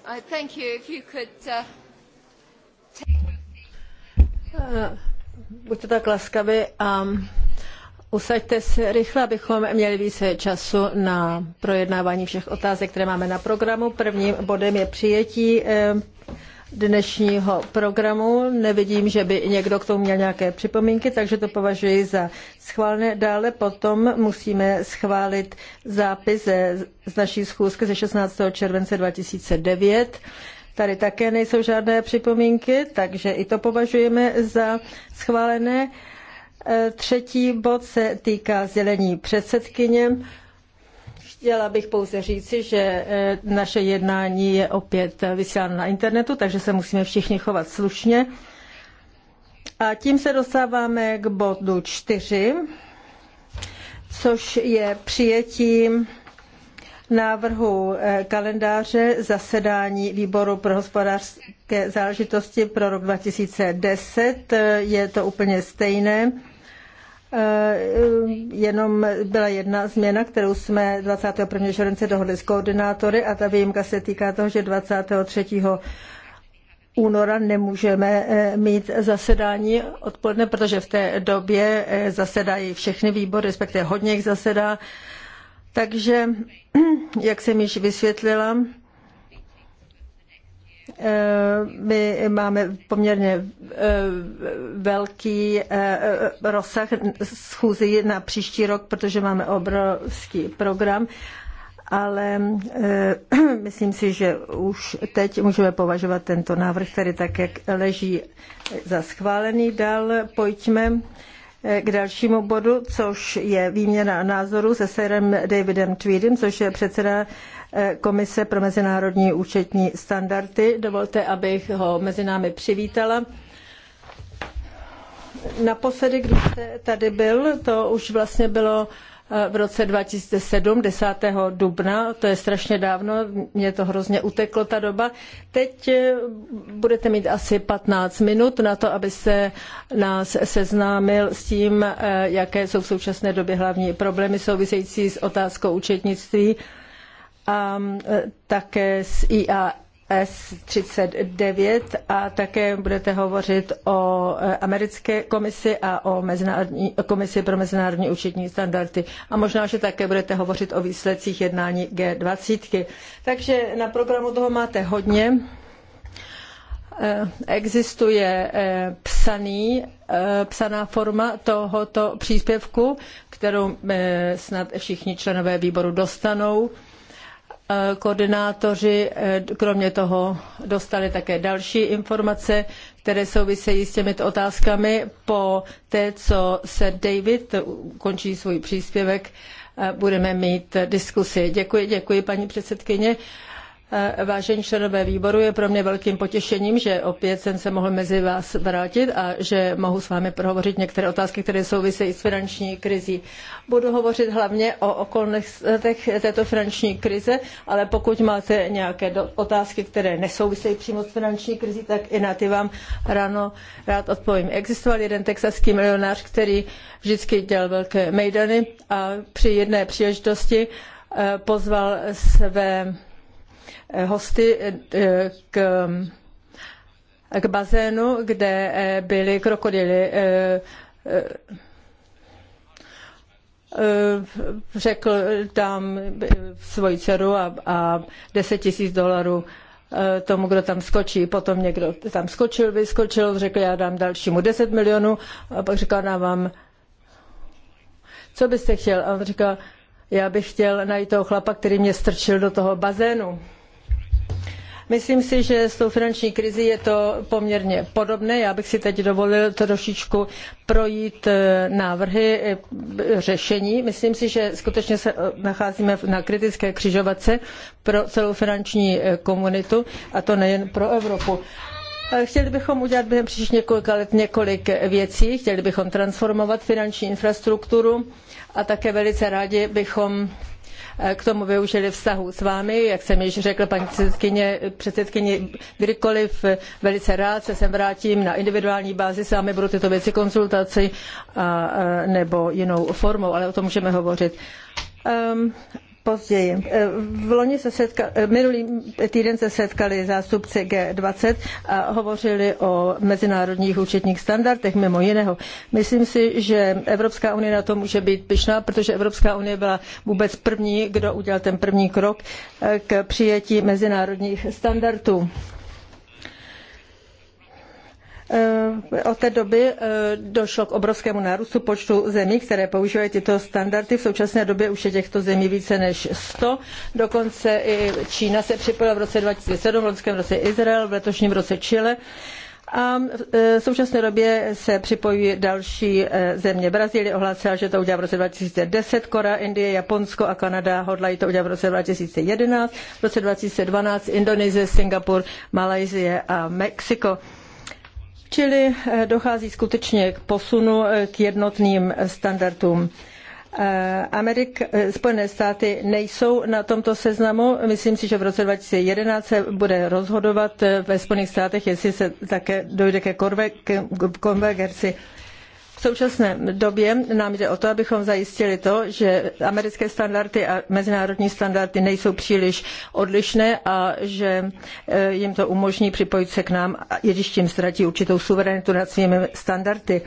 Uh, eh, buďte tak laskavý a mm, usaďte se rychle, abychom měli více času na projednávání všech otázek, které máme na programu. Prvním bodem je přijetí eh, dnešního programu. Nevidím, že by někdo k tomu měl nějaké připomínky, takže to považuji za schválné. Dále potom musíme schválit zápis z naší schůzky ze 16. července 2009. Tady také nejsou žádné připomínky, takže i to považujeme za schválené. E, třetí bod se týká sdělení předsedkyně. Chtěla bych pouze říci, že eh, naše jednání je opět vysíláno na internetu, takže se musíme všichni chovat slušně. A tím se dostáváme k bodu čtyři, což je přijetí návrhu eh, kalendáře zasedání výboru pro hospodářské záležitosti pro rok 2010. Eh, je to úplně stejné Eh, jenom byla jedna změna, kterou jsme 21. července dohodli s koordinátory a ta výjimka se týká toho, že 23 února nemůžeme eh, mít zasedání odpoledne, protože v té době eh, zasedají všechny výbory, respektive hodně jich zasedá. Takže, jak jsem již vysvětlila, Eh, my máme poměrně eh, velký eh, rozsah schůzí na příští rok, protože máme obrovský program, ale myslím si, že už teď můžeme považovat tento návrh, který tak, jak leží za schválený. Dál pojďme k dalšímu bodu, což je výměna názoru se serem Davidem Tweedem, což je předseda Eh, Komise pro mezinárodní účetní standardy. Dovolte, abych ho mezi námi přivítala. Naposledy, když jste tady byl, to už vlastně bylo eh, v roce 2007, 10. dubna, to je strašně dávno, mě to hrozně uteklo ta doba. Teď eh, budete mít asi 15 minut na to, abyste nás seznámil s tím, jaké jsou v současné době hlavní problémy související s otázkou účetnictví a e, také s IAS 39 a také budete hovořit o e, americké komisi a o mezinárodní, komisi pro mezinárodní účetní standardy. A možná, že také budete hovořit o výsledcích jednání G20. Takže na programu toho máte hodně. E, existuje psaný, psaná forma tohoto příspěvku, kterou snad všichni členové výboru dostanou Eh, koordinátoři eh, kromě toho dostali také další informace, které souvisejí s těmito otázkami. Po té, co se David končí svůj příspěvek, eh, budeme mít diskusi. Děkuji, děkuji paní předsedkyně. Eh, vážení členové výboru, je pro mě velkým potěšením, že opět jsem se mohl mezi vás vrátit a že mohu s vámi prohovořit některé otázky, které souvisejí s finanční krizí. Budu hovořit hlavně o okolnostech této finanční krize, ale pokud máte nějaké otázky, které nesouvisejí přímo s finanční krizí, tak i na ty vám ráno rád odpovím. Existoval jeden texaský milionář, který vždycky dělal velké mejdany a při jedné příležitosti eh, pozval své Eh, hosty eh, k, eh, k bazénu, kde byly krokodily řekl tam svoji dceru a, a 10 tisíc dolarů tomu, kdo tam skočí. Potom někdo tam skočil, vyskočil, řekl, já dám dalšímu 10 milionů a pak říkal, na vám, co byste chtěl? A on říkal, já bych chtěl najít toho chlapa, který mě strčil do toho bazénu. Myslím si, že s tou finanční krizí je to poměrně podobné. Já bych si teď dovolil trošičku projít e, návrhy e, řešení. Myslím si, že skutečně se e, nacházíme na kritické křižovatce pro celou finanční komunitu a to nejen pro Evropu. Chtěli bychom udělat během příštích několika let několik věcí. Chtěli bychom transformovat finanční infrastrukturu a také velice rádi bychom Eh, k tomu využili vztahu s vámi. Jak jsem již řekl, paní předsedkyně, předsedkyně kdykoliv eh, velice rád se sem vrátím na individuální bázi, s vámi budu tyto věci konzultaci a, eh, nebo jinou formou, ale o tom můžeme hovořit. Um, později. Eh, v loni se setka, eh, minulý týden se setkali zástupci G20 a hovořili o mezinárodních účetních standardech mimo jiného. Myslím si, že Evropská unie na to může být pyšná, protože Evropská unie byla vůbec první, kdo udělal ten první krok eh, k přijetí mezinárodních standardů. Eh, od té doby eh, došlo k obrovskému nárůstu počtu zemí, které používají tyto standardy. V současné době už je těchto zemí více než 100. Dokonce i Čína se připojila v roce 2007, v loňském roce Izrael, v letošním roce Chile. A eh, v současné době se připojují další země. Brazílie ohlásila, že to udělá v roce 2010, Korea, Indie, Japonsko a Kanada hodlají to udělat v roce 2011, v roce 2012 Indonésie, Singapur, Malajsie a Mexiko. Čili eh, dochází skutečně k posunu eh, k jednotným eh, standardům. Amerik, Spojené státy nejsou na tomto seznamu. Myslím si, že v roce 2011 se bude rozhodovat ve Spojených státech, jestli se také dojde ke konvergenci. Korve- v současné době nám jde o to, abychom zajistili to, že americké standardy a mezinárodní standardy nejsou příliš odlišné a že e, jim to umožní připojit se k nám, i když tím ztratí určitou suverenitu nad svými standardy.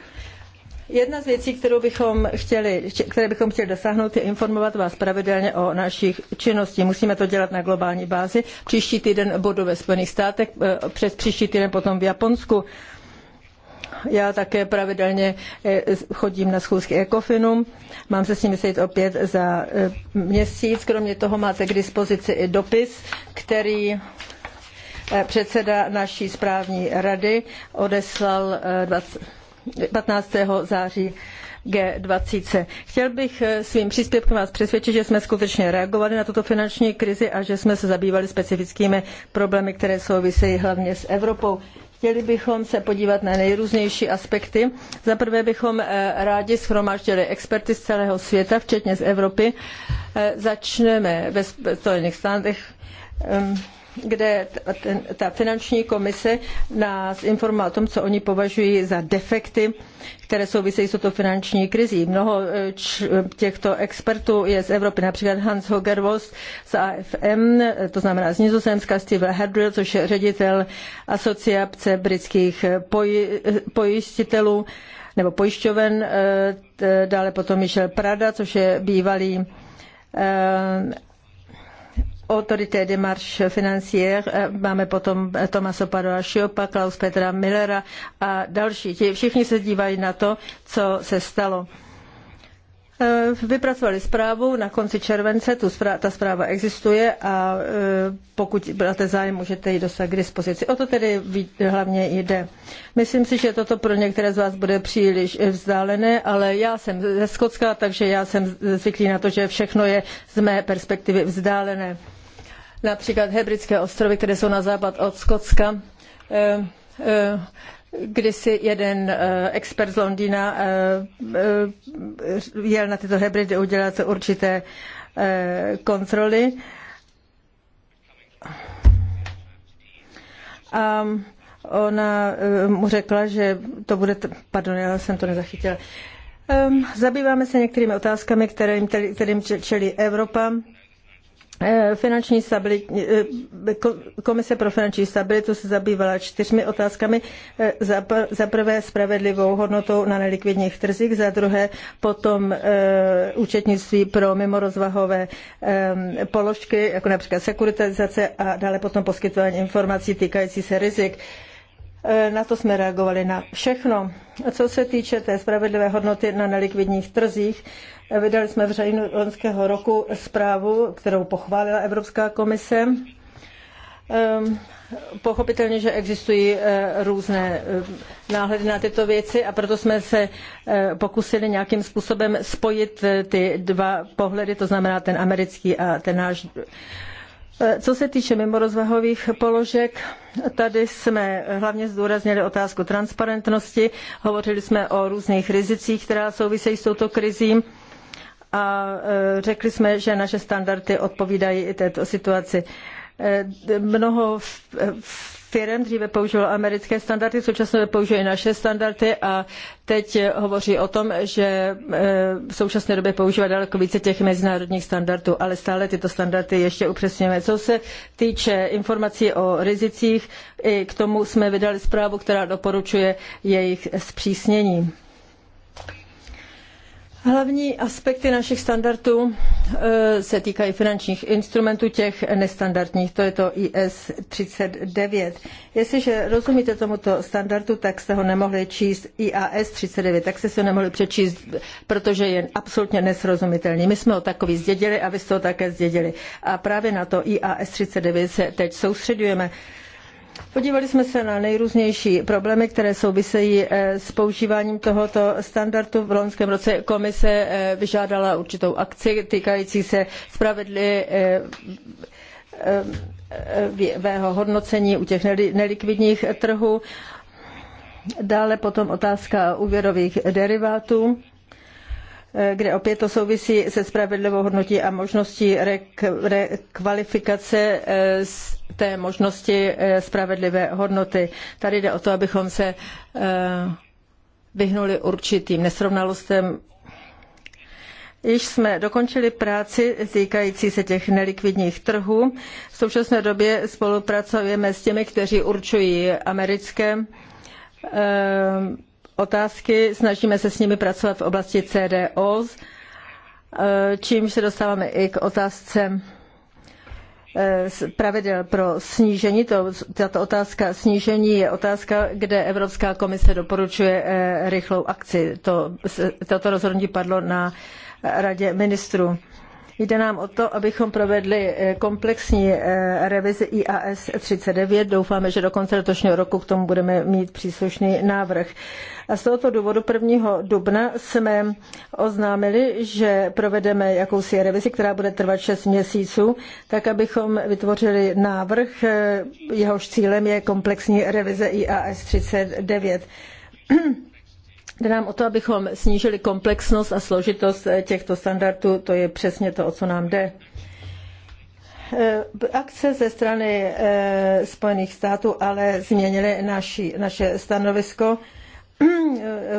Jedna z věcí, kterou bychom chtěli, které bychom chtěli dosáhnout, je informovat vás pravidelně o našich činnosti. Musíme to dělat na globální bázi. Příští týden budu ve Spojených státech, e, přes příští týden potom v Japonsku. Já také pravidelně eh, chodím na schůzky Ecofinu. mám se s nimi sejít opět za eh, měsíc. Kromě toho máte k dispozici i dopis, který eh, předseda naší správní rady odeslal 15. září G20. Chtěl bych svým příspěvkem vás přesvědčit, že jsme skutečně reagovali na tuto finanční krizi a že jsme se zabývali specifickými problémy, které souvisejí hlavně s Evropou. Chtěli bychom se podívat na nejrůznější aspekty. Za prvé bychom eh, rádi schromáždili experty z celého světa, včetně z Evropy. Eh, začneme ve Spojených státech. Um, kde ta finanční komise nás informovala o tom, co oni považují za defekty, které souvisejí s touto finanční krizí. Mnoho e, těchto expertů je z Evropy, například Hans Hogerwost z AFM, e, to znamená z Nizozemska, Steve Herdrill, což je ředitel asociace britských e, pojistitelů nebo pojišťoven, dále potom Michel Prada, což je bývalý Autorité de marche financière, eh, máme potom Tomasa Padova Šiopa, Klaus Petra Millera a další. Všichni se dívají na to, co se stalo. Eh, vypracovali zprávu na konci července, tu zpráva, ta zpráva existuje a eh, pokud máte zájem, můžete ji dostat k dispozici. O to tedy hlavně jde. Myslím si, že toto pro některé z vás bude příliš vzdálené, ale já jsem ze Skotska, takže já jsem zvyklý na to, že všechno je z mé perspektivy vzdálené například Hebridské ostrovy, které jsou na západ od Skotska. Eh, eh, Kdysi jeden eh, expert z Londýna jel na tyto Hebridy udělat určité kontroly. A ona mu řekla, že to bude, pardon, já jsem to nezachytila. Ehm, zabýváme se některými otázkami, kterým, kterým čelí Evropa Eh, finanční stabilit, eh, komise pro finanční stabilitu se zabývala čtyřmi otázkami. Eh, za, za prvé spravedlivou hodnotou na nelikvidních trzích, za druhé potom účetnictví pro mimorozvahové položky, jako například sekuritizace a dále potom poskytování informací týkající se rizik. Na to jsme reagovali na všechno. Co se týče té spravedlivé hodnoty na nelikvidních trzích, Vydali jsme v říjnu loňského roku zprávu, kterou pochválila Evropská komise. Ehm, pochopitelně, že existují eh, různé eh, náhledy na tyto věci a proto jsme se eh, pokusili nějakým způsobem spojit ty dva pohledy, to znamená ten americký a ten náš. Co se týče mimorozvahových položek, tady jsme hlavně zdůraznili otázku transparentnosti, hovořili jsme o různých rizicích, která souvisejí s touto krizí a e, řekli jsme, že naše standardy odpovídají i této situaci. E, mnoho e, firm dříve používalo americké standardy, v současné době používají naše standardy a teď hovoří o tom, že v současné době používá daleko více těch mezinárodních standardů, ale stále tyto standardy ještě upřesňujeme. Co se týče informací o rizicích, i k tomu jsme vydali zprávu, která doporučuje jejich zpřísnění. Hlavní aspekty našich standardů eh, se týkají finančních instrumentů, těch nestandardních, to je to IS 39. Jestliže rozumíte tomuto standardu, tak jste ho nemohli číst IAS 39, tak jste si ho nemohli přečíst, protože je absolutně nesrozumitelný. My jsme ho takový zdědili a vy jste ho také zdědili. A právě na to IAS 39 se teď soustředujeme. Podívali jsme se na nejrůznější problémy, které souvisejí eh, s používáním tohoto standardu. V loňském roce komise eh, vyžádala určitou akci týkající se spravedlivého eh, hodnocení u těch nelikvidních trhů. Dále potom otázka úvěrových derivátů Eh, kde opět to souvisí se spravedlivou hodnotí a možností rekvalifikace eh, z té možnosti eh, spravedlivé hodnoty. Tady jde o to, abychom se vyhnuli určitým nesrovnalostem. Již jsme dokončili práci týkající se těch nelikvidních trhů. V současné době spolupracujeme s těmi, kteří určují americké otázky, snažíme se s nimi pracovat v oblasti CDO, eh, čímž se dostáváme i k otázce eh, pravidel pro snížení. To, tato otázka snížení je otázka, kde Evropská komise doporučuje eh, rychlou akci. To, toto rozhodnutí padlo na radě ministrů. Jde nám o to, abychom provedli eh, komplexní eh, revizi IAS 39. Doufáme, že do konce letošního roku k tomu budeme mít příslušný návrh. A z tohoto důvodu 1. dubna jsme oznámili, že provedeme jakousi revizi, která bude trvat 6 měsíců, tak abychom vytvořili návrh, eh, jehož cílem je komplexní revize IAS 39. Jde nám o to, abychom snížili komplexnost a složitost eh, těchto standardů, to je přesně to, o co nám jde. Eh, akce ze strany eh, Spojených států ale změnily naši, naše stanovisko.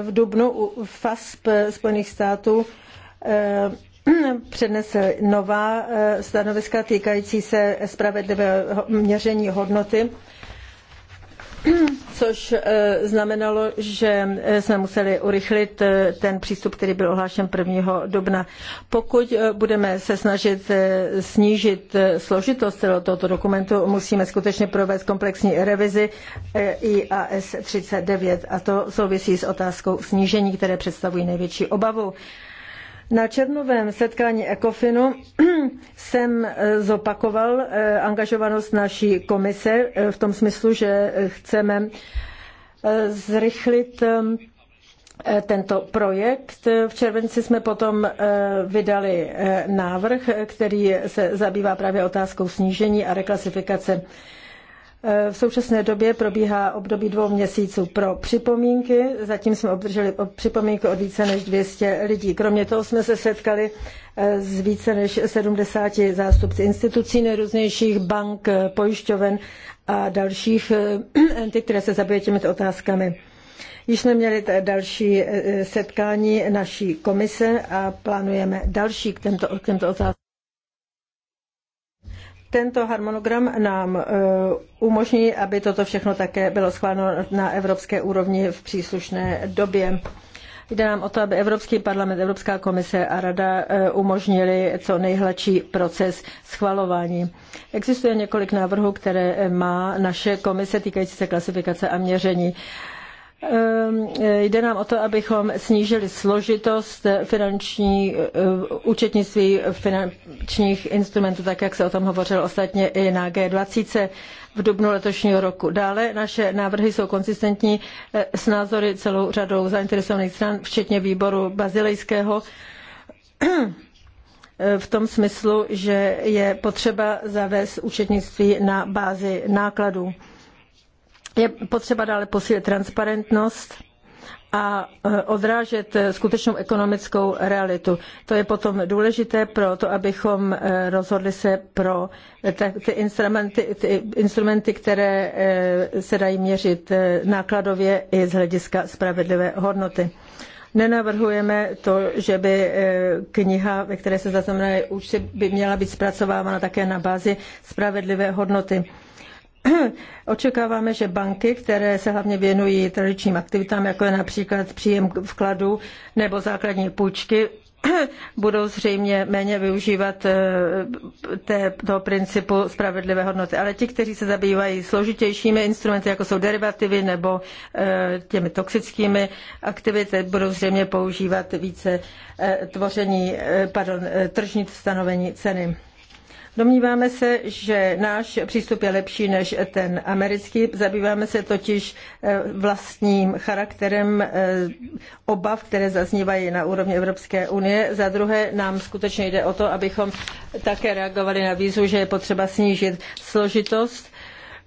V Dubnu FASP Spojených států přednesl nová stanoviska týkající se spravedlivého měření hodnoty což eh, znamenalo, že eh, jsme museli urychlit eh, ten přístup, který byl ohlášen 1. dubna. Pokud budeme se snažit snížit složitost celého tohoto dokumentu, musíme skutečně provést komplexní revizi IAS 39 a to souvisí s otázkou snížení, které představují největší obavu. Na červnovém setkání Ekofinu jsem eh, zopakoval eh, angažovanost naší komise eh, v tom smyslu, že chceme zrychlit tento projekt. V červenci jsme potom vydali návrh, který se zabývá právě otázkou snížení a reklasifikace Eh, v současné době probíhá období dvou měsíců pro připomínky. Zatím jsme obdrželi připomínky od více než 200 lidí. Kromě toho jsme se setkali eh, s více než 70 zástupci institucí nejrůznějších, bank, eh, pojišťoven a dalších entit, které se zabývají těmito otázkami. Již jsme měli další setkání naší komise a plánujeme další k těmto, k těmto otázkám. Tento harmonogram nám e, umožní, aby toto všechno také bylo schváleno na evropské úrovni v příslušné době. Jde nám o to, aby Evropský parlament, Evropská komise a Rada e, umožnili co nejhladší proces schvalování. Existuje několik návrhů, které e, má naše komise týkající se klasifikace a měření. Ehm, eh, jde nám o to, abychom snížili složitost finanční, eh, účetnictví finančních instrumentů, tak jak se o tom hovořilo ostatně i na G20 v dubnu letošního roku. Dále naše návrhy jsou konzistentní eh, s názory celou řadou zainteresovaných stran, včetně výboru bazilejského v tom smyslu, že je potřeba zavést účetnictví na bázi nákladů. Je potřeba dále posílit transparentnost a e, odrážet skutečnou ekonomickou realitu. To je potom důležité pro to, abychom e, rozhodli se pro ty instrumenty, ty instrumenty které e, se dají měřit nákladově i z hlediska spravedlivé hodnoty. Nenavrhujeme to, že by kniha, ve které se zaznamenají účty, by měla být zpracovávána také na bázi spravedlivé hodnoty. Očekáváme, že banky, které se hlavně věnují tradičním aktivitám, jako je například příjem vkladu nebo základní půjčky, budou zřejmě méně využívat eh, té, toho principu spravedlivé hodnoty. Ale ti, kteří se zabývají složitějšími instrumenty, jako jsou derivativy nebo eh, těmi toxickými aktivity, budou zřejmě používat více eh, tvoření, pardon, tržní stanovení ceny. Domníváme se, že náš přístup je lepší než ten americký. Zabýváme se totiž eh, vlastním charakterem eh, obav, které zaznívají na úrovni Evropské unie. Za druhé nám skutečně jde o to, abychom také reagovali na výzvu, že je potřeba snížit složitost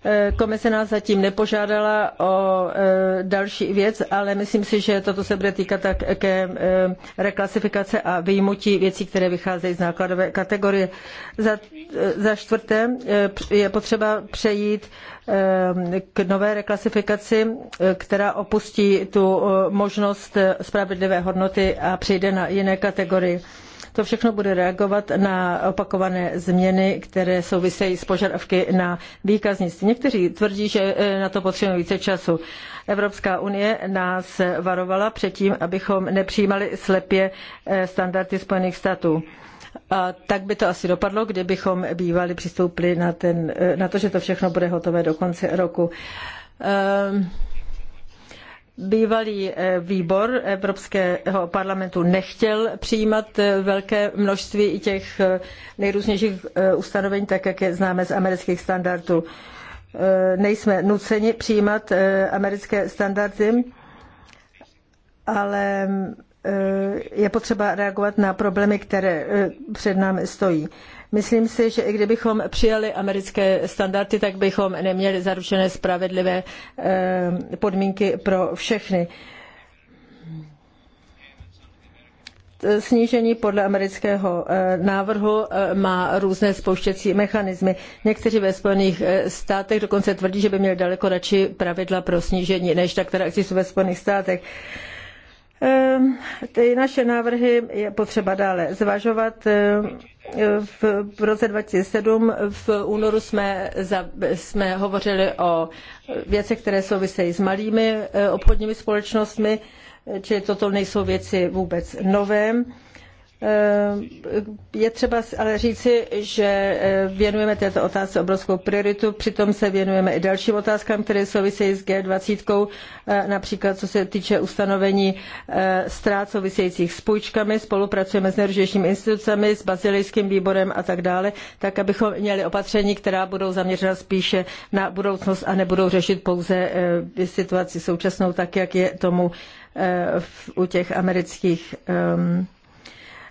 Eh, komise nás zatím nepožádala o eh, další věc, ale myslím si, že toto se bude týkat také eh, reklasifikace a vyjmutí věcí, které vycházejí z nákladové kategorie. Za, za čtvrté je potřeba přejít k nové reklasifikaci, která opustí tu možnost spravedlivé hodnoty a přejde na jiné kategorie. To všechno bude reagovat na opakované změny, které souvisejí s požadavky na výkaznictví. Někteří tvrdí, že e, na to potřebujeme více času. Evropská unie nás varovala před tím, abychom nepřijímali slepě e, standardy Spojených států. A tak by to asi dopadlo, kdybychom bývali přistoupili na, ten, e, na to, že to všechno bude hotové do konce roku. Um, Bývalý eh, výbor Evropského parlamentu nechtěl přijímat eh, velké množství těch eh, nejrůznějších ustanovení, tak jak je známe z amerických standardů. Nejsme nuceni přijímat americké standardy, ale je potřeba reagovat na problémy, které před námi stojí. Myslím si, že i kdybychom přijali americké standardy, tak bychom neměli zaručené spravedlivé eh, podmínky pro všechny. Snížení podle amerického eh, návrhu eh, má různé spouštěcí mechanismy. Někteří ve Spojených státech dokonce tvrdí, že by měli daleko radši pravidla pro snížení, než ta, která existují ve Spojených státech. Ehm, ty naše návrhy je potřeba dále zvažovat. Ehm, v roce 2007 v únoru jsme, za, jsme hovořili o věcech, které souvisejí s malými eh, obchodními společnostmi, čili toto nejsou věci vůbec nové. Eh, je třeba ale říci, že eh, věnujeme této otázce obrovskou prioritu, přitom se věnujeme i dalším otázkám, které souvisejí s G20, eh, například co se týče ustanovení ztrát souvisejících s půjčkami, spolupracujeme s nejrůznějšími institucemi, s bazilijským výborem a tak dále, tak abychom měli opatření, která budou zaměřena spíše na budoucnost a nebudou řešit pouze situaci současnou, tak jak je tomu u těch amerických um,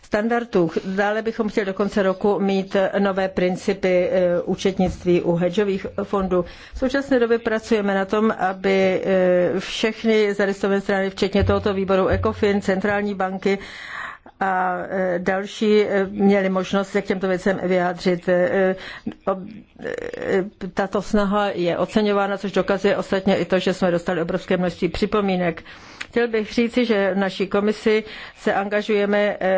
standardů. Dále bychom chtěli do konce roku mít eh, nové principy eh, účetnictví u hedžových fondů. V současné době pracujeme na tom, aby eh, všechny zarysované strany, včetně tohoto výboru ECOFIN, centrální banky, a další měli možnost se k těmto věcem vyjádřit. Tato snaha je oceňována, což dokazuje ostatně i to, že jsme dostali obrovské množství připomínek. Chtěl bych říci, že v naší komisi se angažujeme eh,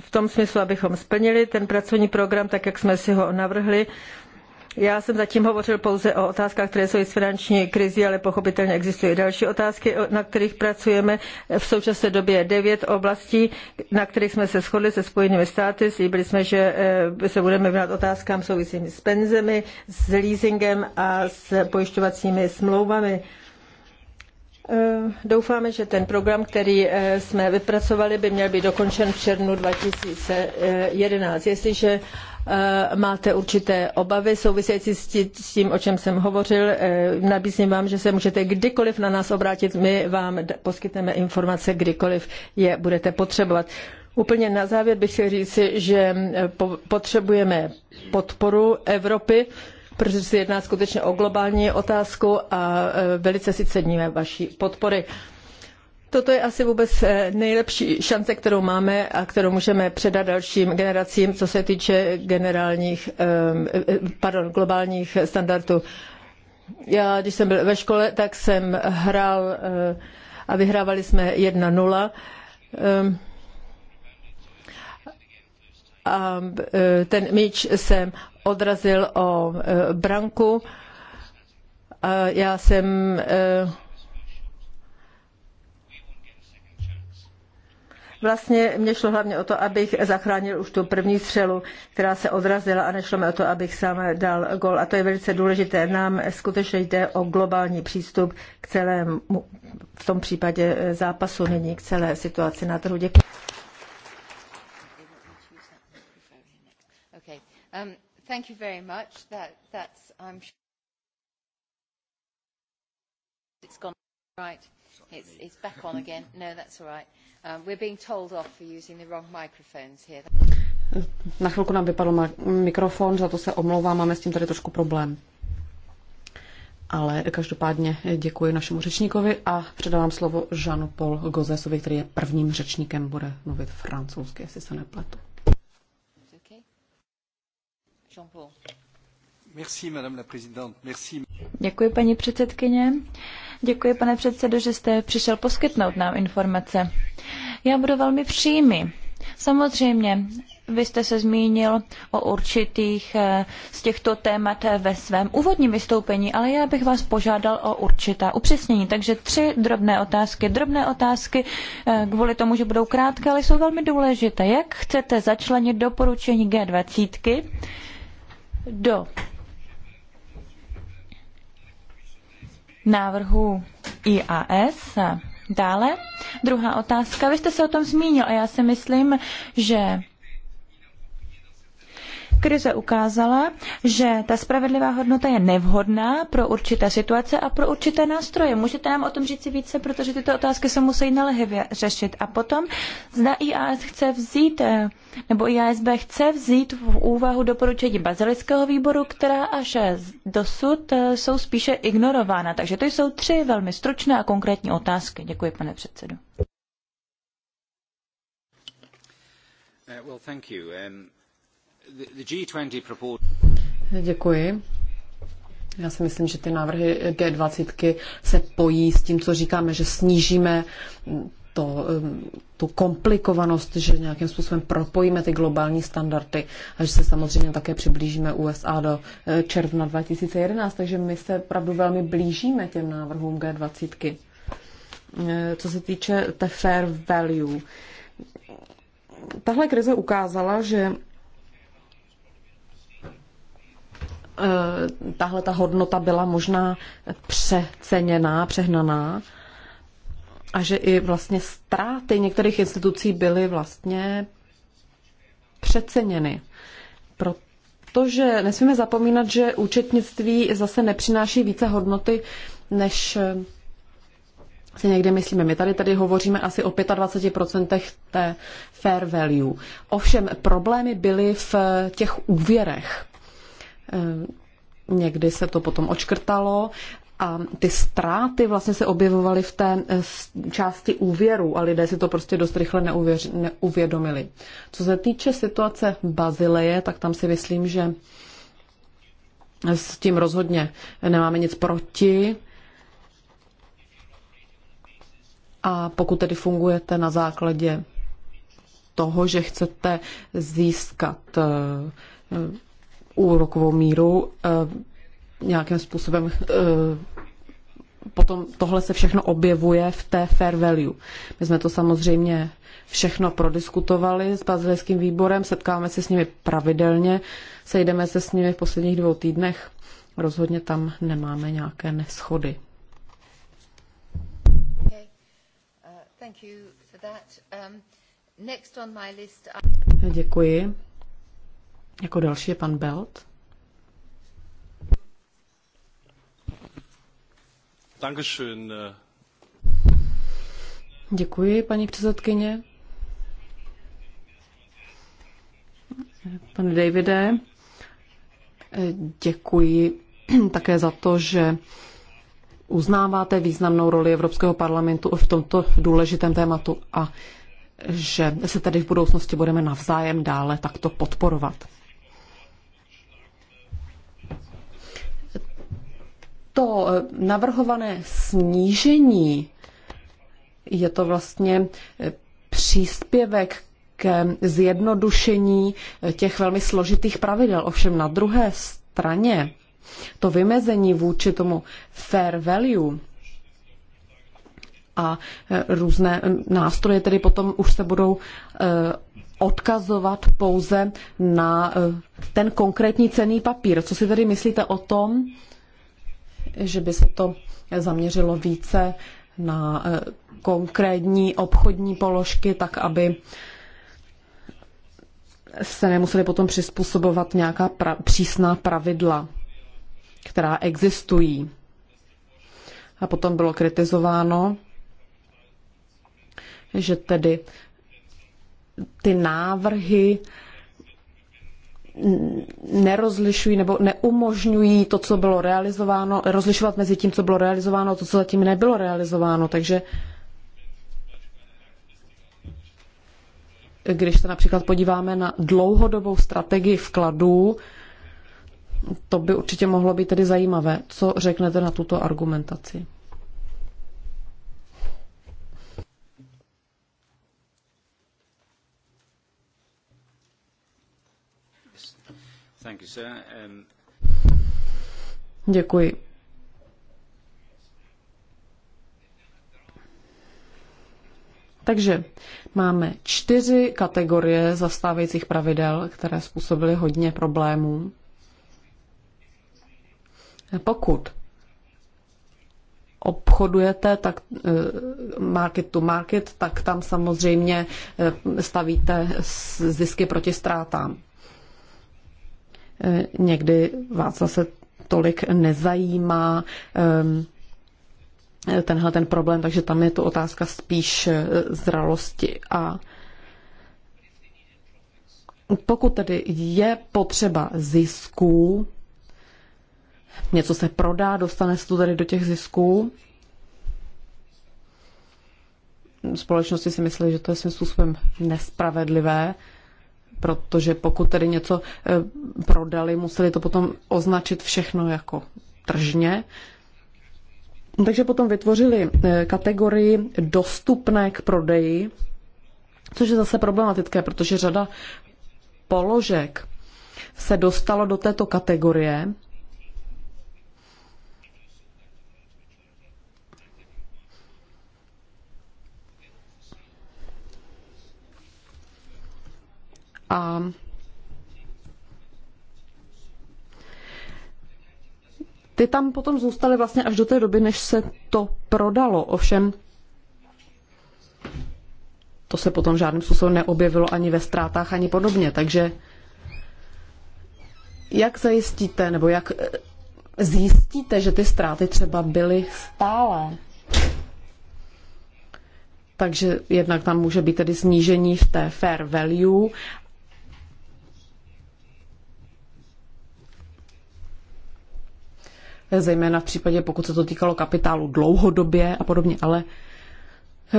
v tom smyslu, abychom splnili ten pracovní program, tak jak jsme si ho navrhli. Já jsem zatím hovořil pouze o otázkách, které jsou s finanční krizi, ale pochopitelně existují další otázky, na kterých pracujeme. V současné době je devět oblastí, na kterých jsme se shodli se Spojenými státy. Slíbili jsme, že eh, se budeme věnovat otázkám souvisejícím s penzemi, s leasingem a s pojišťovacími smlouvami. Eh, doufáme, že ten program, který eh, jsme vypracovali, by měl být dokončen v červnu 2011. Jestliže eh, máte určité obavy související s tím, o čem jsem hovořil, nabízím vám, že se můžete kdykoliv na nás obrátit. My vám poskytneme informace, kdykoliv je budete potřebovat. Úplně na závěr bych chtěl říci, že potřebujeme podporu Evropy protože se jedná skutečně o globální otázku a e, velice si ceníme vaší podpory. Toto je asi vůbec e, nejlepší šance, kterou máme a kterou můžeme předat dalším generacím, co se týče generálních, e, pardon, globálních standardů. Já, když jsem byl ve škole, tak jsem hrál a vyhrávali jsme 1-0. A ten míč jsem odrazil o e, branku. E, já jsem e, Vlastně mě šlo hlavně o to, abych zachránil už tu první střelu, která se odrazila a nešlo mi o to, abych sám dal gol. A to je velice důležité. Nám skutečně jde o globální přístup k celému, v tom případě zápasu, nyní k celé situaci na trhu. Děkuji. Okay. Um... Thank you very much. That, that's, I'm sure it's gone right. It's, it's back on again. No, that's all right. Um, we're being told off for using the wrong microphones here. Na chvilku nám vypadl mikrofon, za to se omlouvám, máme s tím tady trošku problém. Ale každopádně děkuji našemu řečníkovi a předávám slovo Jeanu Paul Gozesovi, který je prvním řečníkem, bude mluvit francouzsky, jestli se nepletu. Děkuji, paní předsedkyně. Děkuji, pane předsedo, že jste přišel poskytnout nám informace. Já budu velmi přímý. Samozřejmě, vy jste se zmínil o určitých eh, z těchto témat eh, ve svém úvodním vystoupení, ale já bych vás požádal o určitá upřesnění. Takže tři drobné otázky. Drobné otázky eh, kvůli tomu, že budou krátké, ale jsou velmi důležité. Jak chcete začlenit doporučení G20 do návrhu IAS. Dále, druhá otázka. Vy jste se o tom zmínil a já si myslím, že Krize ukázala, že ta spravedlivá hodnota je nevhodná pro určité situace a pro určité nástroje. Můžete nám o tom říct si více, protože tyto otázky se musí nalehivě řešit. A potom, zda IAS chce vzít, eh, nebo IASB chce vzít v úvahu doporučení bazilického výboru, která až dosud eh, jsou spíše ignorována. Takže to jsou tři velmi stručné a konkrétní otázky. Děkuji, pane předsedo. Uh, well, thank you. Um... Děkuji. Já si myslím, že ty návrhy G20 se pojí s tím, co říkáme, že snížíme to, um, tu komplikovanost, že nějakým způsobem propojíme ty globální standardy a že se samozřejmě také přiblížíme USA do eh, června 2011, takže my se opravdu velmi blížíme těm návrhům G20. Eh, co se týče té fair value, tahle krize ukázala, že Eh, tahle ta hodnota byla možná přeceněná, přehnaná a že i vlastně ztráty některých institucí byly vlastně přeceněny. Protože nesmíme zapomínat, že účetnictví zase nepřináší více hodnoty, než si někde myslíme. My tady tady hovoříme asi o 25% té fair value. Ovšem problémy byly v těch úvěrech. Eh, někdy se to potom očkrtalo a ty ztráty vlastně se objevovaly v té eh, části úvěru a lidé si to prostě dost rychle neuvěř, neuvědomili. Co se týče situace Bazileje, tak tam si myslím, že s tím rozhodně nemáme nic proti. A pokud tedy fungujete na základě toho, že chcete získat eh, úrokovou míru eh, nějakým způsobem eh, potom tohle se všechno objevuje v té fair value. My jsme to samozřejmě všechno prodiskutovali s bazilejským výborem, setkáme se s nimi pravidelně, sejdeme se s nimi v posledních dvou týdnech. Rozhodně tam nemáme nějaké neschody. Uh, um, Děkuji. Jako další je pan Belt. Dankeschön. Eh. Děkuji, paní předsedkyně. Pane Davide, eh, děkuji také za to, že uznáváte významnou roli Evropského parlamentu v tomto důležitém tématu a že se tady v budoucnosti budeme navzájem dále takto podporovat. to eh, navrhované snížení je to vlastně eh, příspěvek k zjednodušení eh, těch velmi složitých pravidel. Ovšem na druhé straně to vymezení vůči tomu fair value a různé nástroje tedy potom už se budou odkazovat pouze na ten konkrétní cený papír. Co si tedy myslíte o tom, že by se to zaměřilo více na eh, konkrétní obchodní položky, tak aby se nemuseli potom přizpůsobovat nějaká pra- přísná pravidla, která existují. A potom bylo kritizováno, že tedy ty návrhy nerozlišují nebo neumožňují to, co bylo realizováno, rozlišovat mezi tím, co bylo realizováno a to, co zatím nebylo realizováno. Takže když se například podíváme na dlouhodobou strategii vkladů, to by určitě mohlo být tedy zajímavé. Co řeknete na tuto argumentaci? Um, Děkuji. Takže máme čtyři kategorie zastávajících pravidel, které způsobily hodně problémů. Pokud obchodujete tak eh, market to market, tak tam samozřejmě eh, stavíte zisky proti ztrátám. Eh, někdy vás zase tolik nezajímá ehm, tenhle ten problém, takže tam je to otázka spíš eh, zralosti a pokud tedy je potřeba zisků, něco se prodá, dostane se to tady do těch zisků, společnosti si myslí, že to je svým způsobem nespravedlivé, protože pokud tedy něco eh, prodali, museli to potom označit všechno jako tržně. Takže potom vytvořili eh, kategorii dostupné k prodeji, což je zase problematické, protože řada položek se dostalo do této kategorie a ty tam potom zůstaly vlastně až do té doby, než se to prodalo. Ovšem, to se potom žádným způsobem neobjevilo ani ve ztrátách, ani podobně. Takže jak zajistíte, nebo jak eh, zjistíte, že ty ztráty třeba byly stále? Takže jednak tam může být tedy snížení v té fair value zejména v případě, pokud se to týkalo kapitálu dlouhodobě a podobně, ale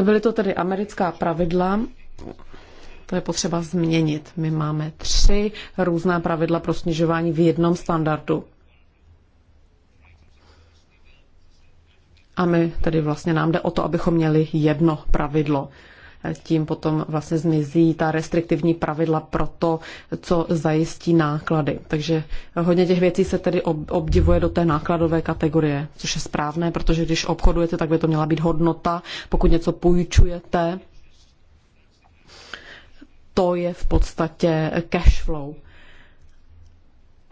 byly to tedy americká pravidla, to je potřeba změnit. My máme tři různá pravidla pro snižování v jednom standardu. A my tedy vlastně nám jde o to, abychom měli jedno pravidlo tím potom vlastně zmizí ta restriktivní pravidla pro to, co zajistí náklady. Takže hodně těch věcí se tedy obdivuje do té nákladové kategorie, což je správné, protože když obchodujete, tak by to měla být hodnota. Pokud něco půjčujete, to je v podstatě cash flow.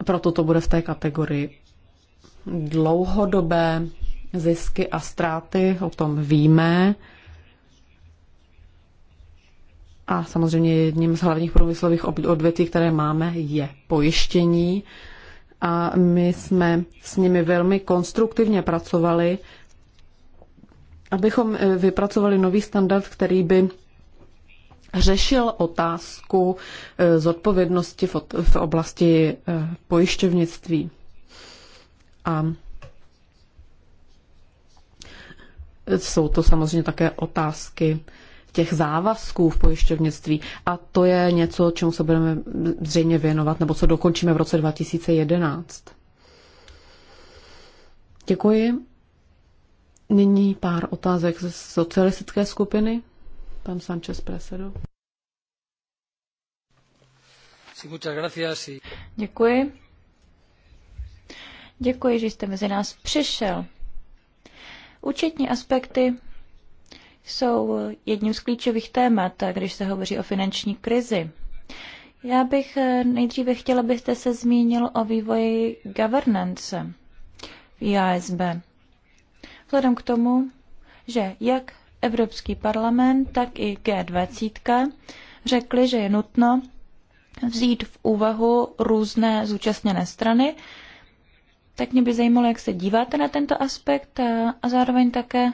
Proto to bude v té kategorii dlouhodobé zisky a ztráty, o tom víme. A samozřejmě jedním z hlavních průmyslových odvětví, které máme, je pojištění. A my jsme s nimi velmi konstruktivně pracovali, abychom eh, vypracovali nový standard, který by řešil otázku eh, zodpovědnosti v oblasti eh, pojišťovnictví. A jsou to samozřejmě také otázky těch závazků v pojišťovnictví a to je něco, čemu se budeme zřejmě věnovat nebo co dokončíme v roce 2011. Děkuji. Nyní pár otázek ze socialistické skupiny. Pan Sanchez Presedo. Děkuji. Děkuji, že jste mezi nás přišel. Účetní aspekty jsou jedním z klíčových témat, když se hovoří o finanční krizi. Já bych eh, nejdříve chtěla, abyste se zmínil o vývoji governance v IASB. Vzhledem k tomu, že jak Evropský parlament, tak i G20 řekli, že je nutno vzít v úvahu různé zúčastněné strany, tak mě by zajímalo, jak se díváte na tento aspekt a, a zároveň také,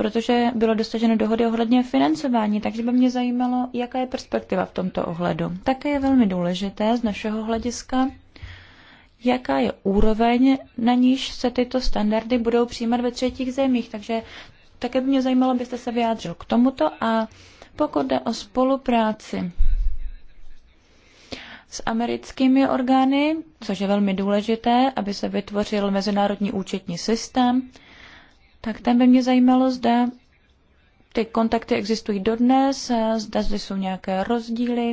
protože bylo dosaženo dohody ohledně financování, takže by mě zajímalo, jaká je perspektiva v tomto ohledu. Také je velmi důležité z našeho hlediska, jaká je úroveň, na níž se tyto standardy budou přijímat ve třetích zemích. Takže také by mě zajímalo, byste se vyjádřil k tomuto a pokud jde o spolupráci s americkými orgány, což je velmi důležité, aby se vytvořil mezinárodní účetní systém, tak tam by mě zajímalo, zda ty kontakty existují dodnes, zda zde jsou nějaké rozdíly.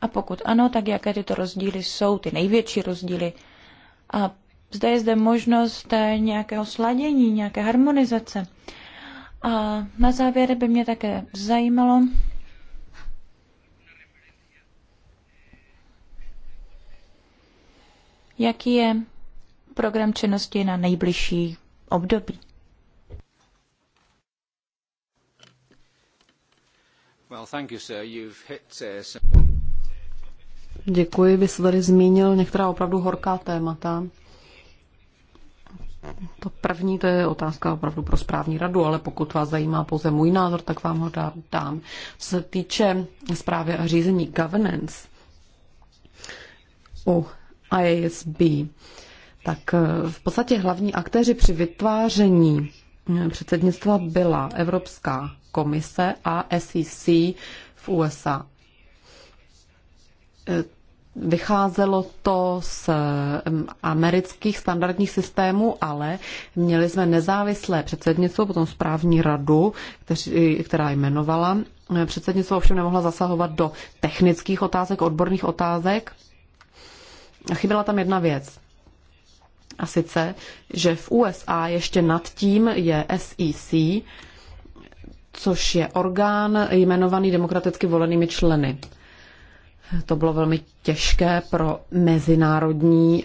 A pokud ano, tak jaké tyto rozdíly jsou, ty největší rozdíly. A zda je zde možnost eh, nějakého sladění, nějaké harmonizace. A na závěr by mě také zajímalo, jaký je program činnosti na nejbližší období. Uh, Děkuji, vy jste tady zmínil některá opravdu horká témata. To první, to je otázka opravdu pro správní radu, ale pokud vás zajímá pouze můj názor, tak vám ho dám. Co se týče zprávy a řízení governance u IASB, tak eh, v podstatě hlavní aktéři při vytváření eh, předsednictva byla Evropská komise a SEC v USA. Eh, vycházelo to z amerických standardních systémů, ale měli jsme nezávislé předsednictvo, potom správní radu, která jmenovala. Předsednictvo ovšem nemohla zasahovat do technických otázek, odborných otázek. Chyběla tam jedna věc. A sice, že v USA ještě nad tím je SEC, což je orgán jmenovaný demokraticky volenými členy. To bylo velmi těžké pro mezinárodní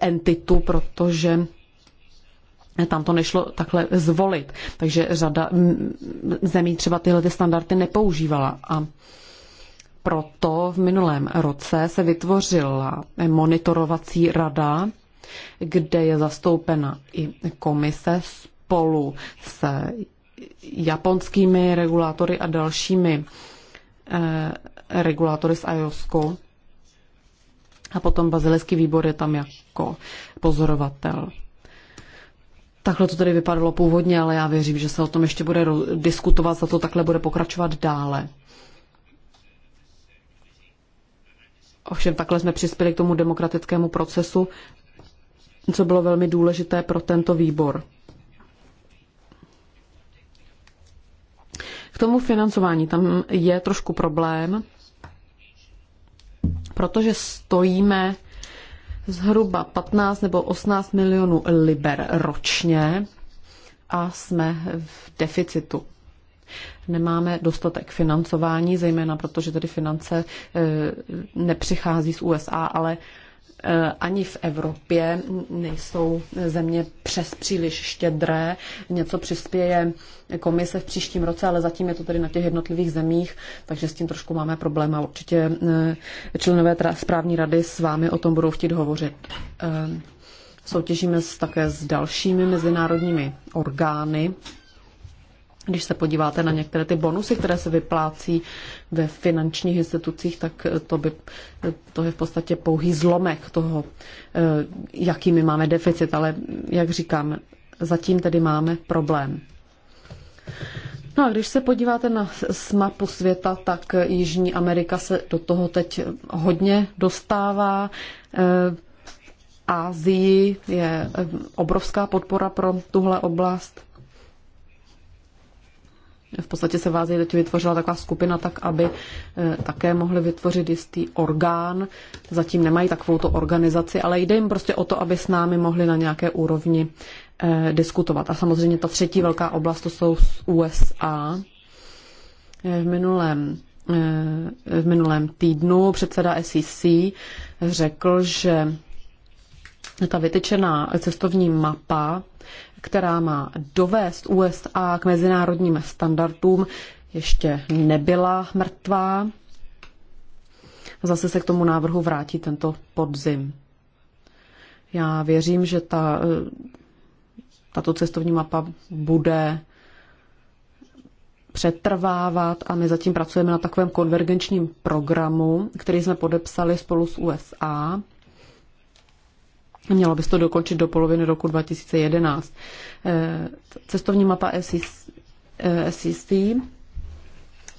entitu, protože tam to nešlo takhle zvolit. Takže řada zemí třeba tyhle ty standardy nepoužívala. A proto v minulém roce se vytvořila monitorovací rada kde je zastoupena i komise spolu s japonskými regulátory a dalšími eh, regulátory z IOSCO. A potom bazilecký výbor je tam jako pozorovatel. Takhle to tedy vypadalo původně, ale já věřím, že se o tom ještě bude diskutovat, za to takhle bude pokračovat dále. Ovšem takhle jsme přispěli k tomu demokratickému procesu co bylo velmi důležité pro tento výbor. K tomu financování tam je trošku problém, protože stojíme zhruba 15 nebo 18 milionů liber ročně a jsme v deficitu. Nemáme dostatek financování, zejména protože tedy finance eh, nepřichází z USA, ale Eh, ani v Evropě nejsou země přes příliš štědré. Něco přispěje komise v příštím roce, ale zatím je to tedy na těch jednotlivých zemích, takže s tím trošku máme problém a určitě eh, členové správní rady s vámi o tom budou chtít hovořit. Eh, soutěžíme také s dalšími mezinárodními orgány, když se podíváte na některé ty bonusy, které se vyplácí ve finančních institucích, tak to, by, to je v podstatě pouhý zlomek toho, eh, jaký my máme deficit. Ale jak říkám, zatím tedy máme problém. No a když se podíváte na mapu světa, tak Jižní Amerika se do toho teď hodně dostává. V eh, Ázii je eh, obrovská podpora pro tuhle oblast. V podstatě se vás teď vytvořila taková skupina tak, aby eh, také mohli vytvořit jistý orgán. Zatím nemají takovou organizaci, ale jde jim prostě o to, aby s námi mohli na nějaké úrovni eh, diskutovat. A samozřejmě ta třetí velká oblast to jsou z USA. Eh, v minulém, v minulém týdnu předseda SEC řekl, že ta vytyčená cestovní mapa která má dovést USA k mezinárodním standardům, ještě nebyla mrtvá. Zase se k tomu návrhu vrátí tento podzim. Já věřím, že ta, eh, tato cestovní mapa bude přetrvávat a my zatím pracujeme na takovém konvergenčním programu, který jsme podepsali spolu s USA Měla bys to dokončit do poloviny roku 2011. Eh, cestovní mapa SEC, eh,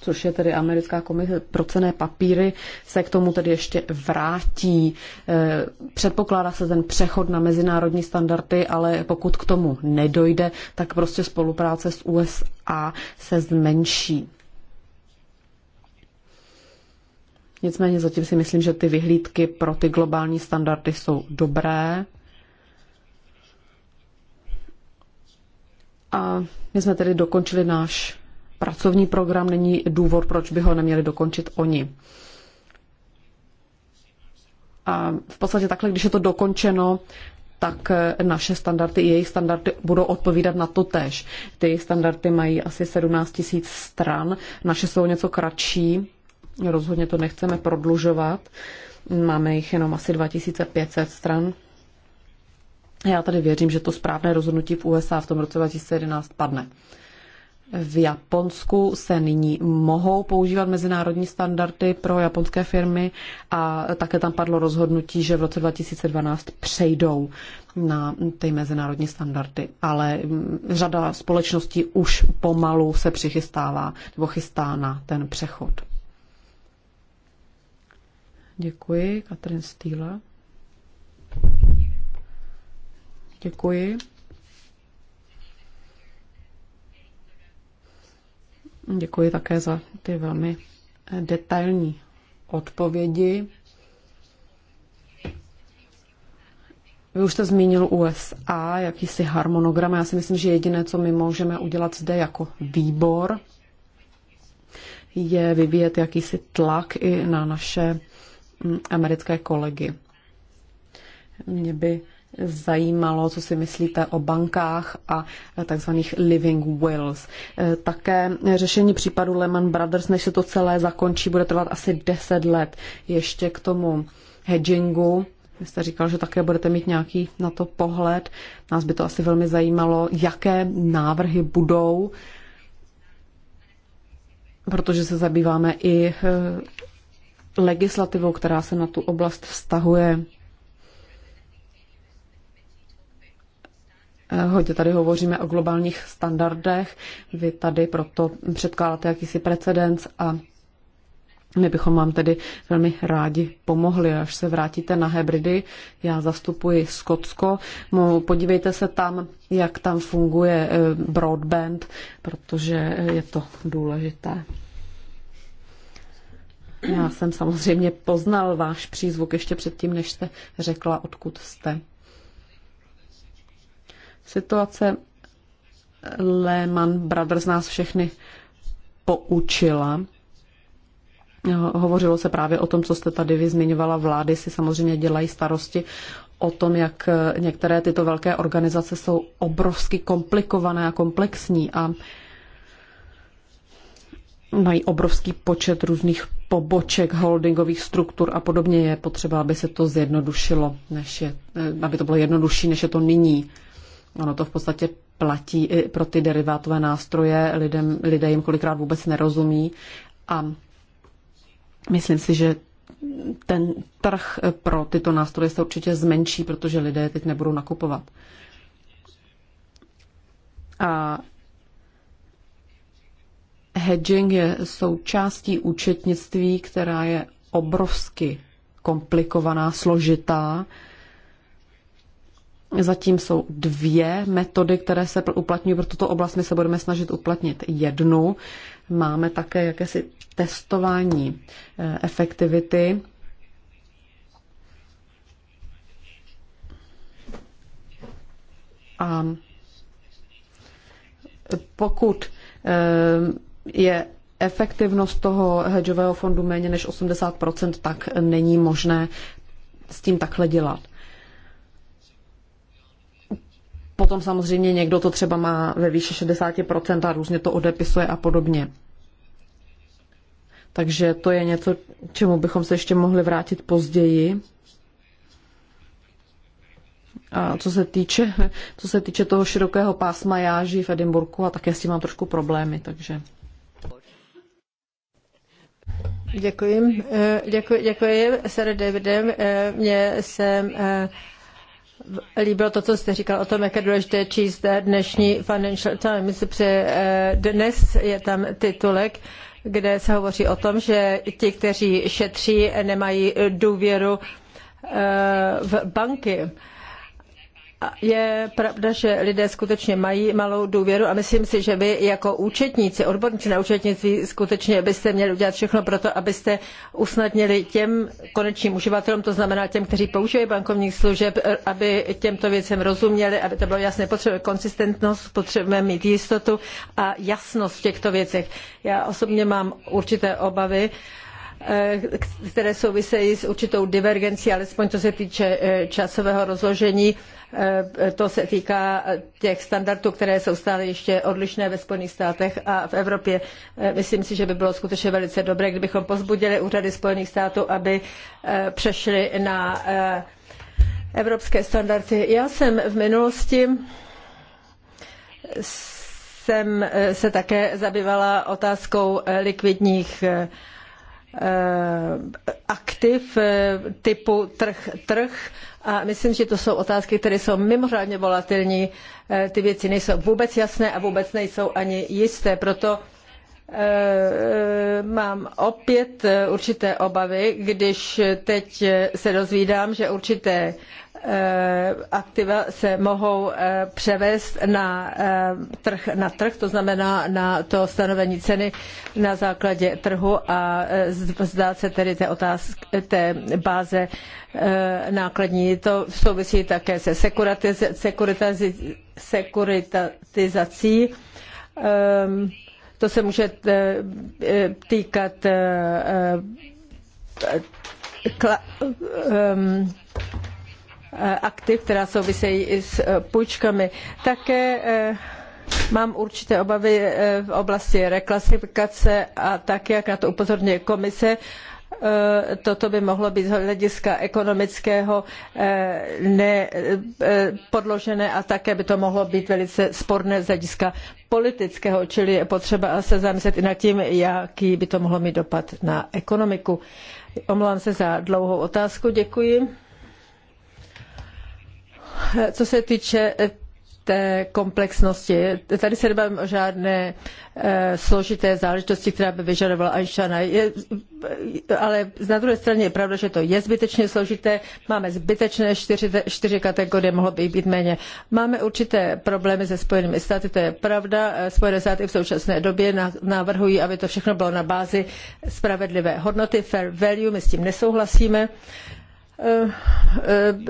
což je tedy americká komise pro cené papíry, se k tomu tedy ještě vrátí. Eh, předpokládá se ten přechod na mezinárodní standardy, ale pokud k tomu nedojde, tak prostě spolupráce s USA se zmenší. Nicméně zatím si myslím, že ty vyhlídky pro ty globální standardy jsou dobré. A my jsme tedy dokončili náš pracovní program, není důvod, proč by ho neměli dokončit oni. A v podstatě takhle, když je to dokončeno, tak eh, naše standardy i jejich standardy budou odpovídat na to tež. Ty standardy mají asi 17 000 stran, naše jsou něco kratší, Rozhodně to nechceme prodlužovat. Máme jich jenom asi 2500 stran. Já tady věřím, že to správné rozhodnutí v USA v tom roce 2011 padne. V Japonsku se nyní mohou používat mezinárodní standardy pro japonské firmy a také tam padlo rozhodnutí, že v roce 2012 přejdou na ty mezinárodní standardy. Ale mm, řada společností už pomalu se přichystává nebo chystá na ten přechod. Děkuji, Katrin Stýla. Děkuji. Děkuji také za ty velmi detailní odpovědi. Vy už jste zmínil USA, jakýsi harmonogram. Já si myslím, že jediné, co my můžeme udělat zde jako výbor, je vyvíjet jakýsi tlak i na naše Mm, americké kolegy. Mě by zajímalo, co si myslíte o bankách a takzvaných living wills. E, také řešení případu Lehman Brothers, než se to celé zakončí, bude trvat asi 10 let. Ještě k tomu hedgingu, vy jste říkal, že také budete mít nějaký na to pohled. Nás by to asi velmi zajímalo, jaké návrhy budou, protože se zabýváme i e, legislativou, která se na tu oblast vztahuje. Eh, hodně tady hovoříme o globálních standardech. Vy tady proto předkládáte jakýsi precedens a my bychom vám tedy velmi rádi pomohli, až se vrátíte na Hebridy. Já zastupuji Skotsko. Podívejte se tam, jak tam funguje eh, broadband, protože je to důležité. Já jsem samozřejmě poznal váš přízvuk ještě předtím, než jste řekla, odkud jste. Situace Lehman Brothers nás všechny poučila. Hovořilo se právě o tom, co jste tady vyzmiňovala. Vlády si samozřejmě dělají starosti o tom, jak některé tyto velké organizace jsou obrovsky komplikované a komplexní a mají obrovský počet různých poboček holdingových struktur a podobně je potřeba, aby se to zjednodušilo, než je, eh, aby to bylo jednodušší, než je to nyní. Ono to v podstatě platí i pro ty derivátové nástroje, lidem, lidé jim kolikrát vůbec nerozumí a myslím si, že ten trh pro tyto nástroje se určitě zmenší, protože lidé teď nebudou nakupovat. A hedging je součástí účetnictví, která je obrovsky komplikovaná, složitá. Zatím jsou dvě metody, které se uplatňují pro tuto oblast. My se budeme snažit uplatnit jednu. Máme také jakési testování eh, efektivity. A pokud eh, je efektivnost toho hedžového fondu méně než 80%, tak není možné s tím takhle dělat. Potom samozřejmě někdo to třeba má ve výši 60% a různě to odepisuje a podobně. Takže to je něco, čemu bychom se ještě mohli vrátit později. A co se týče, co se týče toho širokého pásma, já žiju v Edinburgu a také s tím mám trošku problémy, takže Eh, děkuji. Děkuji, děkuji Sir eh, Mně se eh, líbilo to, co jste říkal o tom, jak je důležité číst dnešní Financial Times, protože dnes je tam titulek, kde se hovoří o tom, že ti, kteří šetří, nemají důvěru v banky. Je pravda, že lidé skutečně mají malou důvěru a myslím si, že vy jako účetníci, odborníci na účetnictví, skutečně byste měli udělat všechno pro to, abyste usnadnili těm konečným uživatelům, to znamená těm, kteří používají bankovních služeb, aby těmto věcem rozuměli, aby to bylo jasné. Potřebujeme konsistentnost, potřebujeme mít jistotu a jasnost v těchto věcech. Já osobně mám určité obavy, uh, Eh, které souvisejí s určitou divergencí, alespoň co se týče eh, časového rozložení. Eh, to se týká těch standardů, které jsou stále ještě odlišné ve Spojených státech a v Evropě. Myslím si, že by bylo skutečně velice dobré, kdybychom pozbudili úřady Spojených států, aby přešly na evropské standardy. Já jsem v minulosti jsem se také zabývala otázkou likvidních Eh, aktiv eh, typu trh-trh a myslím, že to jsou otázky, které jsou mimořádně volatilní. Eh, ty věci nejsou vůbec jasné a vůbec nejsou ani jisté, proto mám opět určité obavy, když teď se dozvídám, že určité Eh, aktiva se mohou eh, převést na eh, trh, na trh, to znamená na to stanovení ceny na základě trhu a zdá se tedy té, otázky, té báze nákladní. To souvisí také se sekuritizací. sekuritizací ehm, to se může týkat kla, um, Eh, aktiv, která souvisejí i s eh, půjčkami. Také eh, mám určité obavy v oblasti reklasifikace a tak, jak na to upozorňuje komise, toto by mohlo být z hlediska ekonomického nepodložené a také by to mohlo být velice sporné z hlediska politického, čili je potřeba se zamyslet i nad tím, jaký by to mohlo mít dopad na ekonomiku. Omlouvám se za dlouhou otázku, děkuji co se týče eh, té komplexnosti. Tady se nebavíme o žádné e, složité záležitosti, která by vyžadovala Einsteina. Je, ale na druhé straně je pravda, že to je zbytečně složité. Máme zbytečné čtyři, čtyři kategorie, mohlo by jich být méně. Máme určité problémy se Spojenými státy, to je pravda. Eh, Spojené státy v současné době navrhují, aby to všechno bylo na bázi spravedlivé hodnoty, fair value, my s tím nesouhlasíme. E, Eh,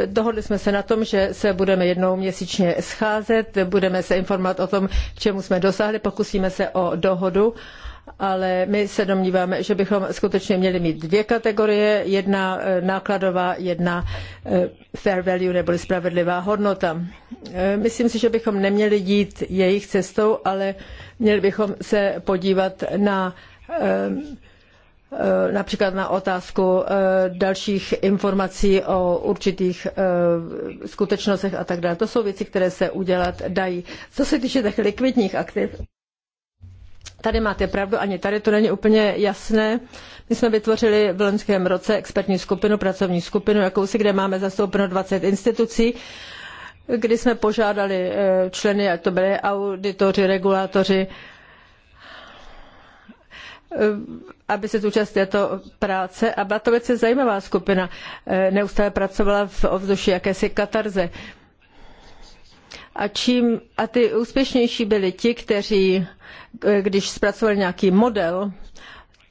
eh, dohodli jsme se na tom, že se budeme jednou měsíčně scházet, budeme se informovat o tom, k čemu jsme dosáhli, pokusíme se o dohodu, ale my se domníváme, že bychom skutečně měli mít dvě kategorie, jedna eh, nákladová, jedna fair value neboli spravedlivá hodnota. Myslím si, že bychom neměli jít jejich cestou, ale měli bychom se podívat na Eh, například na otázku eh, dalších informací o určitých eh, skutečnostech a tak dále. To jsou věci, které se udělat dají. Co se týče těch likvidních aktiv, tady máte pravdu, ani tady to není úplně jasné. My jsme vytvořili v loňském roce expertní skupinu, pracovní skupinu, jakousi, kde máme zastoupeno 20 institucí kdy jsme požádali členy, ať to byli auditoři, regulátoři, Eh, aby se zúčastnil této práce a byla to velice zajímavá skupina. Eh, neustále pracovala v ovzduší jakési katarze. A, čím, a ty úspěšnější byli ti, kteří, eh, když zpracovali nějaký model,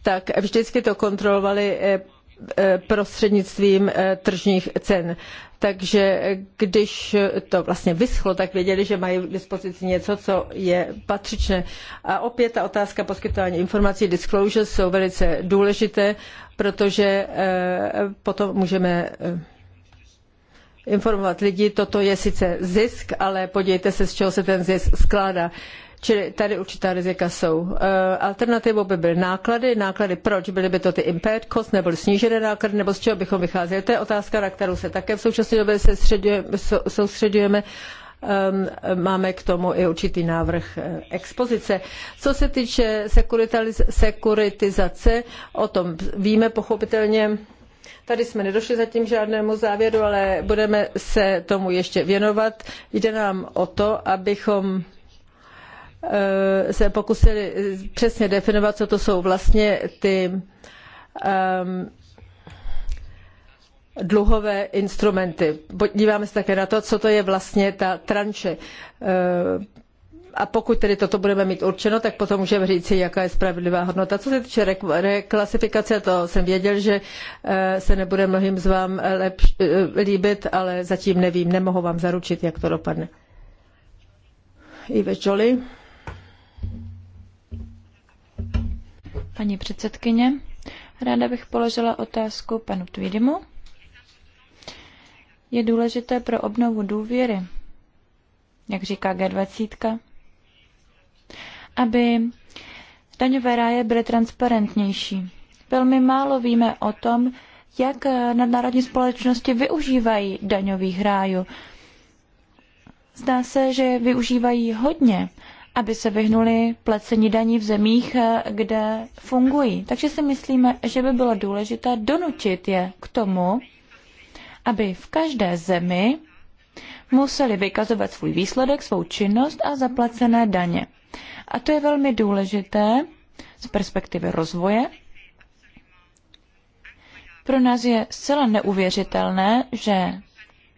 tak vždycky to kontrolovali prostřednictvím tržních cen takže když to vlastně vyschlo, tak věděli, že mají k dispozici něco, co je patřičné. A opět ta otázka poskytování informací disclosure jsou velice důležité, protože eh, potom můžeme eh, informovat lidi. Toto je sice zisk, ale podívejte se, z čeho se ten zisk skládá. Čili tady určitá rizika jsou. Eh, alternativou by byly náklady. Náklady proč? Byly by to ty impaired cost, nebo snížené náklady, nebo z čeho bychom vycházeli? To je otázka, na kterou se také v současné době soustředujeme. Ehm, máme k tomu i určitý návrh eh, expozice. Co se týče sekuritizace, o tom víme pochopitelně Tady jsme nedošli zatím žádnému závěru, ale budeme se tomu ještě věnovat. Jde nám o to, abychom eh, se pokusili eh, přesně definovat, co to jsou vlastně ty um, dluhové instrumenty. Podíváme se také na to, co to je vlastně ta tranše. Eh, a pokud tedy toto budeme mít určeno, tak potom můžeme říci, jaká je spravedlivá hodnota. Co se týče reklasifikace, to jsem věděl, že eh, se nebude mnohým z vám lepš, eh, líbit, ale zatím nevím, nemohu vám zaručit, jak to dopadne. Ive Jolie. Paní předsedkyně, ráda bych položila otázku panu Tvidimu. Je důležité pro obnovu důvěry, jak říká G20, aby daňové ráje byly transparentnější. Velmi málo víme o tom, jak nadnárodní společnosti využívají daňových rájů. Zdá se, že využívají hodně, aby se vyhnuli placení daní v zemích, kde fungují. Takže si myslíme, že by bylo důležité donutit je k tomu, aby v každé zemi museli vykazovat svůj výsledek, svou činnost a zaplacené daně. A to je velmi důležité z perspektivy rozvoje. Pro nás je zcela neuvěřitelné, že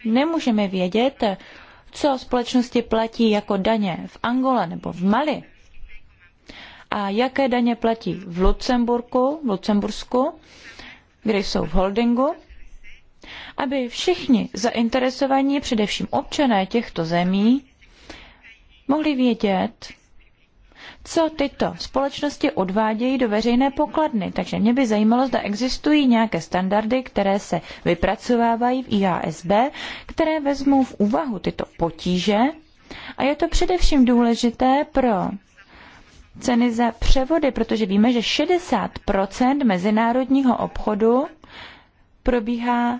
nemůžeme vědět, co společnosti platí jako daně v Angole nebo v Mali a jaké daně platí v Lucemburku, v Lucembursku, kde jsou v holdingu, aby všichni zainteresovaní, především občané těchto zemí, mohli vědět, co tyto společnosti odvádějí do veřejné pokladny. Takže mě by zajímalo, zda existují nějaké standardy, které se vypracovávají v IASB, které vezmou v úvahu tyto potíže. A je to především důležité pro ceny za převody, protože víme, že 60% mezinárodního obchodu probíhá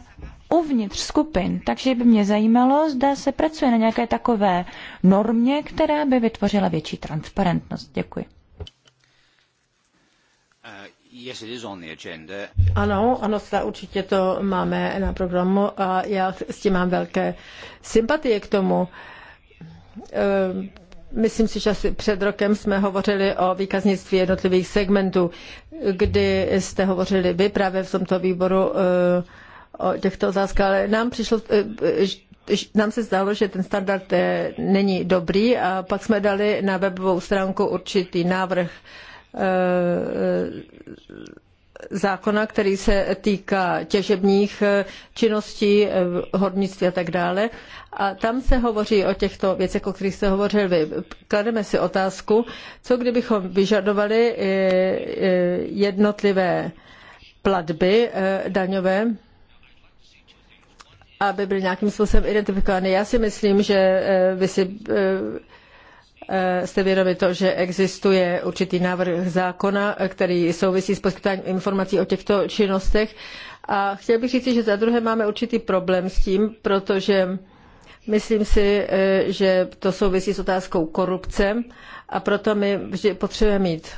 uvnitř skupin, takže by mě zajímalo, zda se pracuje na nějaké takové normě, která by vytvořila větší transparentnost. Děkuji. Uh, ano, ano, určitě to máme na programu a já s tím mám velké sympatie k tomu. Eh, myslím si, že asi před rokem jsme hovořili o výkaznictví jednotlivých segmentů, kdy jste hovořili vy právě v tomto výboru eh, o těchto otázkách, ale nám přišlo, eh, eh, nám se zdálo, že ten standard eh, není dobrý a pak jsme dali na webovou stránku určitý návrh zákona, který se týká těžebních činností, hornictví a tak dále. A tam se hovoří o těchto věcech, o kterých jste hovořil vy. Klademe si otázku, co kdybychom vyžadovali jednotlivé platby daňové aby byly nějakým způsobem identifikovány. Já si myslím, že eh, vy si eh, eh, jste vědomi to, že existuje určitý návrh zákona, který souvisí s poskytováním informací o těchto činnostech. A chtěl bych říct, že za druhé máme určitý problém s tím, protože myslím si, že to souvisí s otázkou korupce a proto my vždy potřebujeme mít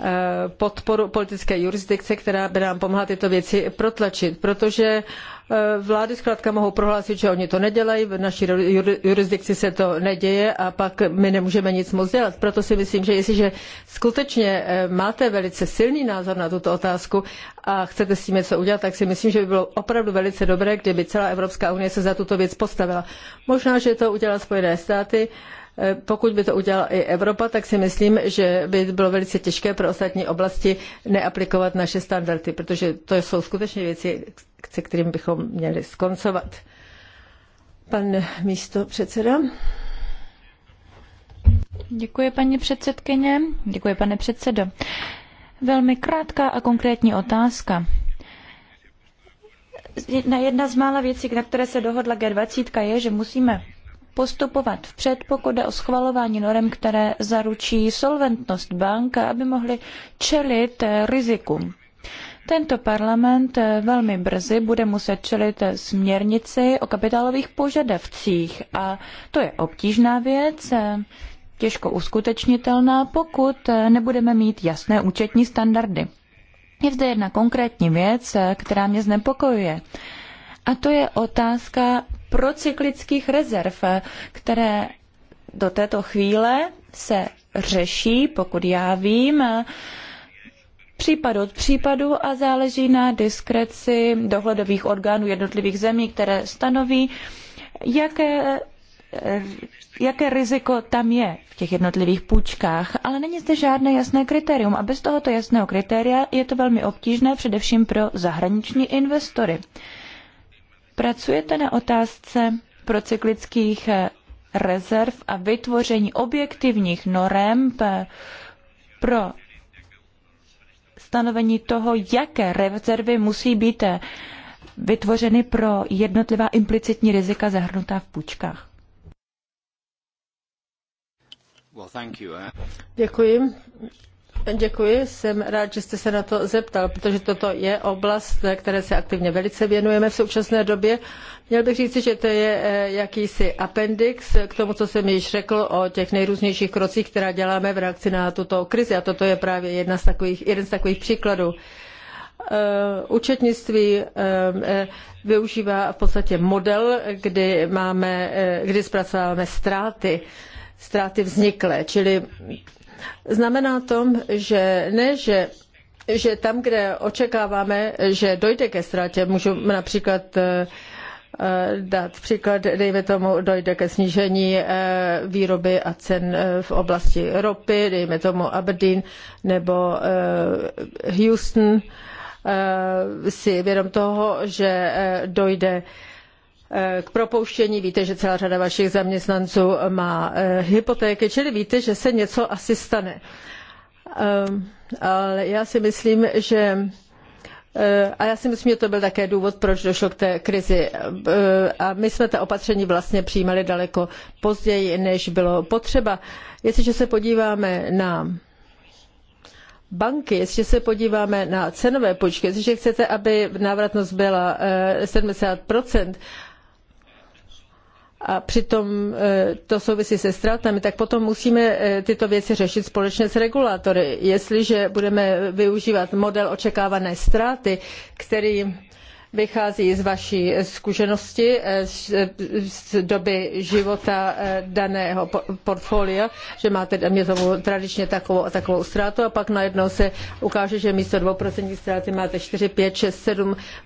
Eh, podporu politické jurisdikce, která by nám pomohla tyto věci protlačit, protože eh, vlády zkrátka mohou prohlásit, že oni to nedělají, v naší jurisdikci se to neděje a pak my nemůžeme nic moc dělat. Proto si myslím, že jestliže skutečně eh, máte velice silný názor na tuto otázku a chcete s tím něco udělat, tak si myslím, že by bylo opravdu velice dobré, kdyby celá Evropská unie se za tuto věc postavila. Možná, že to udělá Spojené státy, Eh, pokud by to udělala i Evropa, tak si myslím, že by bylo velice těžké pro ostatní oblasti neaplikovat naše standardy, protože to jsou skutečně věci, se kterými bychom měli skoncovat. Pan místo předseda. Děkuji, paní předsedkyně. Děkuji, pane předsedo. Velmi krátká a konkrétní otázka. Jedna z mála věcí, na které se dohodla G20, je, že musíme postupovat vpřed, pokud jde o schvalování norem, které zaručí solventnost bank, aby mohly čelit eh, rizikům. Tento parlament eh, velmi brzy bude muset čelit eh, směrnici o kapitálových požadavcích a to je obtížná věc, těžko uskutečnitelná, pokud nebudeme mít jasné účetní standardy. Je zde jedna konkrétní věc, která mě znepokojuje. A to je otázka procyklických rezerv, které do této chvíle se řeší, pokud já vím, případ od případu a záleží na diskreci dohledových orgánů jednotlivých zemí, které stanoví, jaké jaké riziko tam je v těch jednotlivých půjčkách, ale není zde žádné jasné kritérium a bez tohoto jasného kritéria je to velmi obtížné především pro zahraniční investory. Pracujete na otázce procyklických eh, rezerv a vytvoření objektivních norem eh, pro stanovení toho, jaké rezervy musí být eh, vytvořeny pro jednotlivá implicitní rizika zahrnutá v půjčkách. Děkuji. Děkuji, jsem rád, že jste se na to zeptal, protože toto je oblast, které se aktivně velice věnujeme v současné době. Měl bych říci, že to je eh, jakýsi appendix k tomu, co jsem již řekl o těch nejrůznějších krocích, která děláme v reakci na tuto krizi. A toto je právě jedna z takových, jeden z takových příkladů. Eh, účetnictví eh, využívá v podstatě model, kdy, máme, kdy zpracováváme ztráty, ztráty vzniklé, čili Znamená to, že ne, že že tam, kde očekáváme, že dojde ke ztrátě, můžu například eh, eh, dát příklad, dejme tomu, dojde ke snížení eh, výroby a cen v oblasti ropy, dejme tomu Aberdeen nebo Houston, si vědom toho, že dojde Eh, k propouštění, víte, že celá řada vašich zaměstnanců má eh, hypotéky, čili víte, že se něco asi stane. Ehm, ale já si myslím, že eh, a já si myslím, že to byl také důvod, proč došlo k té krizi. A my jsme ta opatření vlastně přijímali daleko později, než bylo potřeba. Jestliže se podíváme na banky, jestliže se podíváme na cenové počty, jestliže chcete, aby návratnost byla 70 a přitom e, to souvisí se ztrátami, tak potom musíme e, tyto věci řešit společně s regulátory. Jestliže budeme využívat model očekávané ztráty, který vychází z vaší zkušenosti eh, eh, z doby života eh, daného portfolia, že máte měřovou tradičně takovou a takovou ztrátu a pak najednou se ukáže, že místo 2% ztráty máte 4, 5, 6,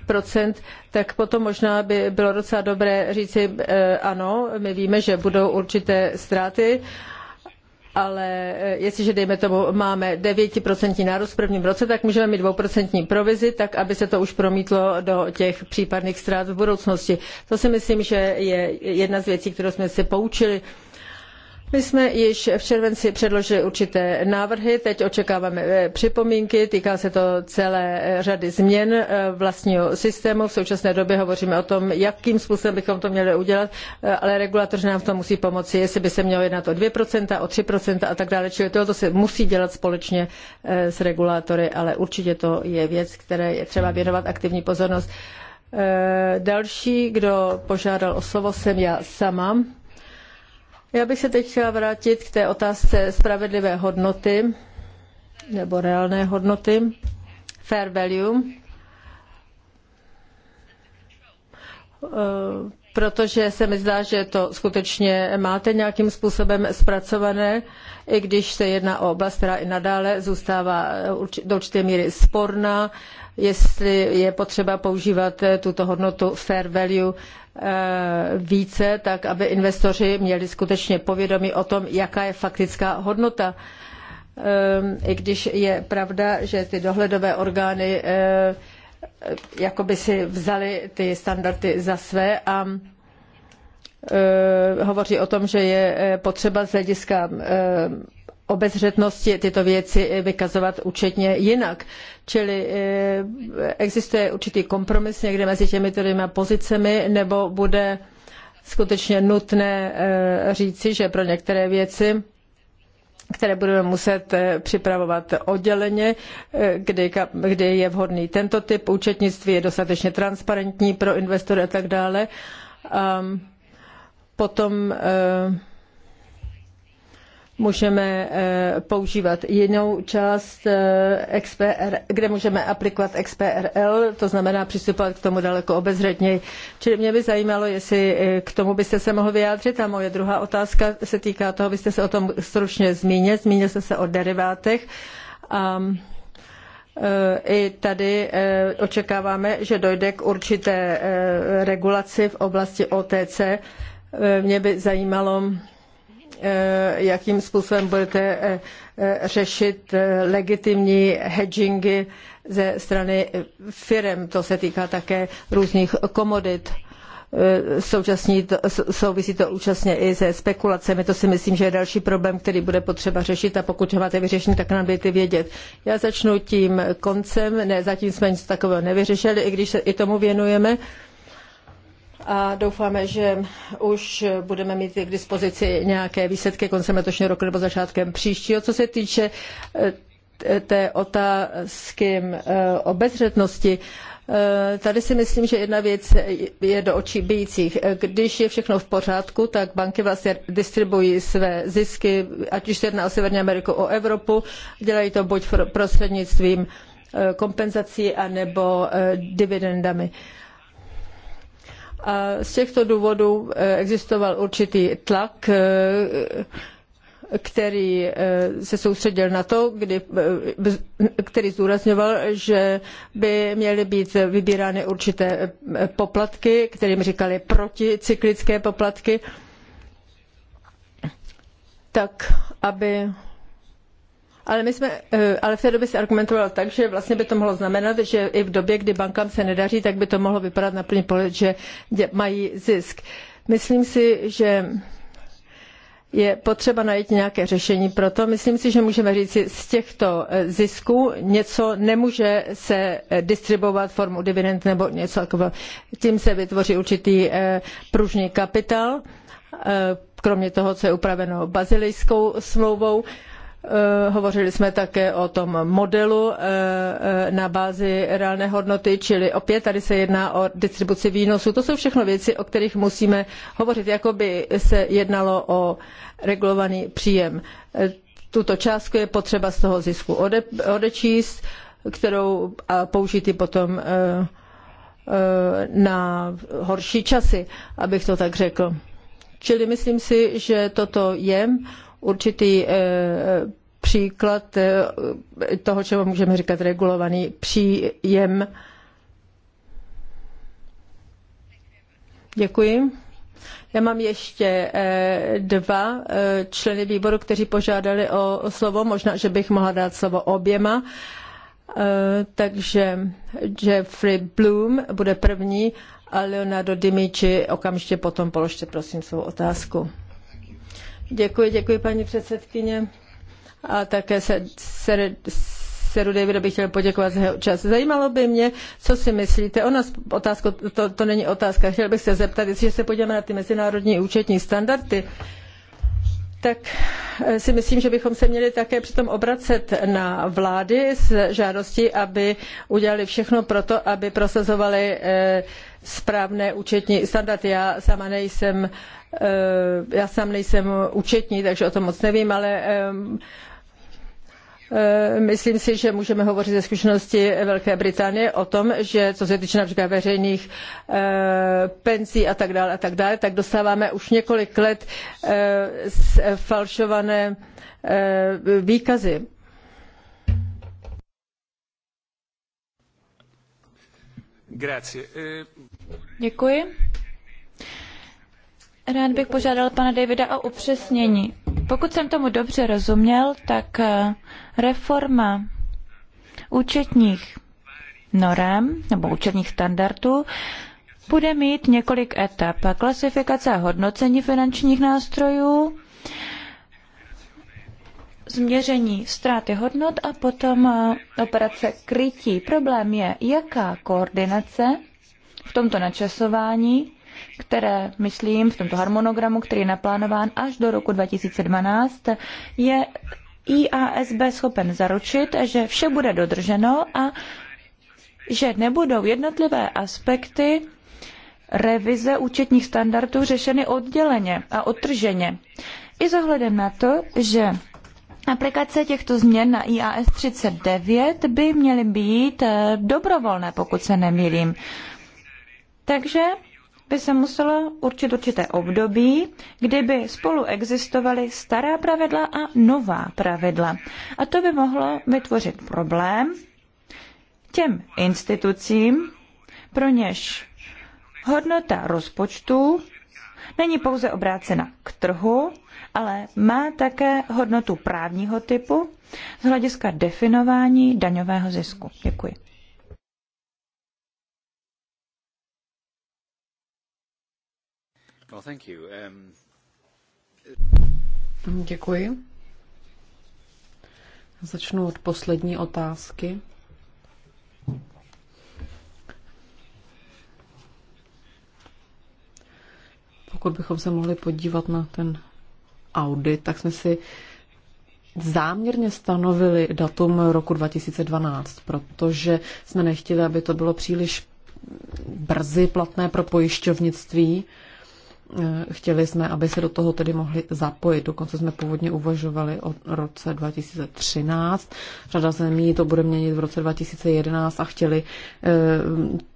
7%, tak potom možná by bylo docela dobré říci ano, my víme, že budou určité ztráty, ale e, jestliže, dejme tomu, máme 9% nárůst v prvním roce, tak můžeme mít 2% provizi, tak aby se to už promítlo do těch případných ztrát v budoucnosti. To si myslím, že je jedna z věcí, kterou jsme si poučili my jsme již v červenci předložili určité návrhy, teď očekáváme eh, připomínky, týká se to celé eh, řady změn eh, vlastního systému. V současné době hovoříme o tom, jakým způsobem bychom to měli udělat, ale regulatoř nám v tom musí pomoci, jestli by se mělo jednat o 2%, o 3% a tak dále. Čili toto se musí dělat společně s regulátory, ale určitě to je věc, které je třeba věnovat aktivní pozornost. Další, kdo požádal o slovo, jsem já sama. Já bych se teď chtěla vrátit k té otázce spravedlivé hodnoty nebo reálné hodnoty, fair value, eh, protože se mi zdá, že to skutečně máte nějakým způsobem zpracované, i když se jedná o oblast, která i nadále zůstává eh, do určité míry sporná, jestli je potřeba používat eh, tuto hodnotu fair value Eh, více, tak aby investoři měli skutečně povědomí o tom, jaká je faktická hodnota. Eh, I když je pravda, že ty dohledové orgány eh, jakoby si vzali ty standardy za své a hovoří o tom, že je potřeba z hlediska obezřetnosti tyto věci vykazovat účetně jinak. Čili eh, existuje určitý kompromis někde mezi těmito dvěma pozicemi, nebo bude skutečně nutné eh, říci, že pro některé věci které budeme muset eh, připravovat odděleně, kdy, kdy je vhodný tento typ účetnictví, je dostatečně transparentní pro investory a tak dále. potom můžeme eh, používat jinou část eh, XPR, kde můžeme aplikovat XPRL, to znamená přistupovat k tomu daleko obezřetněji. Čili mě by zajímalo, jestli eh, k tomu byste se mohl vyjádřit. A moje druhá otázka se týká toho, byste se o tom stručně zmínil, zmínil jste se o derivátech. A i tady očekáváme, že dojde k určité regulaci v oblasti OTC. Mě by zajímalo, Eh, jakým způsobem budete eh, eh, řešit legitimní hedgingy ze strany firem. To se týká také různých komodit. Současní to, souvisí to účastně i se spekulacemi. To si myslím, že je další problém, který bude potřeba řešit a pokud ho máte vyřešit, tak nám dejte vědět. Já začnu tím koncem. Ne, zatím jsme nic takového nevyřešili, i když se i tomu věnujeme. Uh, a doufáme, že už budeme mít k dispozici nějaké výsledky koncem letošního roku nebo začátkem příštího. Co se týče eh, té otázky eh, o bezřetnosti, eh, Tady si myslím, že jedna věc je do očí bíjících. Když je všechno v pořádku, tak banky vlastně distribuují své zisky, ať už se jedná o Severní Ameriku, o Evropu, dělají to buď prostřednictvím kompenzací anebo dividendami. Uh, a z těchto důvodů eh, existoval určitý tlak, eh, který eh, se soustředil na to, kdy, který zdůrazňoval, že by měly být vybírány určité poplatky, kterým říkali proticyklické poplatky, tak aby ale, my jsme, eh, ale v té době se argumentovalo tak, že vlastně by to mohlo znamenat, že i v době, kdy bankám se nedaří, tak by to mohlo vypadat na plný pohled, že mají zisk. Myslím si, že je potřeba najít nějaké řešení pro to. Myslím si, že můžeme říci, z těchto eh, zisků něco nemůže se eh, distribuovat formou dividend nebo něco takového. Tím se vytvoří určitý pružný kapitál, kromě toho, co je upraveno bazilejskou smlouvou. Eh, hovořili jsme také o tom modelu eh, eh, na bázi reálné hodnoty, čili opět tady se jedná o distribuci výnosů. To jsou všechno věci, o kterých musíme hovořit, jako by se jednalo o regulovaný příjem. Tuto částku je potřeba z toho zisku ode, odečíst, kterou a použít ji potom na horší časy, abych to tak řekl. Čili myslím si, že toto je určitý eh, příklad eh, toho, čemu můžeme říkat regulovaný příjem. Děkuji. Já mám ještě eh, dva členy výboru, kteří požádali o slovo. Možná, že bych mohla dát slovo oběma. Takže Jeffrey Bloom bude první a Leonardo Dimici okamžitě potom položte, prosím, svou otázku. Děkuji, děkuji paní předsedkyně. A také se, se, bych chtěl poděkovat za jeho čas. Zajímalo by mě, co si myslíte. Ona otázka, to, to není otázka. Chtěl bych se zeptat, jestliže se podíváme na ty mezinárodní účetní standardy, tak eh, si myslím, že bychom se měli také přitom obracet na vlády s žádostí, aby udělali všechno pro to, aby prosazovali eh, správné účetní standardy. Já sama nejsem, eh, já sám nejsem účetní, takže o tom moc nevím, ale eh, eh, myslím si, že můžeme hovořit ze zkušenosti Velké Británie o tom, že co se týče například veřejných penzí a tak dále, a tak dále, tak dostáváme už několik let falšované výkazy. Grazie. Děkuji. Rád bych požádal pana Davida o upřesnění. Pokud jsem tomu dobře rozuměl, tak eh, reforma účetních norem nebo účetních standardů bude mít několik etap. Klasifikace a hodnocení finančních nástrojů, změření ztráty hodnot a potom eh, operace krytí. Problém je, jaká koordinace v tomto načasování, které, myslím, v tomto harmonogramu, který je naplánován až do roku 2012, je IASB schopen zaručit, že vše bude dodrženo a že nebudou jednotlivé aspekty revize účetních standardů řešeny odděleně a odtrženě. I zohledem na to, že Aplikace těchto změn na IAS 39 by měly být eh, dobrovolné, pokud se nemýlím. Takže by se muselo určit určité období, kdyby spolu existovaly stará pravidla a nová pravidla. A to by mohlo vytvořit problém těm institucím, pro něž hodnota rozpočtu není pouze obrácena k trhu, ale má také hodnotu právního typu z hlediska definování daňového zisku. Děkuji. Um, Děkuji. Začnu od poslední otázky. Pokud bychom se mohli podívat na ten audit, tak jsme si záměrně stanovili datum roku 2012, protože jsme nechtěli, aby to bylo příliš brzy platné pro pojišťovnictví Eh, chtěli jsme, aby se do toho tedy mohli zapojit. Dokonce jsme původně uvažovali o roce 2013. Řada zemí to bude měnit v roce 2011 a chtěli eh,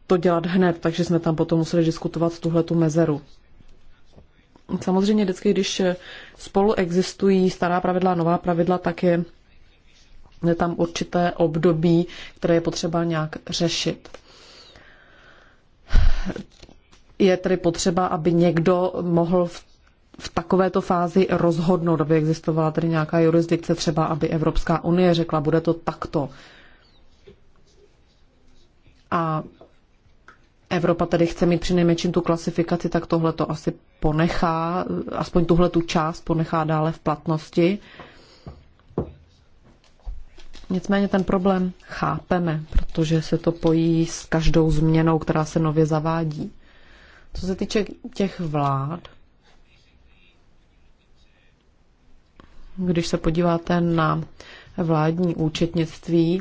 to dělat hned, takže jsme tam potom museli diskutovat tuhle tu mezeru. Samozřejmě vždycky, když spolu existují stará pravidla a nová pravidla, tak je tam určité období, které je potřeba nějak řešit. Je tedy potřeba, aby někdo mohl v, v takovéto fázi rozhodnout, aby existovala tedy nějaká jurisdikce, třeba aby Evropská unie řekla, bude to takto. A Evropa tedy chce mít přinejmenším tu klasifikaci, tak tohle to asi ponechá, aspoň tuhle tu část ponechá dále v platnosti. Nicméně ten problém chápeme, protože se to pojí s každou změnou, která se nově zavádí. Co se týče těch vlád, když se podíváte na vládní účetnictví,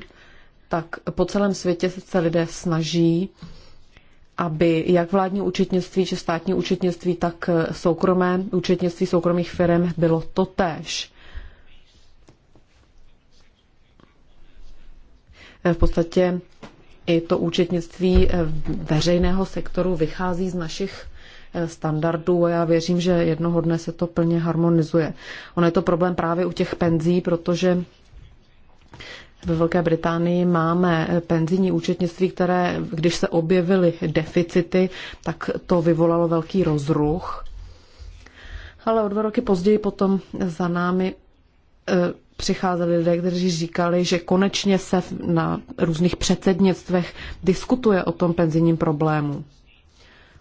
tak po celém světě se lidé snaží, aby jak vládní účetnictví, či státní účetnictví, tak soukromé účetnictví soukromých firm bylo totéž. V podstatě i to účetnictví eh, veřejného sektoru vychází z našich eh, standardů a já věřím, že jednoho dne se to plně harmonizuje. Ono je to problém právě u těch penzí, protože ve Velké Británii máme eh, penzijní účetnictví, které, když se objevily deficity, tak to vyvolalo velký rozruch. Ale o dva roky později potom za námi přicházeli lidé, kteří říkali, že konečně se na různých předsednictvech diskutuje o tom penzijním problému.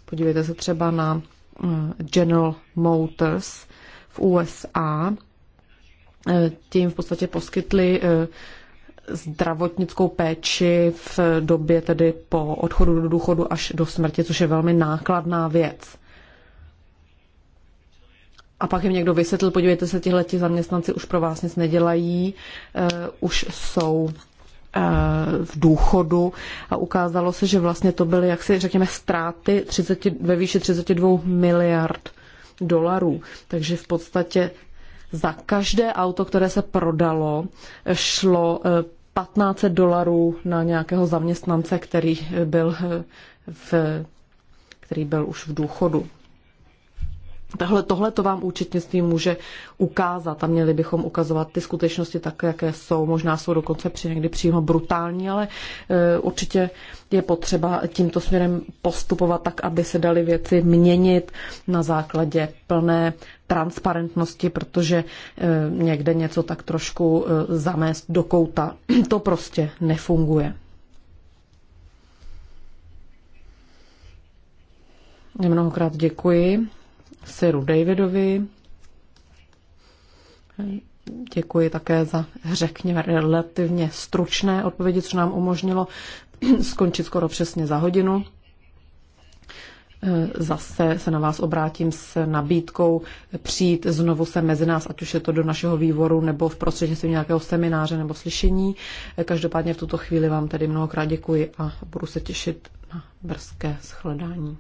Podívejte se třeba na mm, General Motors v USA. Eh, Tím v podstatě poskytli eh, zdravotnickou péči v době tedy po odchodu do důchodu až do smrti, což je velmi nákladná věc. A pak jim někdo vysvětlil, podívejte se, ti zaměstnanci už pro vás nic nedělají, eh, už jsou eh, v důchodu a ukázalo se, že vlastně to byly, jak si řekněme, ztráty 30, ve výši 32 miliard dolarů. Takže v podstatě za každé auto, které se prodalo, šlo 15 eh, dolarů na nějakého zaměstnance, který byl, v, který byl už v důchodu. Tohle, tohle to vám účetnictví může ukázat a měli bychom ukazovat ty skutečnosti tak, jaké jsou. Možná jsou dokonce při někdy přímo brutální, ale e, určitě je potřeba tímto směrem postupovat tak, aby se daly věci měnit na základě plné transparentnosti, protože e, někde něco tak trošku e, zamést do kouta. To prostě nefunguje. Mnohokrát děkuji Siru Davidovi. Děkuji také za, řekněme, relativně stručné odpovědi, co nám umožnilo skončit skoro přesně za hodinu. Eh, zase se na vás obrátím s nabídkou přijít znovu se mezi nás, ať už je to do našeho vývoru nebo v prostřednictvím nějakého semináře nebo slyšení. Eh, každopádně v tuto chvíli vám tedy mnohokrát děkuji a budu se těšit na brzké shledání.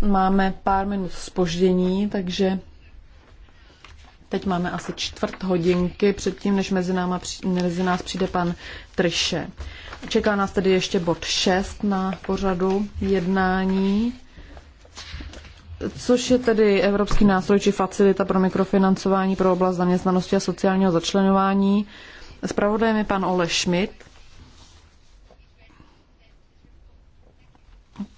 Máme pár minut spoždění, takže teď máme asi čtvrt hodinky předtím, než mezi, náma, mezi nás přijde pan Trše. Čeká nás tedy ještě bod 6 na pořadu jednání což je tedy Evropský nástroj či facilita pro mikrofinancování pro oblast zaměstnanosti a sociálního začlenování. Spravodajem je pan Ole Schmidt.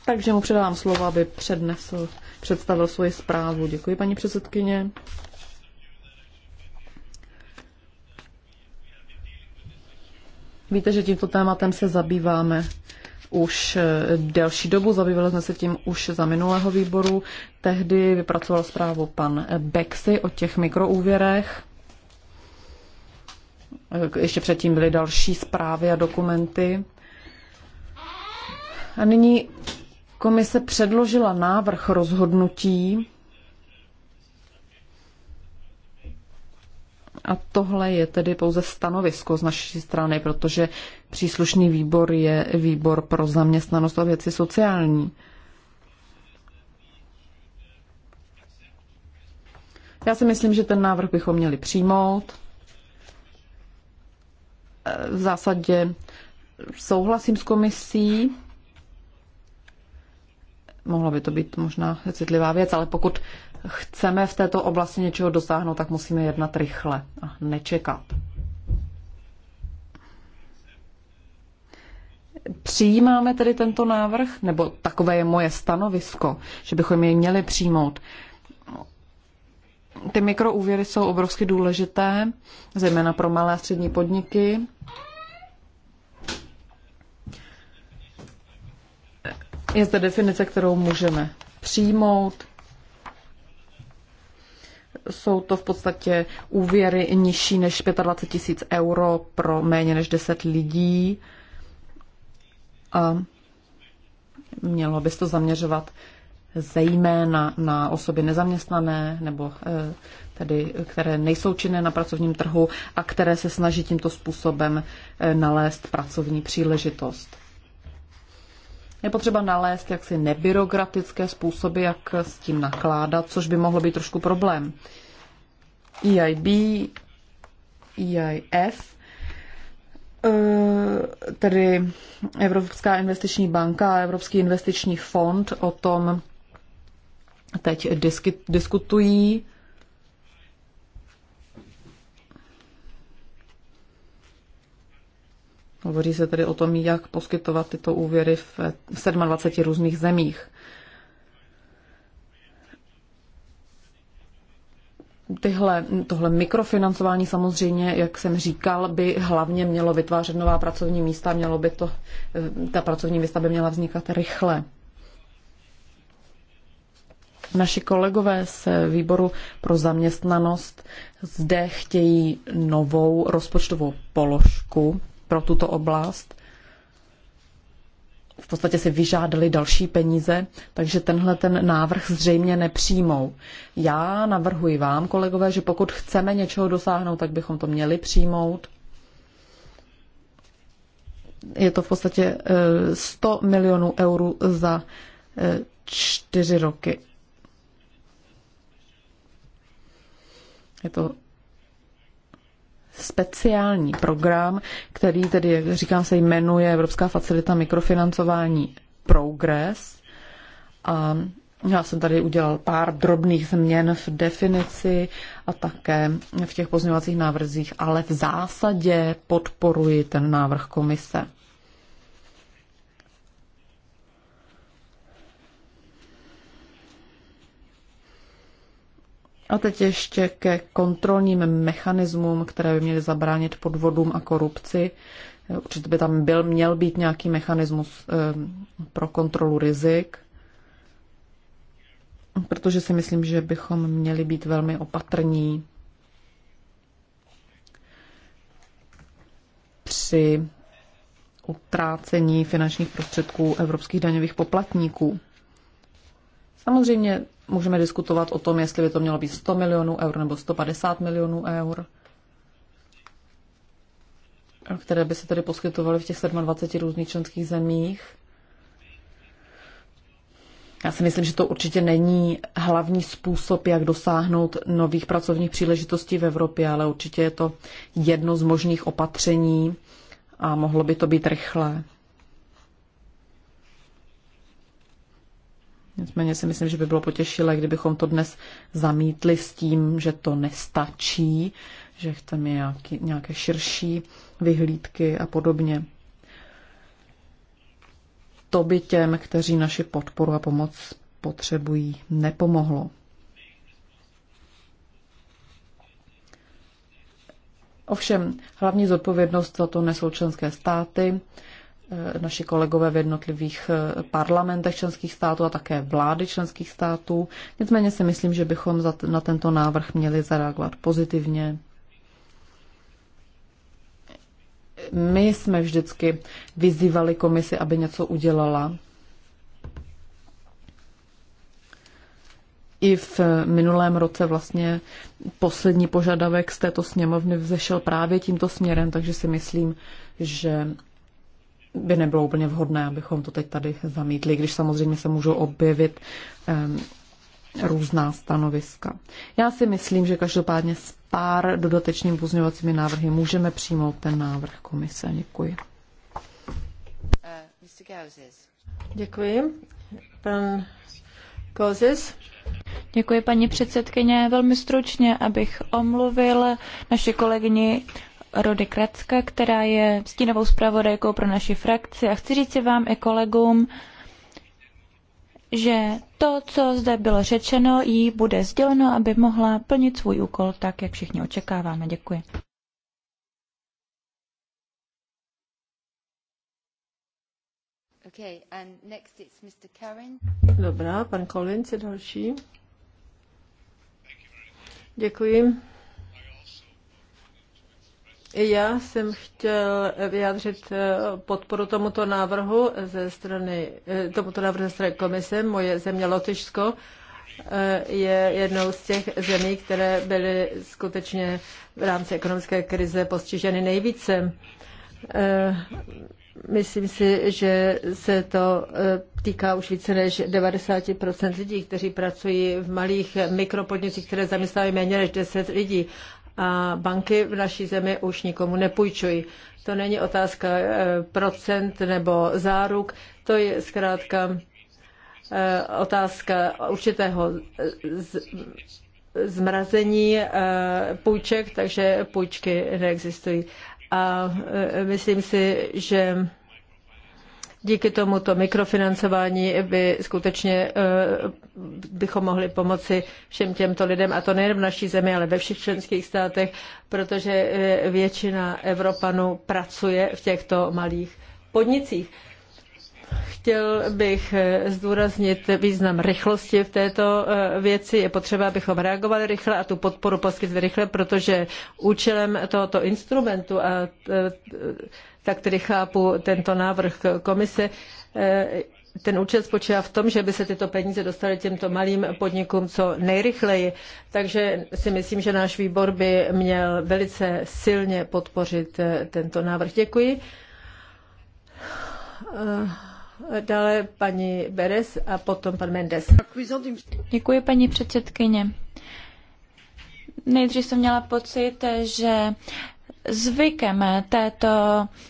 takže mu předávám slovo, aby přednesl, představil svoji zprávu. Děkuji, paní předsedkyně. Víte, že tímto tématem se zabýváme už eh, delší dobu, zabývali jsme se tím už za minulého výboru. Tehdy vypracoval zprávu pan Bexy o těch mikroúvěrech. Eh, ještě předtím byly další zprávy a dokumenty. A nyní Komise předložila návrh rozhodnutí a tohle je tedy pouze stanovisko z naší strany, protože příslušný výbor je výbor pro zaměstnanost a věci sociální. Já si myslím, že ten návrh bychom měli přijmout. V zásadě souhlasím s komisí, mohla by to být možná citlivá věc, ale pokud chceme v této oblasti něčeho dosáhnout, tak musíme jednat rychle a nečekat. Přijímáme tedy tento návrh, nebo takové je moje stanovisko, že bychom jej měli přijmout. Ty mikroúvěry jsou obrovsky důležité, zejména pro malé a střední podniky, Je zde definice, kterou můžeme přijmout. Jsou to v podstatě úvěry nižší než 25 tisíc euro pro méně než 10 lidí. A mělo by se to zaměřovat zejména na osoby nezaměstnané nebo eh, tedy, které nejsou činné na pracovním trhu a které se snaží tímto způsobem eh, nalézt pracovní příležitost je potřeba nalézt jaksi nebyrokratické způsoby, jak s tím nakládat, což by mohlo být trošku problém. EIB, EIF, e, tedy Evropská investiční banka a Evropský investiční fond o tom teď diskutují. Hovoří se tedy o tom, jak poskytovat tyto úvěry v 27 různých zemích. Tyhle, tohle mikrofinancování samozřejmě, jak jsem říkal, by hlavně mělo vytvářet nová pracovní místa, mělo by to, eh, ta pracovní místa by měla vznikat rychle. Naši kolegové z výboru pro zaměstnanost zde chtějí novou rozpočtovou položku pro tuto oblast. V podstatě si vyžádali další peníze, takže tenhle ten návrh zřejmě nepřijmou. Já navrhuji vám, kolegové, že pokud chceme něčeho dosáhnout, tak bychom to měli přijmout je to v podstatě 100 eh, milionů eur za eh, čtyři roky. Je to speciální program, který tedy, jak říkám, se jmenuje Evropská facilita mikrofinancování Progress. A já jsem tady udělal pár drobných změn v definici a také v těch pozměňovacích návrzích, ale v zásadě podporuji ten návrh komise. A teď ještě ke kontrolním mechanismům, které by měly zabránit podvodům a korupci. Určitě by tam byl, měl být nějaký mechanismus ehm, pro kontrolu rizik, protože si myslím, že bychom měli být velmi opatrní při utrácení finančních prostředků evropských daňových poplatníků. Samozřejmě můžeme diskutovat o tom, jestli by to mělo být 100 milionů eur nebo 150 milionů eur, které by se tedy poskytovaly v těch 27 různých členských zemích. Já si myslím, že to určitě není hlavní způsob, jak dosáhnout nových pracovních příležitostí v Evropě, ale určitě je to jedno z možných opatření a mohlo by to být rychlé. Nicméně si myslím, že by bylo potěšilé, kdybychom to dnes zamítli s tím, že to nestačí, že chceme nějaký, nějaké širší vyhlídky a podobně. To by těm, kteří naši podporu a pomoc potřebují, nepomohlo. Ovšem, hlavní zodpovědnost za to nesou členské státy, Eh, naši kolegové v jednotlivých eh, parlamentech členských států a také vlády členských států. Nicméně si myslím, že bychom na tento návrh měli zareagovat pozitivně. My jsme vždycky vyzývali komisi, aby něco udělala. I v minulém roce vlastně poslední požadavek z této sněmovny vzešel právě tímto směrem, takže si myslím, že by nebylo úplně vhodné, abychom to teď tady zamítli, když samozřejmě se můžou objevit um, různá stanoviska. Já si myslím, že každopádně s pár dodatečnými pozměňovacími návrhy můžeme přijmout ten návrh komise. Děkuji. Uh, Děkuji. Pan Kozis. Děkuji, paní předsedkyně. Velmi stručně, abych omluvil naši kolegyni Rody Kratska, která je stínovou zpravodajkou pro naši frakci. A chci říct vám i kolegům, že to, co zde bylo řečeno, jí bude sděleno, aby mohla plnit svůj úkol tak, jak všichni očekáváme. Děkuji. Okay, and next it's Mr. Karin. Dobrá, pan Collins je další. Děkuji. Já jsem chtěl vyjádřit eh, podporu tomuto návrhu ze strany, eh, tomuto návrhu ze strany komise. Moje země Lotyšsko eh, je jednou z těch zemí, které byly skutečně v rámci ekonomické krize postiženy nejvíce. Myslím si, že se to týká už více než 90 lidí, kteří pracují v malých mikropodnicích, které zaměstnávají méně než 10 lidí a banky v naší zemi už nikomu nepůjčují. To není otázka eh, procent nebo záruk, to je zkrátka eh, otázka určitého zmrazení eh, půjček, takže půjčky neexistují. A myslím si, že Díky tomuto mikrofinancování by skutečně eh, bychom mohli pomoci všem těmto lidem, a to nejen v naší zemi, ale ve všech členských státech, protože eh, většina Evropanů pracuje v těchto malých podnicích. Chtěl bych eh, zdůraznit význam rychlosti v této věci. Je potřeba, abychom reagovali rychle a tu podporu poskytli rychle, protože účelem tohoto instrumentu a tak tedy chápu tento návrh komise. E, ten účel spočívá v tom, že by se tyto peníze dostaly těmto malým podnikům co nejrychleji. Takže si myslím, že náš výbor by měl velice silně podpořit e, tento návrh. Děkuji. E, dále paní Beres a potom pan Mendes. Děkuji, paní předsedkyně. Nejdřív jsem měla pocit, že Zvykem této,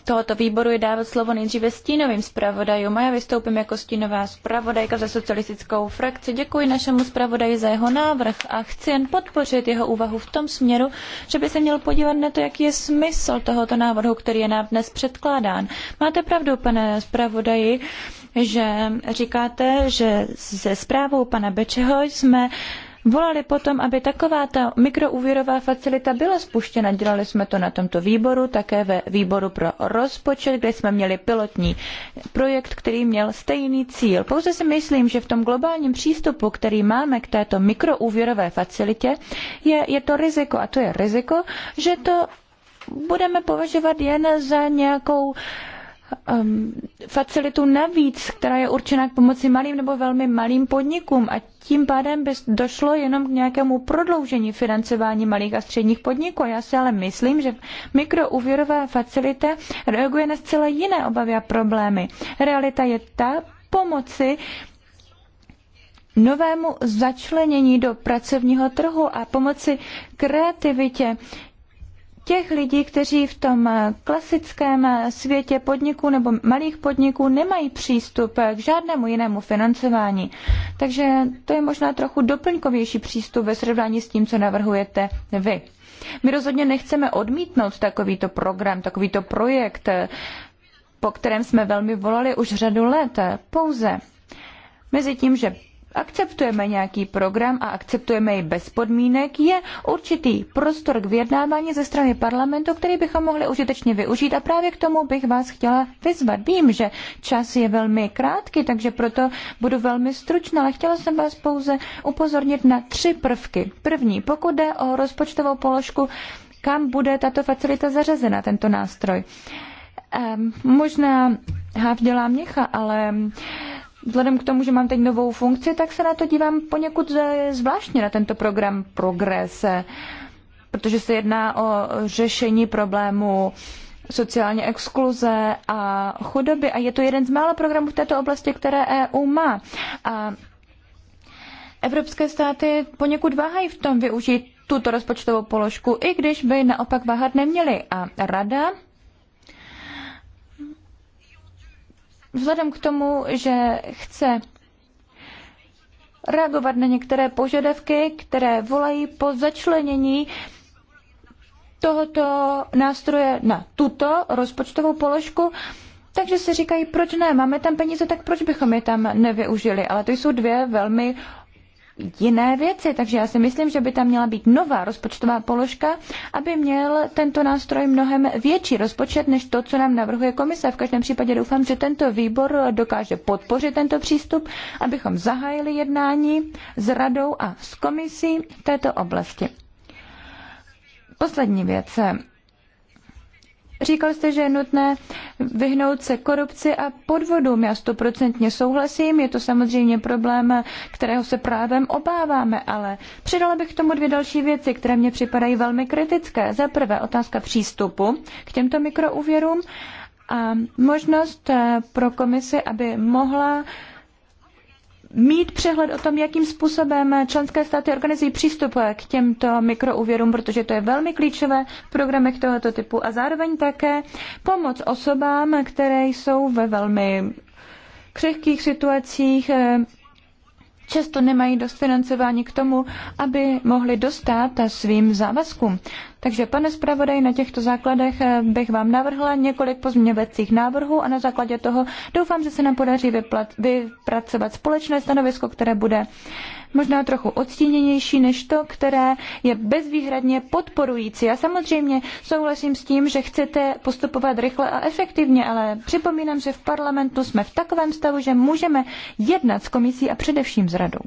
tohoto výboru je dávat slovo nejdříve stínovým zpravodajům a já vystoupím jako stínová zpravodajka za socialistickou frakci. Děkuji našemu zpravodaji za jeho návrh a chci jen podpořit jeho úvahu v tom směru, že by se měl podívat na to, jaký je smysl tohoto návrhu, který je nám dnes předkládán. Máte pravdu, pane zpravodaji, že říkáte, že se zprávou pana Bečeho jsme volali potom, aby taková ta mikroúvěrová facilita byla spuštěna. Dělali jsme to na tomto výboru, také ve výboru pro rozpočet, kde jsme měli pilotní projekt, který měl stejný cíl. Pouze si myslím, že v tom globálním přístupu, který máme k této mikroúvěrové facilitě, je, je to riziko. A to je riziko, že to budeme považovat jen za nějakou uh, um, facilitu navíc, která je určena k pomoci malým nebo velmi malým podnikům a tím pádem by došlo jenom k nějakému prodloužení financování malých a středních podniků. Já si ale myslím, že mikroúvěrová facilita reaguje na zcela jiné obavy a problémy. Realita je ta pomoci novému začlenění do pracovního trhu a pomoci kreativitě těch lidí, kteří v tom eh, klasickém eh, světě podniků nebo malých podniků nemají přístup eh, k žádnému jinému financování. Takže to je možná trochu doplňkovější přístup ve srovnání s tím, co navrhujete vy. My rozhodně nechceme odmítnout takovýto program, takovýto projekt, po kterém jsme velmi volali už řadu let. Pouze mezi tím, že akceptujeme nějaký program a akceptujeme ji bez podmínek, je určitý prostor k vyjednávání ze strany parlamentu, který bychom mohli užitečně využít a právě k tomu bych vás chtěla vyzvat. Vím, že čas je velmi krátký, takže proto budu velmi stručná, ale chtěla jsem vás pouze upozornit na tři prvky. První, pokud jde o rozpočtovou položku, kam bude tato facilita zařazena, tento nástroj. Um, možná háv dělá měcha, ale vzhledem k tomu, že mám teď novou funkci, tak se na to dívám poněkud zvláštně na tento program Progress, protože se jedná o řešení problému sociální exkluze a chudoby a je to jeden z mála programů v této oblasti, které EU má. A evropské státy poněkud váhají v tom využít tuto rozpočtovou položku, i když by naopak váhat neměly. A rada Vzhledem k tomu, že chce reagovat na některé požadavky, které volají po začlenění tohoto nástroje na tuto rozpočtovou položku, takže si říkají, proč ne, máme tam peníze, tak proč bychom je tam nevyužili. Ale to jsou dvě velmi jiné věci. Takže já si myslím, že by tam měla být nová rozpočtová položka, aby měl tento nástroj mnohem větší rozpočet než to, co nám navrhuje komise. V každém případě doufám, že tento výbor dokáže podpořit tento přístup, abychom zahájili jednání s radou a s komisí v této oblasti. Poslední věc. Říkal jste, že je nutné vyhnout se korupci a podvodům. Já stoprocentně souhlasím, je to samozřejmě problém, kterého se právem obáváme, ale přidala bych k tomu dvě další věci, které mě připadají velmi kritické. Za prvé otázka přístupu k těmto mikroúvěrům a možnost eh, pro komisi, aby mohla mít přehled o tom, jakým způsobem členské státy organizují přístup k těmto mikroúvěrům, protože to je velmi klíčové v programech tohoto typu a zároveň také pomoc osobám, které jsou ve velmi křehkých situacích, eh, často nemají dost financování k tomu, aby mohli dostat svým závazkům. Takže, pane zpravodaj, na těchto základech eh, bych vám navrhla několik pozměňovacích návrhů a na základě toho doufám, že se nám podaří vyplat, vypracovat společné stanovisko, které bude možná trochu odstíněnější než to, které je bezvýhradně podporující. Já samozřejmě souhlasím s tím, že chcete postupovat rychle a efektivně, ale připomínám, že v parlamentu jsme v takovém stavu, že můžeme jednat s komisí a především s radou.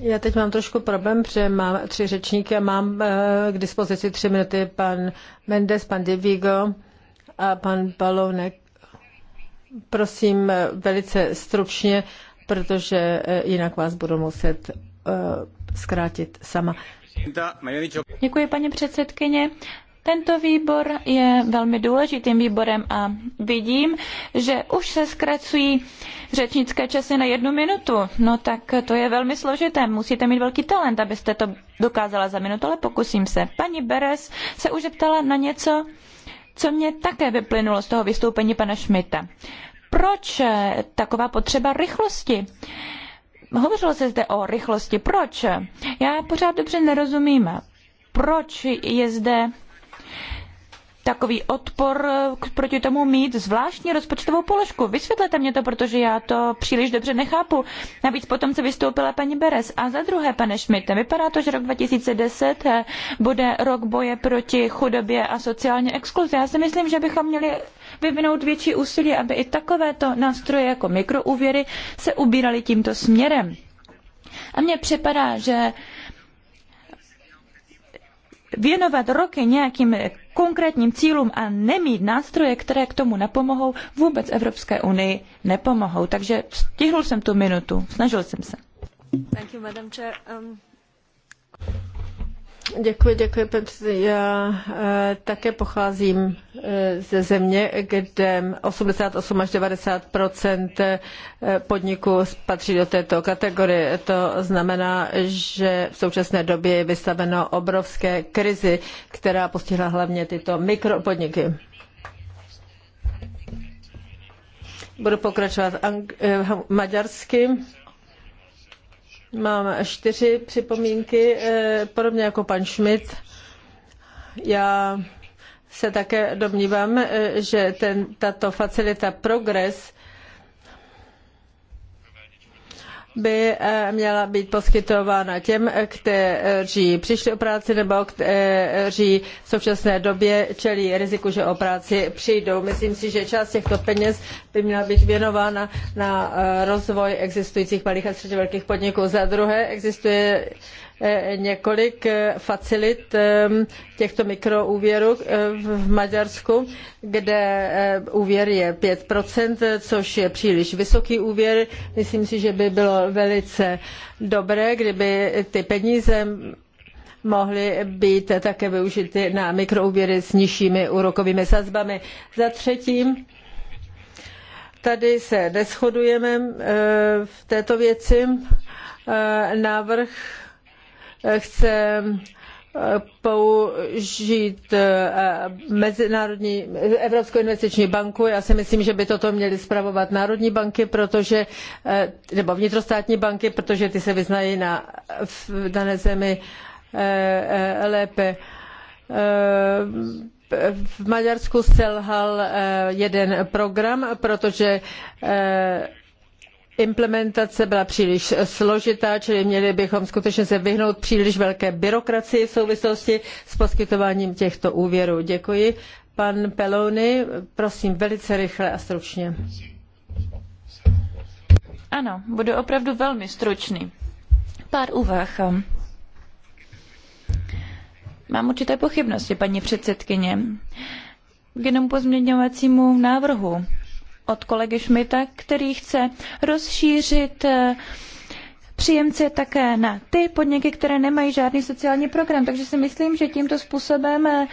Já teď mám trošku problém, protože mám tři řečníky a mám eh, k dispozici tři minuty pan Mendes, pan De Vigo a pan Balonek. Prosím eh, velice stručně, protože eh, jinak vás budu muset zkrátit sama. Děkuji, paní předsedkyně. Tento výbor je velmi důležitým výborem a vidím, že už se zkracují řečnické časy na jednu minutu. No tak to je velmi složité. Musíte mít velký talent, abyste to dokázala za minutu, ale pokusím se. Paní Beres se už ptala na něco, co mě také vyplynulo z toho vystoupení pana Šmita. Proč taková potřeba rychlosti? Hovořilo se zde o rychlosti. Proč? Já pořád dobře nerozumím. Proč je zde takový odpor eh, proti tomu mít zvláštní rozpočtovou položku. Vysvětlete mě to, protože já to příliš dobře nechápu. Navíc potom, co vystoupila paní Beres. A za druhé, pane Šmite, vypadá to, že rok 2010 eh, bude rok boje proti chudobě a sociální exkluzi. Já si myslím, že bychom měli vyvinout větší úsilí, aby i takovéto nástroje jako mikroúvěry se ubíraly tímto směrem. A mně připadá, že věnovat roky nějakým konkrétním cílům a nemít nástroje, které k tomu napomohou, vůbec Evropské unii nepomohou. Takže stihnul jsem tu minutu, snažil jsem se. Thank you, Madam Chair. Um... Děkuji, děkuji, já eh, také pocházím eh, ze země, kde 88 až 90 eh, podniků patří do této kategorie. To znamená, že v současné době je vystaveno obrovské krizi, která postihla hlavně tyto mikropodniky. Budu pokračovat ang- maďarsky. Mám čtyři připomínky, eh, podobně jako pan Schmidt. Já se také domnívám, eh, že ten, tato facilita Progress by eh, měla být poskytována těm, kteří přišli o práci nebo kteří v současné době čelí riziku, že o práci přijdou. Myslím si, že část těchto peněz by měla být věnována na eh, rozvoj existujících malých a středně velkých podniků. Za druhé existuje Eh, několik eh, facilit ehm, těchto mikroúvěrů eh, v Maďarsku, kde úvěr je 5%, což je příliš vysoký úvěr. Myslím si, že by bylo velice dobré, kdyby ty peníze mohly být také využity na mikroúvěry s nižšími úrokovými sazbami. Za třetí, tady se neschodujeme v této věci. Návrh chce eh, použít eh, mezinárodní Evropskou investiční banku. Já si myslím, že by toto měly spravovat národní banky, protože, eh, nebo vnitrostátní banky, protože ty se vyznají na, v dané zemi lépe. V Maďarsku selhal jeden program, protože implementace byla příliš složitá, čili měli bychom skutečně se vyhnout příliš velké byrokracii v souvislosti s poskytováním těchto úvěrů. Děkuji. Pan Pelony, prosím, velice rychle a stručně. Ano, budu opravdu velmi stručný. Pár úvah. Mám určité pochybnosti, paní předsedkyně, k jenom pozměňovacímu návrhu od kolegy Šmita, který chce rozšířit eh, příjemce také na ty podniky, které nemají žádný sociální program. Takže si myslím, že tímto způsobem eh,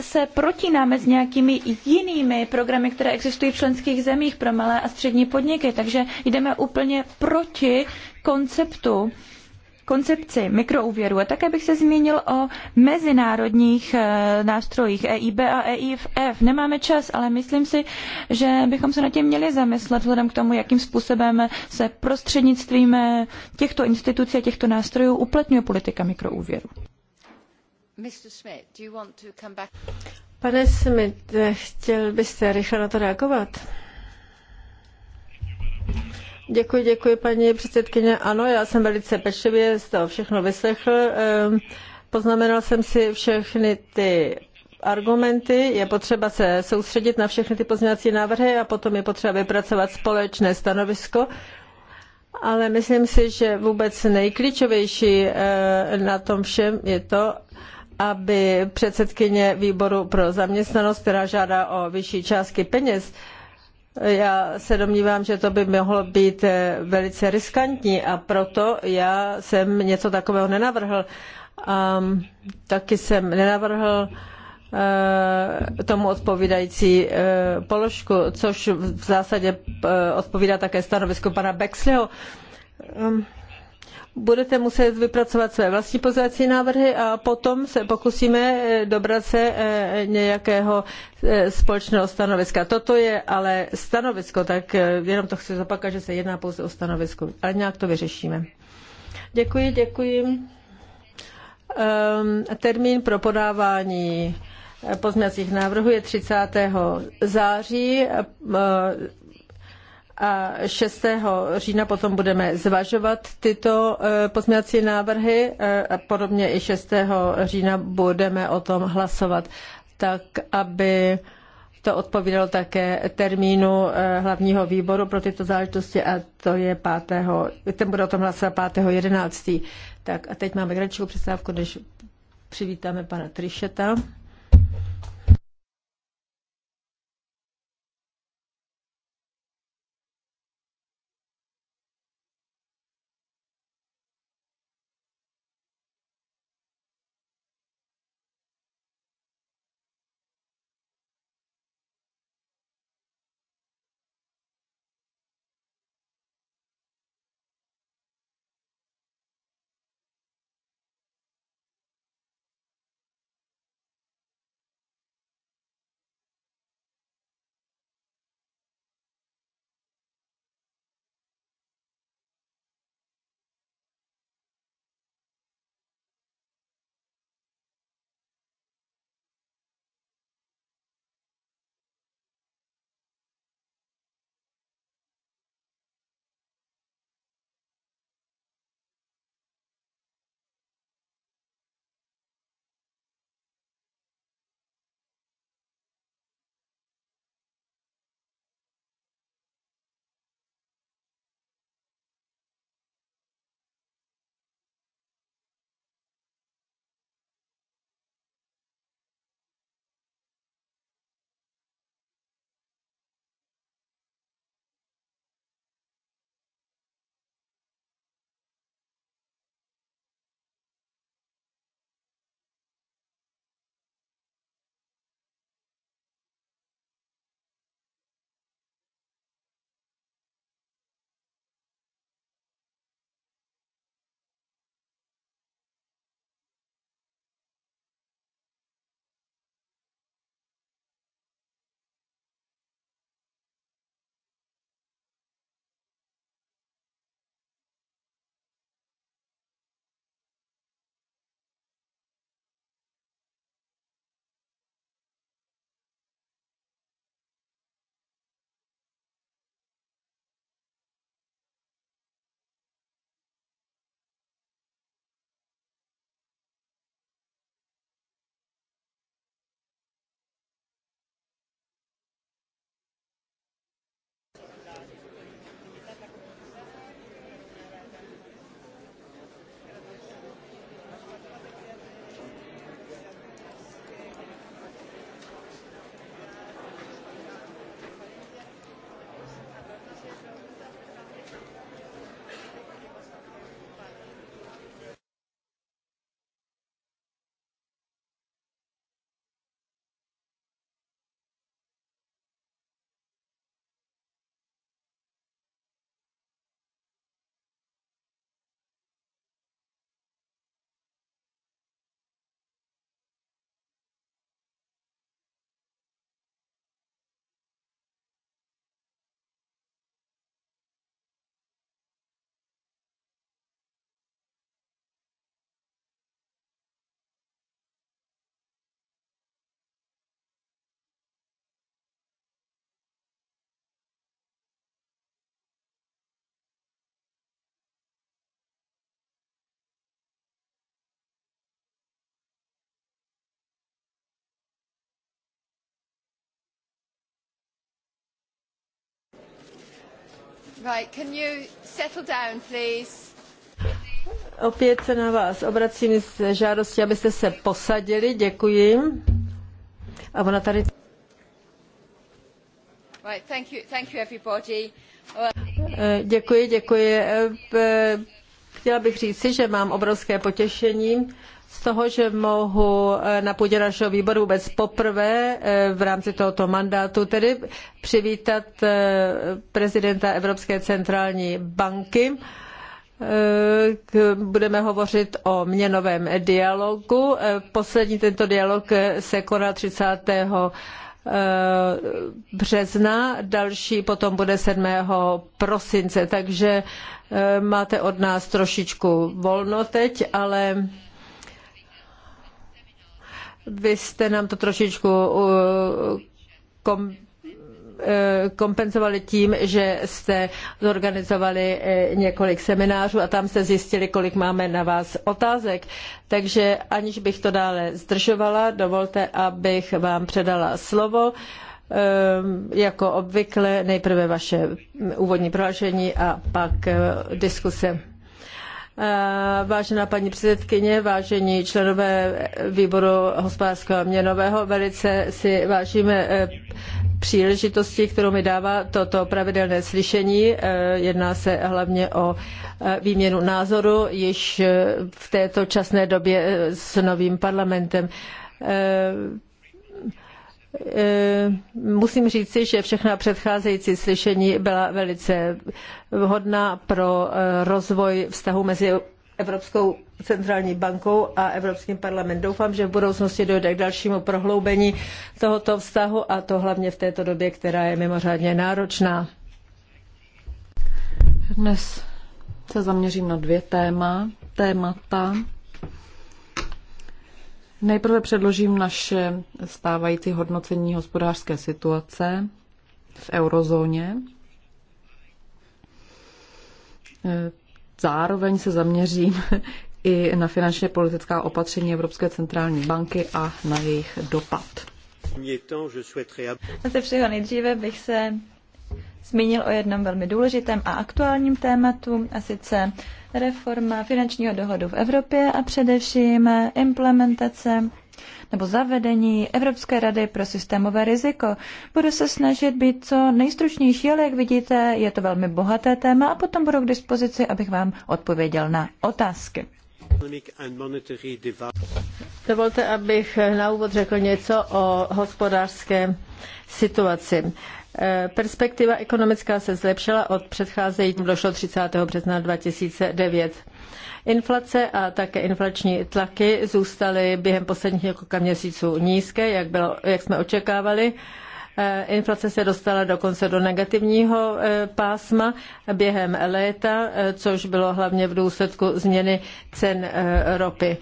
se protínáme s nějakými jinými programy, které existují v členských zemích pro malé a střední podniky. Takže jdeme úplně proti konceptu koncepci mikroúvěru. A také bych se zmínil o mezinárodních eh, nástrojích EIB a EIF. Nemáme čas, ale myslím si, že bychom se nad tím měli zamyslet vzhledem k tomu, jakým způsobem se prostřednictvím eh, těchto institucí a těchto nástrojů uplatňuje politika mikroúvěru. Pane Smith, chtěl byste rychle na to reagovat? Děkuji, děkuji paní předsedkyně. Ano, já jsem velice pečlivě z toho všechno vyslechl. Ehm, poznamenal jsem si všechny ty argumenty, je potřeba se soustředit na všechny ty pozměňovací návrhy a potom je potřeba vypracovat společné stanovisko. Ale myslím si, že vůbec nejklíčovější eh, na tom všem je to, aby předsedkyně výboru pro zaměstnanost, která žádá o vyšší částky peněz, já se domnívám, že to by mohlo být eh, velice riskantní a proto já jsem něco takového nenavrhl. A taky jsem nenavrhl eh, tomu odpovídající eh, položku, což v zásadě odpovídá také stanovisku pana Bexleyho budete muset vypracovat své vlastní pozvací návrhy a potom se pokusíme eh, dobrat se eh, nějakého eh, společného stanoviska. Toto je ale stanovisko, tak jenom to chci zopakovat, že se jedná pouze o stanovisko, ale nějak to vyřešíme. Děkuji, děkuji. Ehm, termín pro podávání pozměňovacích návrhů je 30. září a 6. října potom budeme zvažovat tyto e, pozměňovací návrhy e, a podobně i 6. října budeme o tom hlasovat, tak aby to odpovídalo také termínu e, hlavního výboru pro tyto záležitosti a to je 5. ten bude o tom hlasovat 5. 11. Tak a teď máme kratší přestávku, než přivítáme pana Trišeta. Right, can you settle down, please? Opět se na vás obracím s žádostí, abyste se posadili. Děkuji. A ona tady... Right, thank you, thank you everybody. Eh, děkuji, děkuji eh, Chtěla bych říci, že mám obrovské potěšení z toho, že mohu eh, na půdě našeho výboru vůbec poprvé eh, v rámci tohoto mandátu tedy přivítat eh, prezidenta Evropské centrální banky. Budeme hovořit o měnovém dialogu. Poslední tento dialog se konal 30 Eh, března, další potom bude 7. prosince, takže eh, máte od nás trošičku volno teď, ale vy jste nám to trošičku eh, kom, Eh, kompenzovali tím, že jste zorganizovali eh, několik seminářů a tam jste zjistili, kolik máme na vás otázek. Takže aniž bych to dále zdržovala, dovolte, abych vám předala slovo. Eh, jako obvykle nejprve vaše úvodní prohlášení a pak diskuse. Vážená paní předsedkyně, vážení členové výboru hospodářského a měnového, velice si vážíme příležitosti, kterou mi dává toto pravidelné slyšení. Eh, jedná se hlavně o eh, výměnu názoru již eh, v této časné době s novým parlamentem. Musím říci, že všechna předcházející slyšení byla velice vhodná pro rozvoj vztahu mezi Evropskou centrální bankou a Evropským parlamentem. Doufám, že v budoucnosti dojde k dalšímu prohloubení tohoto vztahu a to hlavně v této době, která je mimořádně náročná. Dnes se zaměřím na dvě téma, témata. Nejprve předložím naše stávající hodnocení hospodářské situace v eurozóně. Zároveň se zaměřím i na finančně politická opatření Evropské centrální banky a na jejich dopad. Ze všeho nejdříve bych se zmínil o jednom velmi důležitém a aktuálním tématu, a sice reforma finančního dohodu v Evropě a především implementace nebo zavedení Evropské rady pro systémové riziko. Budu se snažit být co nejstručnější, ale jak vidíte, je to velmi bohaté téma a potom budu k dispozici, abych vám odpověděl na otázky. Dovolte, abych na úvod řekl něco o hospodářské situaci. Eh, perspektiva ekonomická se zlepšila od předcházející, došlo 30. března 2009. Inflace a také inflační tlaky zůstaly během posledních několika měsíců nízké, jak, bylo, jak jsme očekávali. Eh, inflace se dostala dokonce do negativního eh, pásma během léta, eh, což bylo hlavně v důsledku změny cen ropy.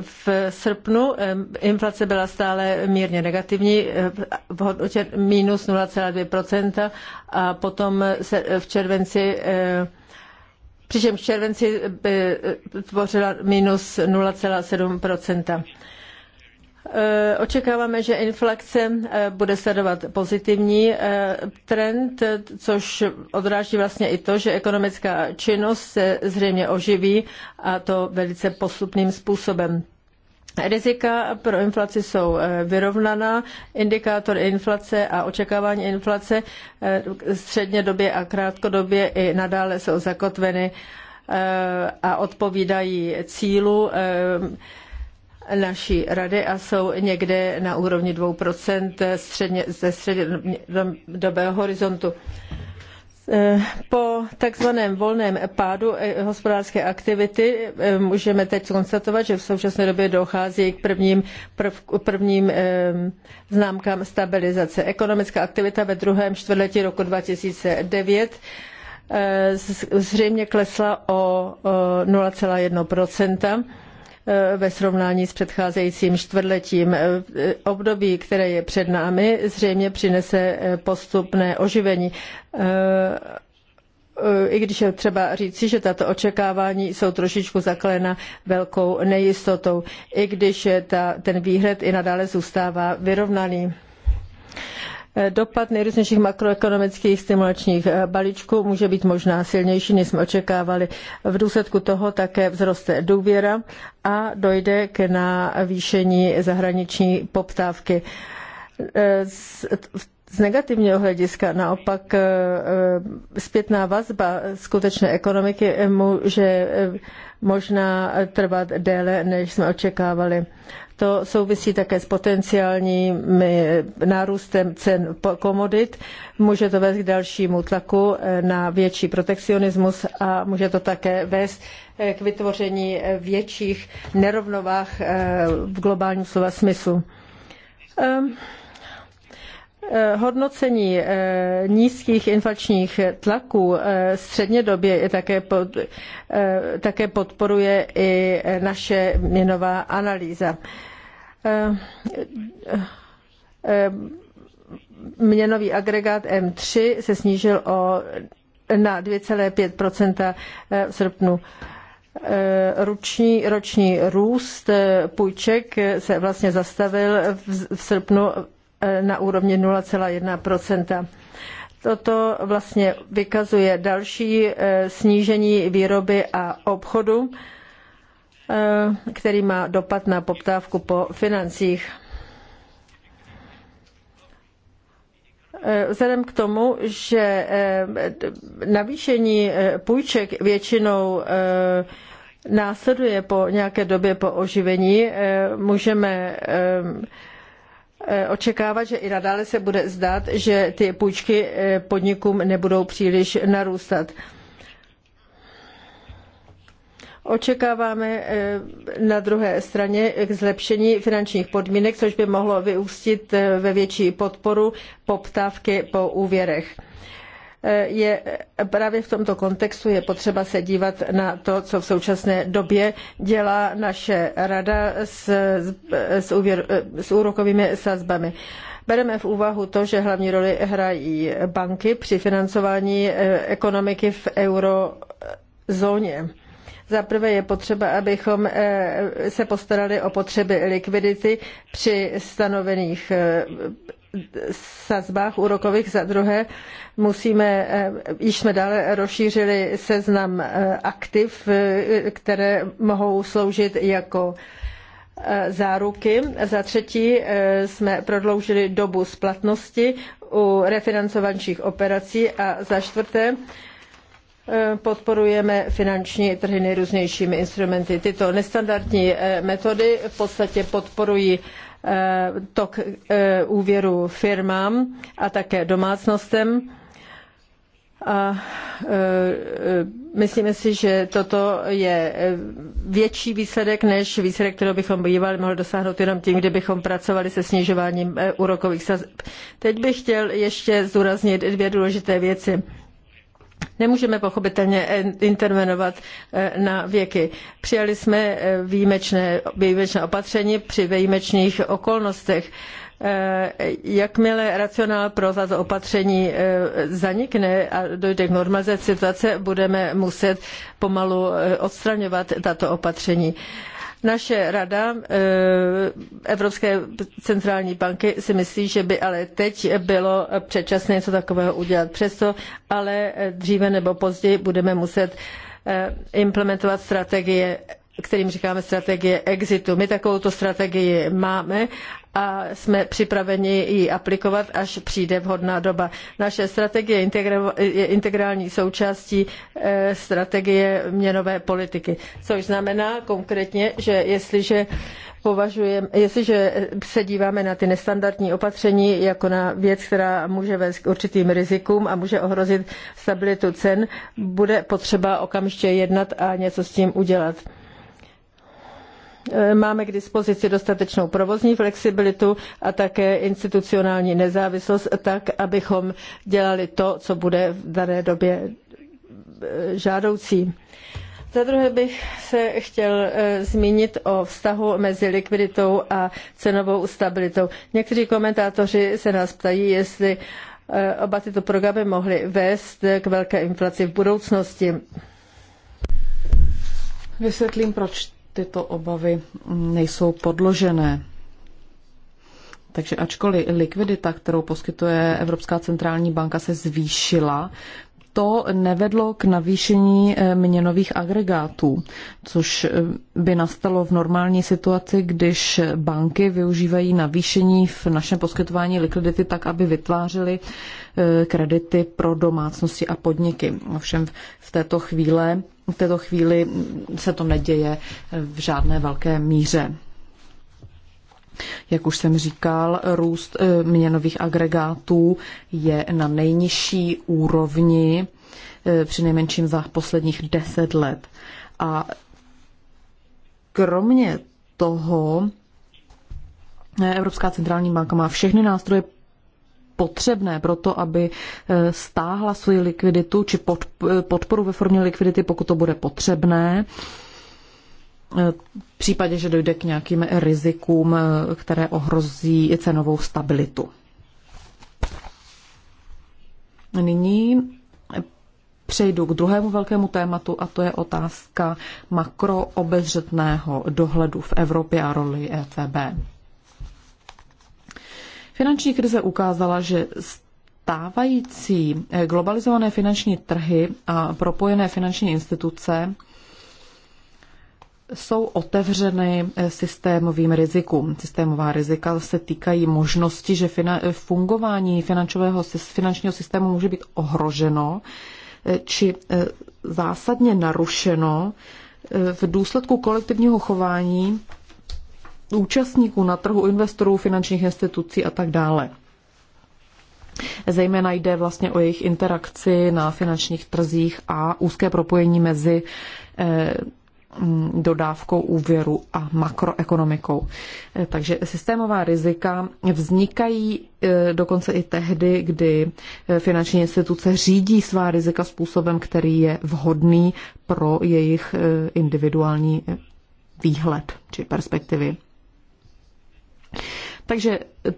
V srpnu inflace byla stále mírně negativní, v hodnotě minus 0,2% a potom se v červenci přičemž v červenci by tvořila minus 0,7 Eh, očekáváme, že inflace eh, bude sledovat pozitivní eh, trend, což odráží vlastně i to, že ekonomická činnost se zřejmě oživí a to velice postupným způsobem. Rizika pro inflaci jsou vyrovnaná. Indikátor inflace a očekávání inflace střednědobě a krátkodobě i nadále jsou zakotveny a odpovídají cílu naší rady a jsou někde na úrovni 2% středně, ze střednědobého horizontu. E, po takzvaném volném pádu e, hospodářské aktivity e, můžeme teď konstatovat, že v současné době dochází k prvním, prv, prvním známkám stabilizace. Ekonomická aktivita ve druhém čtvrtletí roku 2009 zřejmě klesla o 0,1 Eh, ve srovnání s předcházejícím čtvrtletím. Eh, období, které je před námi, zřejmě přinese eh, postupné oživení i když je třeba říci, že tato očekávání jsou trošičku zaklena velkou nejistotou, i když ta, ten výhled i nadále zůstává vyrovnaný. Eh, dopad nejrůznějších makroekonomických stimulačních eh, balíčků může být možná silnější, než jsme očekávali. V důsledku toho také vzroste důvěra a dojde k navýšení zahraniční poptávky. Eh, z negativního hlediska naopak zpětná vazba skutečné ekonomiky může možná trvat déle, než jsme očekávali. To souvisí také s potenciálním nárůstem cen komodit. Může to vést k dalšímu tlaku eh, na větší protekcionismus a může to také vést eh, k vytvoření eh, větších nerovnovách v globálním slova smyslu. Ehm, hodnocení nízkých inflačních tlaků střednědobě je také, pod, také podporuje i naše měnová analýza. Eh, eh, měnový agregát M3 se snížil o, na 2,5 eh, v srpnu. Ruční, roční růst půjček se vlastně zastavil v, v srpnu na úrovni 0,1 Toto vlastně vykazuje další snížení výroby a obchodu. Eh, který má dopad na poptávku po financích. Eh, vzhledem k tomu, že eh, navýšení půjček většinou následuje po nějaké době po oživení, můžeme očekávat, že i nadále se bude zdát, že ty půjčky podnikům nebudou příliš narůstat. Očekáváme eh, na druhé straně k zlepšení finančních podmínek, což by mohlo vyústit eh, ve větší podporu poptávky po úvěrech. Eh, je, právě v tomto kontextu je potřeba se dívat na to, co v současné době dělá naše rada s, s, úvěr, s úrokovými sazbami. Bereme v úvahu to, že hlavní roli hrají banky při financování ekonomiky v eurozóně za prvé je potřeba, abychom eh, se postarali o potřeby likvidity při stanovených eh, sazbách úrokových. Za druhé musíme, eh, již jsme dále rozšířili seznam aktiv, které mohou sloužit jako záruky. Za třetí jsme prodloužili dobu splatnosti u refinancovacích operací a za čtvrté Eh, podporujeme finanční trhy nejrůznějšími instrumenty. Tyto nestandardní eh, metody v podstatě podporují eh, tok úvěru firmám a také domácnostem. A myslíme si, že toto je větší výsledek než výsledek, kterého bychom bývali mohli dosáhnout jenom tím, kdybychom pracovali se snižováním úrokových sazeb. Teď bych chtěl ještě zdůraznit dvě důležité věci. Nemůžeme pochopitelně intervenovat eh, na věky. Přijali jsme eh, výjimečné, výjimečné opatření při výjimečných okolnostech. Eh, jakmile racionál pro tato opatření zanikne a dojde k normalizaci situace, budeme muset pomalu odstraňovat tato opatření. Naše rada eh, Evropské centrální banky si myslí, že by ale teď bylo předčasné něco takového udělat. Přesto ale eh, dříve nebo později budeme muset eh, implementovat strategie kterým říkáme strategie exitu. My takovouto strategii máme a jsme připraveni ji aplikovat, až přijde vhodná doba. Naše strategie je integrální součástí eh, strategie měnové politiky, což znamená konkrétně, že jestliže považujem, jestliže se díváme na ty nestandardní opatření jako na věc, která může vést k určitým rizikům a může ohrozit stabilitu cen, bude potřeba okamžitě jednat a něco s tím udělat. Eh, máme k dispozici dostatečnou provozní flexibilitu a také institucionální nezávislost, tak abychom dělali to, co bude v dané době eh, žádoucí. Za druhé bych se chtěl eh, zmínit o vztahu mezi likviditou a cenovou stabilitou. Někteří komentátoři se nás ptají, jestli oba tyto programy mohly vést k velké inflaci v budoucnosti. Vysvětlím, proč tyto obavy nejsou podložené. Takže ačkoliv likvidita, kterou poskytuje Evropská centrální banka, se zvýšila, to nevedlo k navýšení eh, měnových agregátů, což eh, by nastalo v normální situaci, když banky využívají navýšení v našem poskytování likvidity tak, aby vytvářely eh, kredity pro domácnosti a podniky. Ovšem v této chvíle v této chvíli se to neděje v žádné velké míře. Jak už jsem říkal, růst eh, měnových agregátů je na nejnižší úrovni, eh, nejmenším za posledních deset let. A kromě toho Evropská centrální banka má všechny nástroje potřebné pro to, aby eh, stáhla svoji likviditu či eh, podporu ve formě likvidity, pokud to bude potřebné. Eh, v případě, že dojde k nějakým rizikům, které ohrozí cenovou stabilitu. Nyní přejdu k druhému velkému tématu a to je otázka makroobezřetného dohledu v Evropě a roli ECB. Finanční krize ukázala, že stávající eh, globalizované finanční trhy a propojené finanční instituce jsou otevřeny eh, systémovým rizikům. Systémová rizika se týkají možnosti, že fina- eh, fungování finančového, finančního systému může být ohroženo či zásadně narušeno v důsledku kolektivního chování účastníků na trhu, investorů, finančních institucí a tak dále. Zejména jde vlastně o jejich interakci na finančních trzích a úzké propojení mezi eh, mm, dodávkou úvěru a makroekonomikou. Eh, takže systémová rizika vznikají eh, dokonce i tehdy, kdy finanční instituce řídí svá rizika způsobem, který je vhodný pro jejich individuální výhled či perspektivy. Takže eh,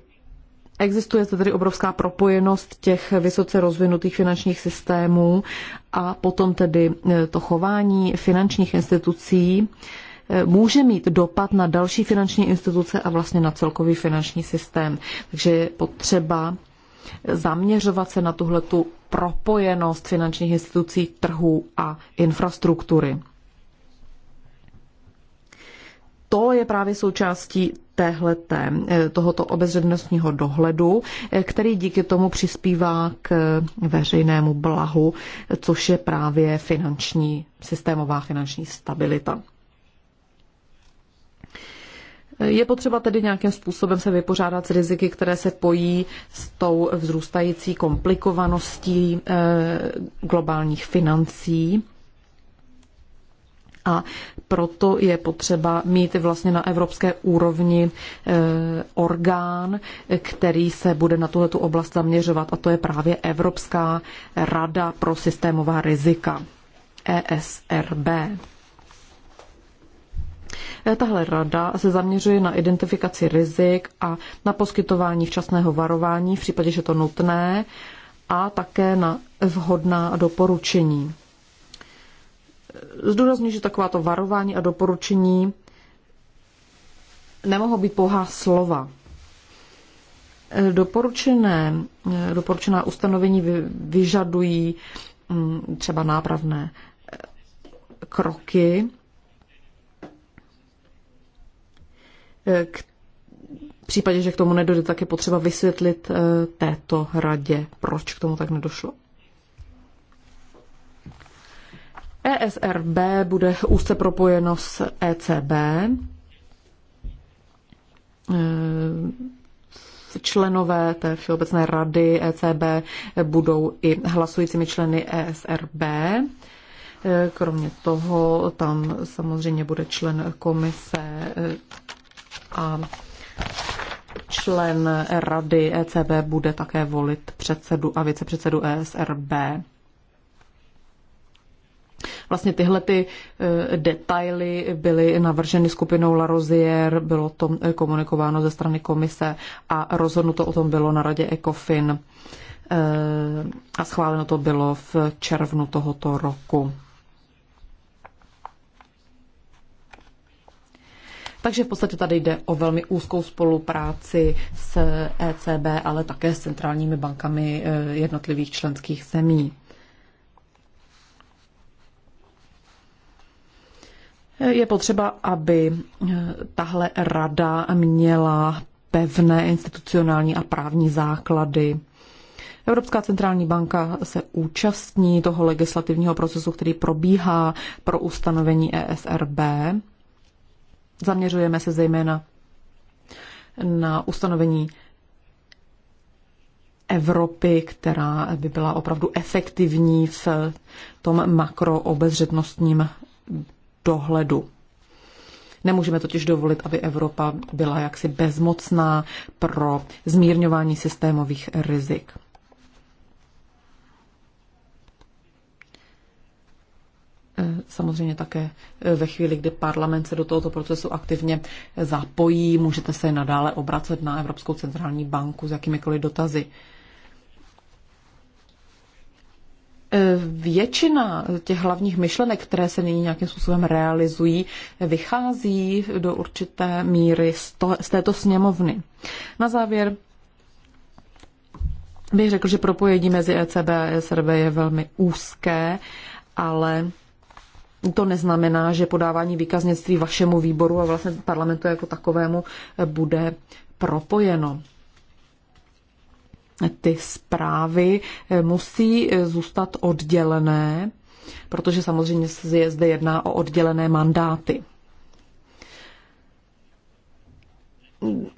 Existuje zde tedy obrovská propojenost těch vysoce rozvinutých finančních systémů a potom tedy eh, to chování finančních institucí eh, může mít dopad na další finanční instituce a vlastně na celkový finanční systém. Takže je potřeba zaměřovat se na tuhletu propojenost finančních institucí, trhů a infrastruktury to je právě součástí téhleté, eh, tohoto obezřednostního dohledu, eh, který díky tomu přispívá k veřejnému blahu, což je právě finanční, systémová finanční stabilita. Eh, je potřeba tedy nějakým způsobem se vypořádat s riziky, které se pojí s tou vzrůstající komplikovaností globálních financí. A proto je potřeba mít vlastně na evropské úrovni e, orgán, který se bude na tuhletu oblast zaměřovat a to je právě Evropská rada pro systémová rizika, ESRB. E, tahle rada se zaměřuje na identifikaci rizik a na poskytování včasného varování v případě, že to nutné a také na vhodná doporučení zdůrazňuji, že takováto varování a doporučení nemohou být pouhá slova. Doporučené, doporučená ustanovení vyžadují mm, třeba nápravné eh, kroky, eh, k, v případě, že k tomu nedojde, tak je potřeba vysvětlit eh, této radě, proč k tomu tak nedošlo. ESRB bude úzce propojeno s ECB. Eh, členové té Všeobecné rady ECB budou i hlasujícími členy ESRB. Eh, kromě toho tam samozřejmě bude člen komise eh, a člen rady ECB bude také volit předsedu a vicepředsedu ESRB. Vlastně tyhle ty eh, detaily byly navrženy skupinou La Rozier, bylo to eh, komunikováno ze strany komise a rozhodnuto o tom bylo na radě ECOFIN eh, a schváleno to bylo v červnu tohoto roku. Takže v podstatě tady jde o velmi úzkou spolupráci s ECB, ale také s centrálními bankami jednotlivých členských zemí. Je potřeba, aby eh, tahle rada měla pevné institucionální a právní základy. Evropská centrální banka se účastní toho legislativního procesu, který probíhá pro ustanovení ESRB. Zaměřujeme se zejména na ustanovení Evropy, která by byla opravdu efektivní v tom makroobezřetnostním dohledu. Nemůžeme totiž dovolit, aby Evropa byla jaksi bezmocná pro zmírňování systémových rizik. Samozřejmě také ve chvíli, kdy parlament se do tohoto procesu aktivně zapojí, můžete se nadále obracet na Evropskou centrální banku s jakýmikoliv dotazy. Většina těch hlavních myšlenek, které se nyní nějakým způsobem realizují, vychází do určité míry z, to, z této sněmovny. Na závěr bych řekl, že propojení mezi ECB a e SRB je velmi úzké, ale to neznamená, že podávání výkaznictví vašemu výboru a vlastně parlamentu jako takovému bude propojeno ty zprávy eh, musí eh, zůstat oddělené, protože samozřejmě se zde jedná o oddělené mandáty.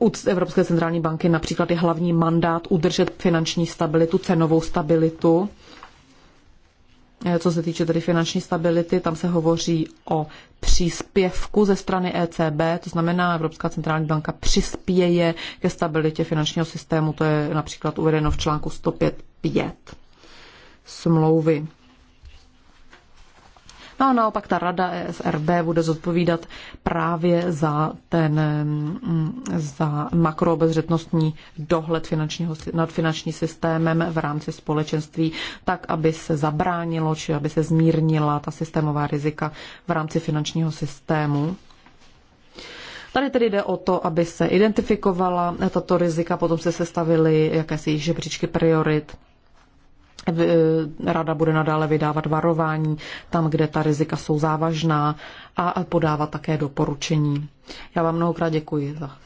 U Evropské centrální banky například je hlavní mandát udržet finanční stabilitu, cenovou stabilitu Eh, co se týče tedy finanční stability, tam se hovoří o příspěvku ze strany ECB, to znamená Evropská centrální banka přispěje ke stabilitě finančního systému, to je například uvedeno v článku 105.5 smlouvy. No a naopak ta rada ESRB bude zodpovídat právě za ten mm, za makroobezřetnostní dohled finančního, nad finanční systémem v rámci společenství, tak aby se zabránilo či aby se zmírnila ta systémová rizika v rámci finančního systému. Tady tedy jde o to, aby se identifikovala tato rizika, potom se sestavily jakési žebříčky priorit E, rada bude nadále vydávat varování tam, kde ta rizika jsou závažná a podávat také doporučení. Já vám mnohokrát děkuji za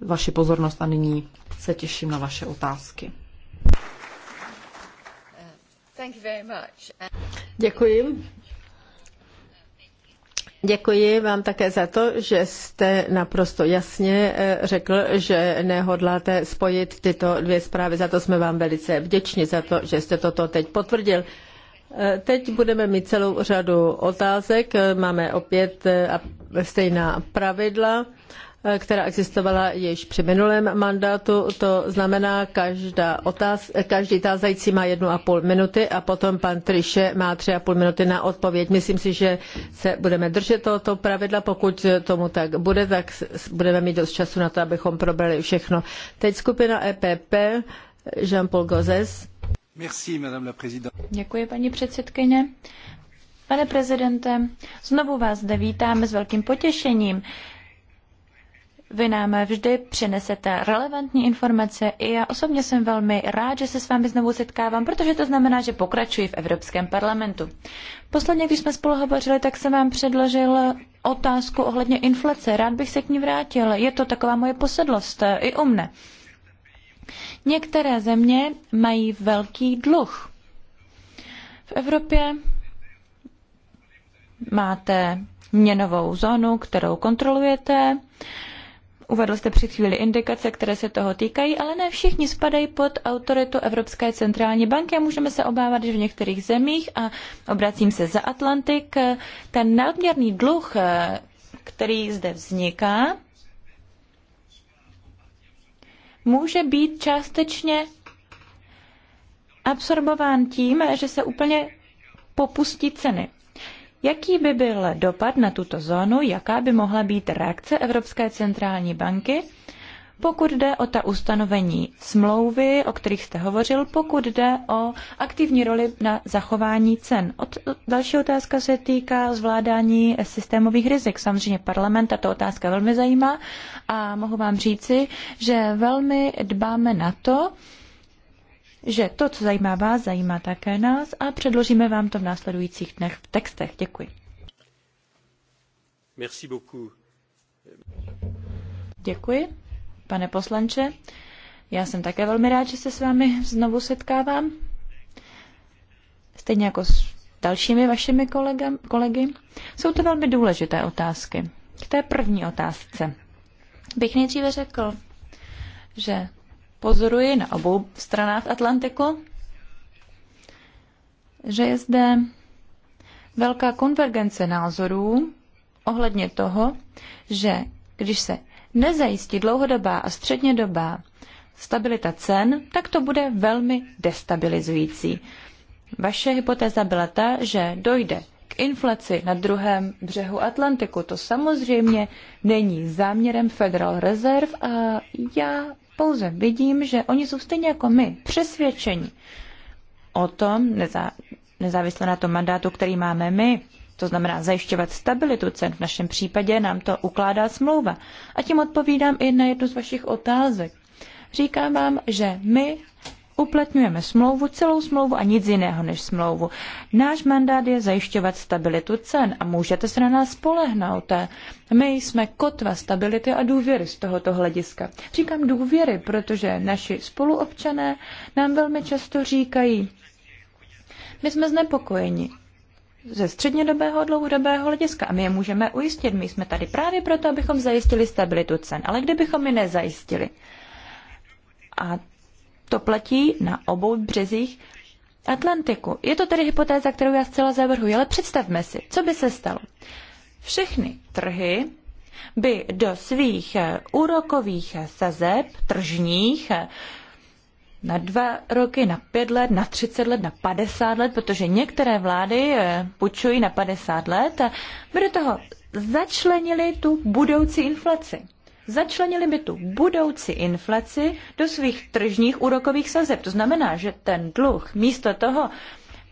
vaši pozornost a nyní se těším na vaše otázky. Děkuji. Děkuji vám také za to, že jste naprosto jasně eh, řekl, že nehodláte spojit tyto dvě zprávy. Za to jsme vám velice vděční, za to, že jste toto teď potvrdil. Eh, teď budeme mít celou řadu otázek. Eh, máme opět stejná pravidla která existovala již při minulém mandátu. To znamená, každá otáz, každý tázající má jednu a půl minuty a potom pan Triše má tři a půl minuty na odpověď. Myslím si, že se budeme držet tohoto pravidla. Pokud tomu tak bude, tak budeme mít dost času na to, abychom probrali všechno. Teď skupina EPP, Jean-Paul Gozes. Merci, madame la Děkuji, paní předsedkyně. Pane prezidente, znovu vás zde vítáme s velkým potěšením. Vy nám vždy přinesete relevantní informace i já osobně jsem velmi rád, že se s vámi znovu setkávám, protože to znamená, že pokračuji v Evropském parlamentu. Posledně, když jsme spolu hovořili, tak jsem vám předložil otázku ohledně inflace. Rád bych se k ní vrátil. Je to taková moje posedlost eh, i u mne. Některé země mají velký dluh. V Evropě máte měnovou zónu, kterou kontrolujete. Uvedl jste před chvíli indikace, které se toho týkají, ale ne všichni spadají pod autoritu Evropské centrální banky a můžeme se obávat, že v některých zemích, a obracím se za Atlantik, ten nadměrný dluh, který zde vzniká, může být částečně absorbován tím, že se úplně popustí ceny. Jaký by byl dopad na tuto zónu, jaká by mohla být reakce Evropské centrální banky, pokud jde o ta ustanovení smlouvy, o kterých jste hovořil, pokud jde o aktivní roli na zachování cen. Od, další otázka se týká zvládání systémových rizik. Samozřejmě parlament tato otázka velmi zajímá a mohu vám říci, že velmi dbáme na to, že to, co zajímá vás, zajímá také nás a předložíme vám to v následujících dnech v textech. Děkuji. Merci beaucoup. Děkuji, pane poslanče. Já jsem také velmi rád, že se s vámi znovu setkávám. Stejně jako s dalšími vašimi kolega, kolegy. Jsou to velmi důležité otázky. K té první otázce bych nejdříve řekl, že pozoruji na obou stranách Atlantiku, že je zde velká konvergence názorů ohledně toho, že když se nezajistí dlouhodobá a střednědobá stabilita cen, tak to bude velmi destabilizující. Vaše hypotéza byla ta, že dojde k inflaci na druhém břehu Atlantiku. To samozřejmě není záměrem Federal Reserve a já pouze vidím, že oni jsou stejně jako my přesvědčeni o tom, nezá, nezávisle na tom mandátu, který máme my, to znamená zajišťovat stabilitu cen, v našem případě nám to ukládá smlouva. A tím odpovídám i na jednu z vašich otázek. Říkám vám, že my uplatňujeme smlouvu, celou smlouvu a nic jiného než smlouvu. Náš mandát je zajišťovat stabilitu cen a můžete se na nás spolehnout. My jsme kotva stability a důvěry z tohoto hlediska. Říkám důvěry, protože naši spoluobčané nám velmi často říkají, my jsme znepokojeni, ze střednědobého a dlouhodobého hlediska. A my je můžeme ujistit. My jsme tady právě proto, abychom zajistili stabilitu cen. Ale kdybychom ji nezajistili? A to platí na obou březích Atlantiku. Je to tedy hypotéza, kterou já zcela zavrhuji, ale představme si, co by se stalo. Všechny trhy by do svých eh, úrokových eh, sazeb tržních eh, na dva roky, na pět let, na třicet let, na padesát let, protože některé vlády půjčují na padesát let, by do toho začlenili tu budoucí inflaci začlenili by tu budoucí inflaci do svých tržních úrokových sazeb. To znamená, že ten dluh místo toho,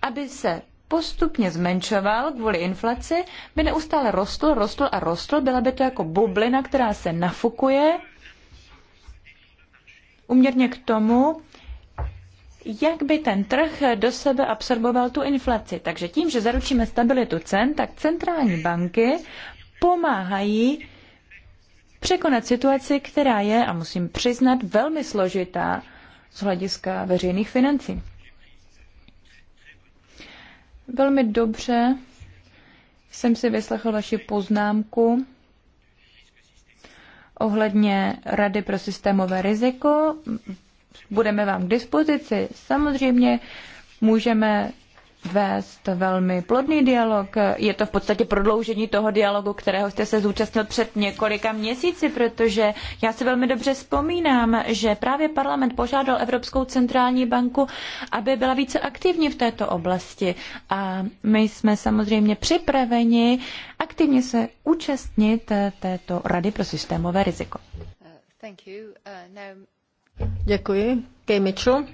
aby se postupně zmenšoval kvůli inflaci, by neustále rostl, rostl a rostl. Byla by to jako bublina, která se nafukuje uměrně k tomu, jak by ten trh do sebe absorboval tu inflaci. Takže tím, že zaručíme stabilitu cen, tak centrální banky pomáhají překonat situaci, která je, a musím přiznat, velmi složitá z hlediska veřejných financí. Velmi dobře jsem si vyslechl vaši poznámku ohledně Rady pro systémové riziko. Budeme vám k dispozici. Samozřejmě můžeme vést velmi plodný dialog. Je to v podstatě prodloužení toho dialogu, kterého jste se zúčastnil před několika měsíci, protože já si velmi dobře vzpomínám, že právě parlament požádal Evropskou centrální banku, aby byla více aktivní v této oblasti. A my jsme samozřejmě připraveni aktivně se účastnit této Rady pro systémové riziko. Uh, uh, Děkuji. Kay Mitchell.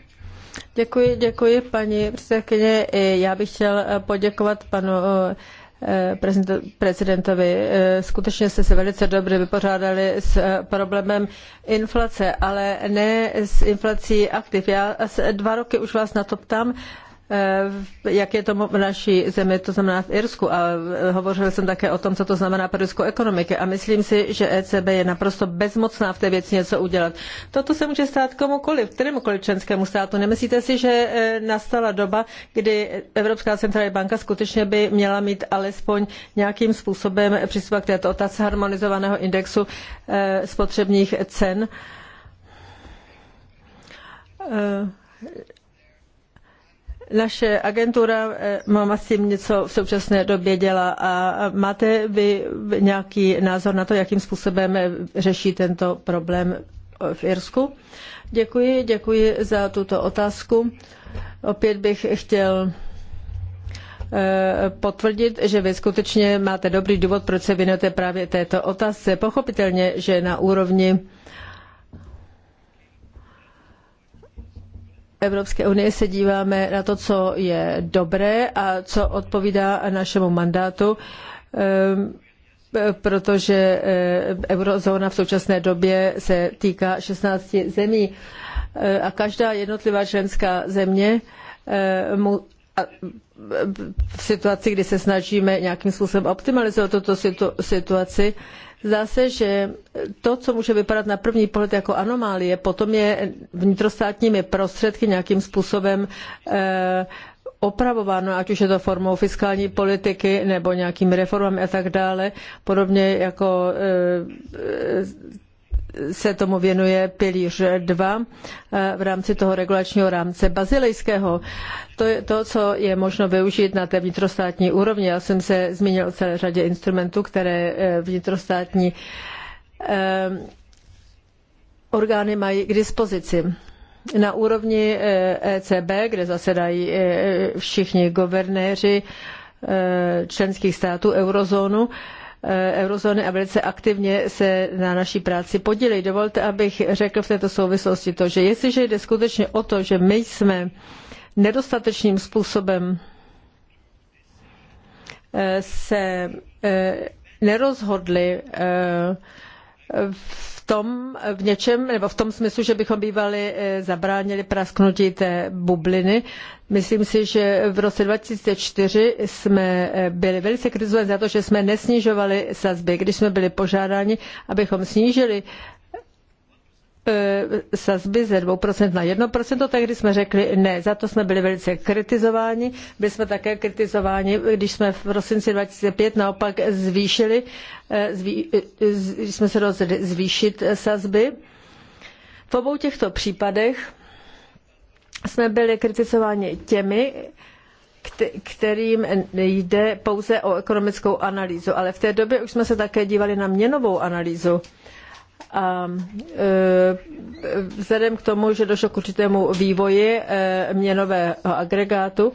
Děkuji, děkuji paní předsedkyně. Já bych chtěl eh, poděkovat panu eh, prezidentovi. Eh, skutečně jste se velice dobře vypořádali s problémem inflace, ale ne s inflací aktiv. Já dva roky už vás na to ptám. Eh, jak je to v naší zemi, to znamená v Irsku. A eh, hovořil jsem také o tom, co to znamená pro irskou ekonomiku. A myslím si, že ECB je naprosto bezmocná v té věci něco udělat. Toto se může stát komukoliv, kterémukoliv členskému státu. Nemyslíte si, že eh, nastala doba, kdy Evropská centrální banka skutečně by měla mít alespoň nějakým způsobem přístup k této otázce harmonizovaného indexu spotřebních cen? Naše agentura eh, mám asi něco v současné době dělá a máte vy nějaký názor na to, jakým způsobem řeší tento problém eh, v Irsku? Děkuji, děkuji za tuto otázku. Opět bych chtěl eh, potvrdit, že vy skutečně máte dobrý důvod, proč se věnujete právě této otázce. Pochopitelně, že na úrovni Evropské unie se díváme na to, co je dobré a co odpovídá našemu mandátu, eh, protože eh, eurozóna v současné době se týká 16 zemí eh, a každá jednotlivá členská země v situaci, kdy se snažíme nějakým způsobem optimalizovat tuto situaci, Zdá se, že to, co může vypadat na první pohled jako anomálie, potom je vnitrostátními prostředky nějakým způsobem eh, opravováno, ať už je to formou fiskální politiky nebo nějakými reformami a tak dále, podobně jako eh, se tomu věnuje pilíř 2 eh, v rámci toho regulačního rámce bazilejského. To je to, co je možno využít na té vnitrostátní úrovni. Já jsem se zmínil o celé řadě instrumentů, které eh, vnitrostátní eh, orgány mají k dispozici. Na úrovni ECB, e kde zasedají všichni guvernéři členských států eurozónu, Eh, eurozóny a velice aktivně se na naší práci podílejí. Dovolte, abych řekl v této souvislosti to, že jestliže jde skutečně o to, že my jsme nedostatečným způsobem eh, se eh, nerozhodli v tom v něčem, nebo v tom smyslu, že bychom bývali eh, zabránili prasknutí té bubliny. Myslím si, že v roce 2004 jsme eh, byli velice kritizováni za to, že jsme nesnižovali sazby. Když jsme byli požádáni, abychom snížili E, sazby ze 2% na 1%, tehdy jsme řekli ne, za to jsme byli velice kritizováni. Byli jsme také kritizováni, když jsme v prosinci 2005 naopak zvýšili, e, zví, e, když jsme se rozhodli zvýšit sazby. V obou těchto případech jsme byli kritizováni těmi, kterým jde pouze o ekonomickou analýzu. Ale v té době už jsme se také dívali na měnovou analýzu. A e, vzhledem k tomu, že došlo k určitému vývoji e, měnového agregátu,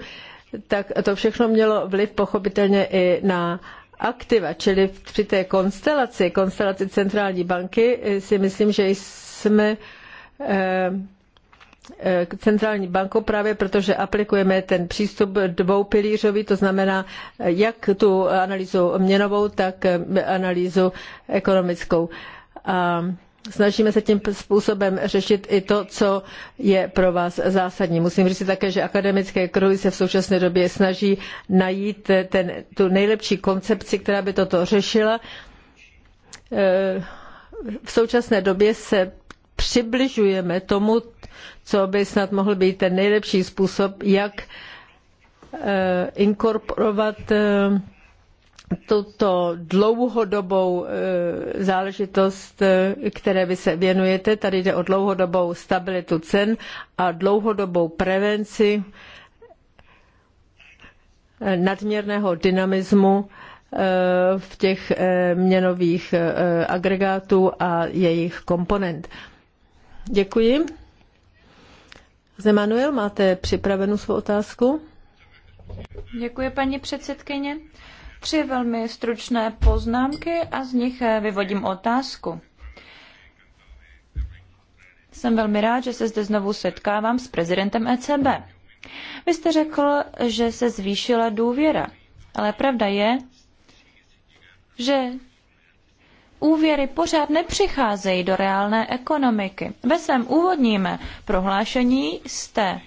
tak to všechno mělo vliv pochopitelně i na aktiva, čili při té konstelaci, konstelaci centrální banky, e, si myslím, že jsme centrální bankou právě protože aplikujeme ten přístup dvoupilířový, to znamená jak tu analýzu měnovou, tak analýzu ekonomickou a snažíme se tím způsobem řešit i to, co je pro vás zásadní. Musím říct také, že akademické kruhy se v současné době snaží najít ten, tu nejlepší koncepci, která by toto řešila. E, v současné době se přibližujeme tomu, co by snad mohl být ten nejlepší způsob, jak e, inkorporovat e, tuto dlouhodobou eh, záležitost, eh, které vy se věnujete. Tady jde o dlouhodobou stabilitu cen a dlouhodobou prevenci eh, nadměrného dynamismu v těch měnových agregátů a jejich komponent. Děkuji. Zemanuel, máte připravenou svou otázku? Děkuji, paní předsedkyně tři velmi stručné poznámky a z nich eh, vyvodím otázku. Jsem velmi rád, že se zde znovu setkávám s prezidentem ECB. Vy jste řekl, že se zvýšila důvěra, ale pravda je, že úvěry pořád nepřicházejí do reálné ekonomiky. Ve svém úvodním prohlášení jste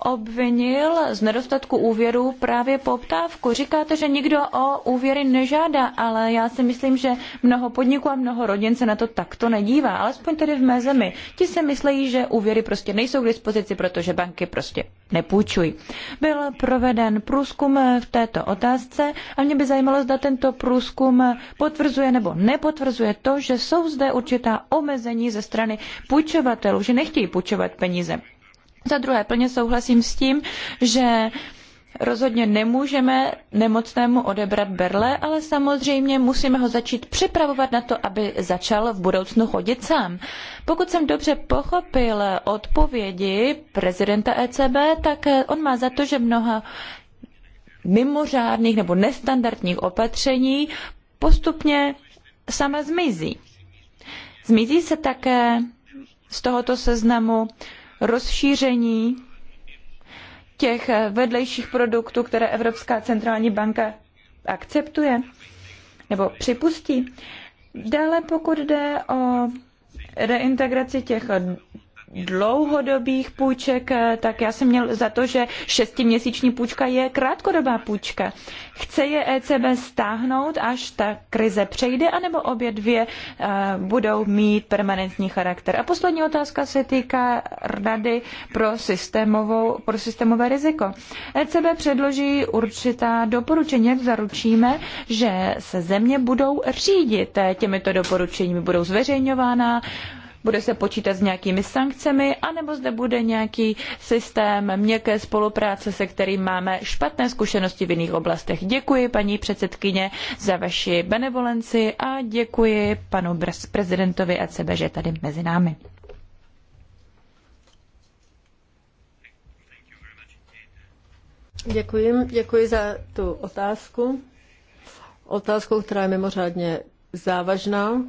obvinil z nedostatku úvěru právě poptávku. Říkáte, že nikdo o úvěry nežádá, ale já si myslím, že mnoho podniků a mnoho rodin se na to takto nedívá, alespoň tedy v mé zemi. Ti se myslí, že úvěry prostě nejsou k dispozici, protože banky prostě nepůjčují. Byl proveden průzkum v této otázce a mě by zajímalo, zda tento průzkum potvrzuje nebo nepotvrzuje to, že jsou zde určitá omezení ze strany půjčovatelů, že nechtějí půjčovat peníze. Za druhé, plně souhlasím s tím, že rozhodně nemůžeme nemocnému odebrat berle, ale samozřejmě musíme ho začít připravovat na to, aby začal v budoucnu chodit sám. Pokud jsem dobře pochopil odpovědi prezidenta ECB, tak on má za to, že mnoha mimořádných nebo nestandardních opatření postupně sama zmizí. Zmizí se také z tohoto seznamu rozšíření těch vedlejších produktů, které Evropská centrální banka akceptuje nebo připustí. Dále pokud jde o reintegraci těch dlouhodobých půjček, eh, tak já jsem měl za to, že šestiměsíční půjčka je krátkodobá půjčka. Chce je ECB stáhnout, až ta krize přejde, anebo obě dvě eh, budou mít permanentní charakter? A poslední otázka se týká Rady pro, systémovou, pro systémové riziko. ECB předloží určitá doporučení, jak zaručíme, že se země budou řídit eh, těmito doporučeními, budou zveřejňována, bude se počítat s nějakými sankcemi, anebo zde bude nějaký systém měkké spolupráce, se kterým máme špatné zkušenosti v jiných oblastech. Děkuji, paní předsedkyně, za vaši benevolenci a děkuji panu prezidentovi a sebe, že je tady mezi námi. Děkuji, děkuji za tu otázku. Otázku, která je mimořádně závažná.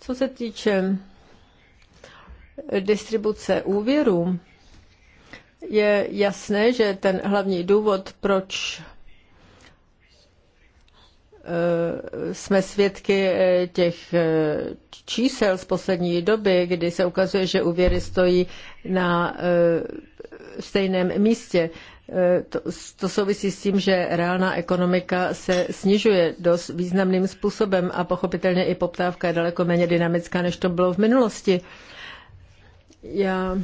Co se týče distribuce úvěrů, je jasné, že ten hlavní důvod, proč eh, jsme svědky eh, těch eh, čísel z poslední doby, kdy se ukazuje, že úvěry stojí na stejném místě. To, to souvisí s tím, že reálná ekonomika se snižuje dost významným způsobem a pochopitelně i poptávka je daleko méně dynamická, než to bylo v minulosti. Já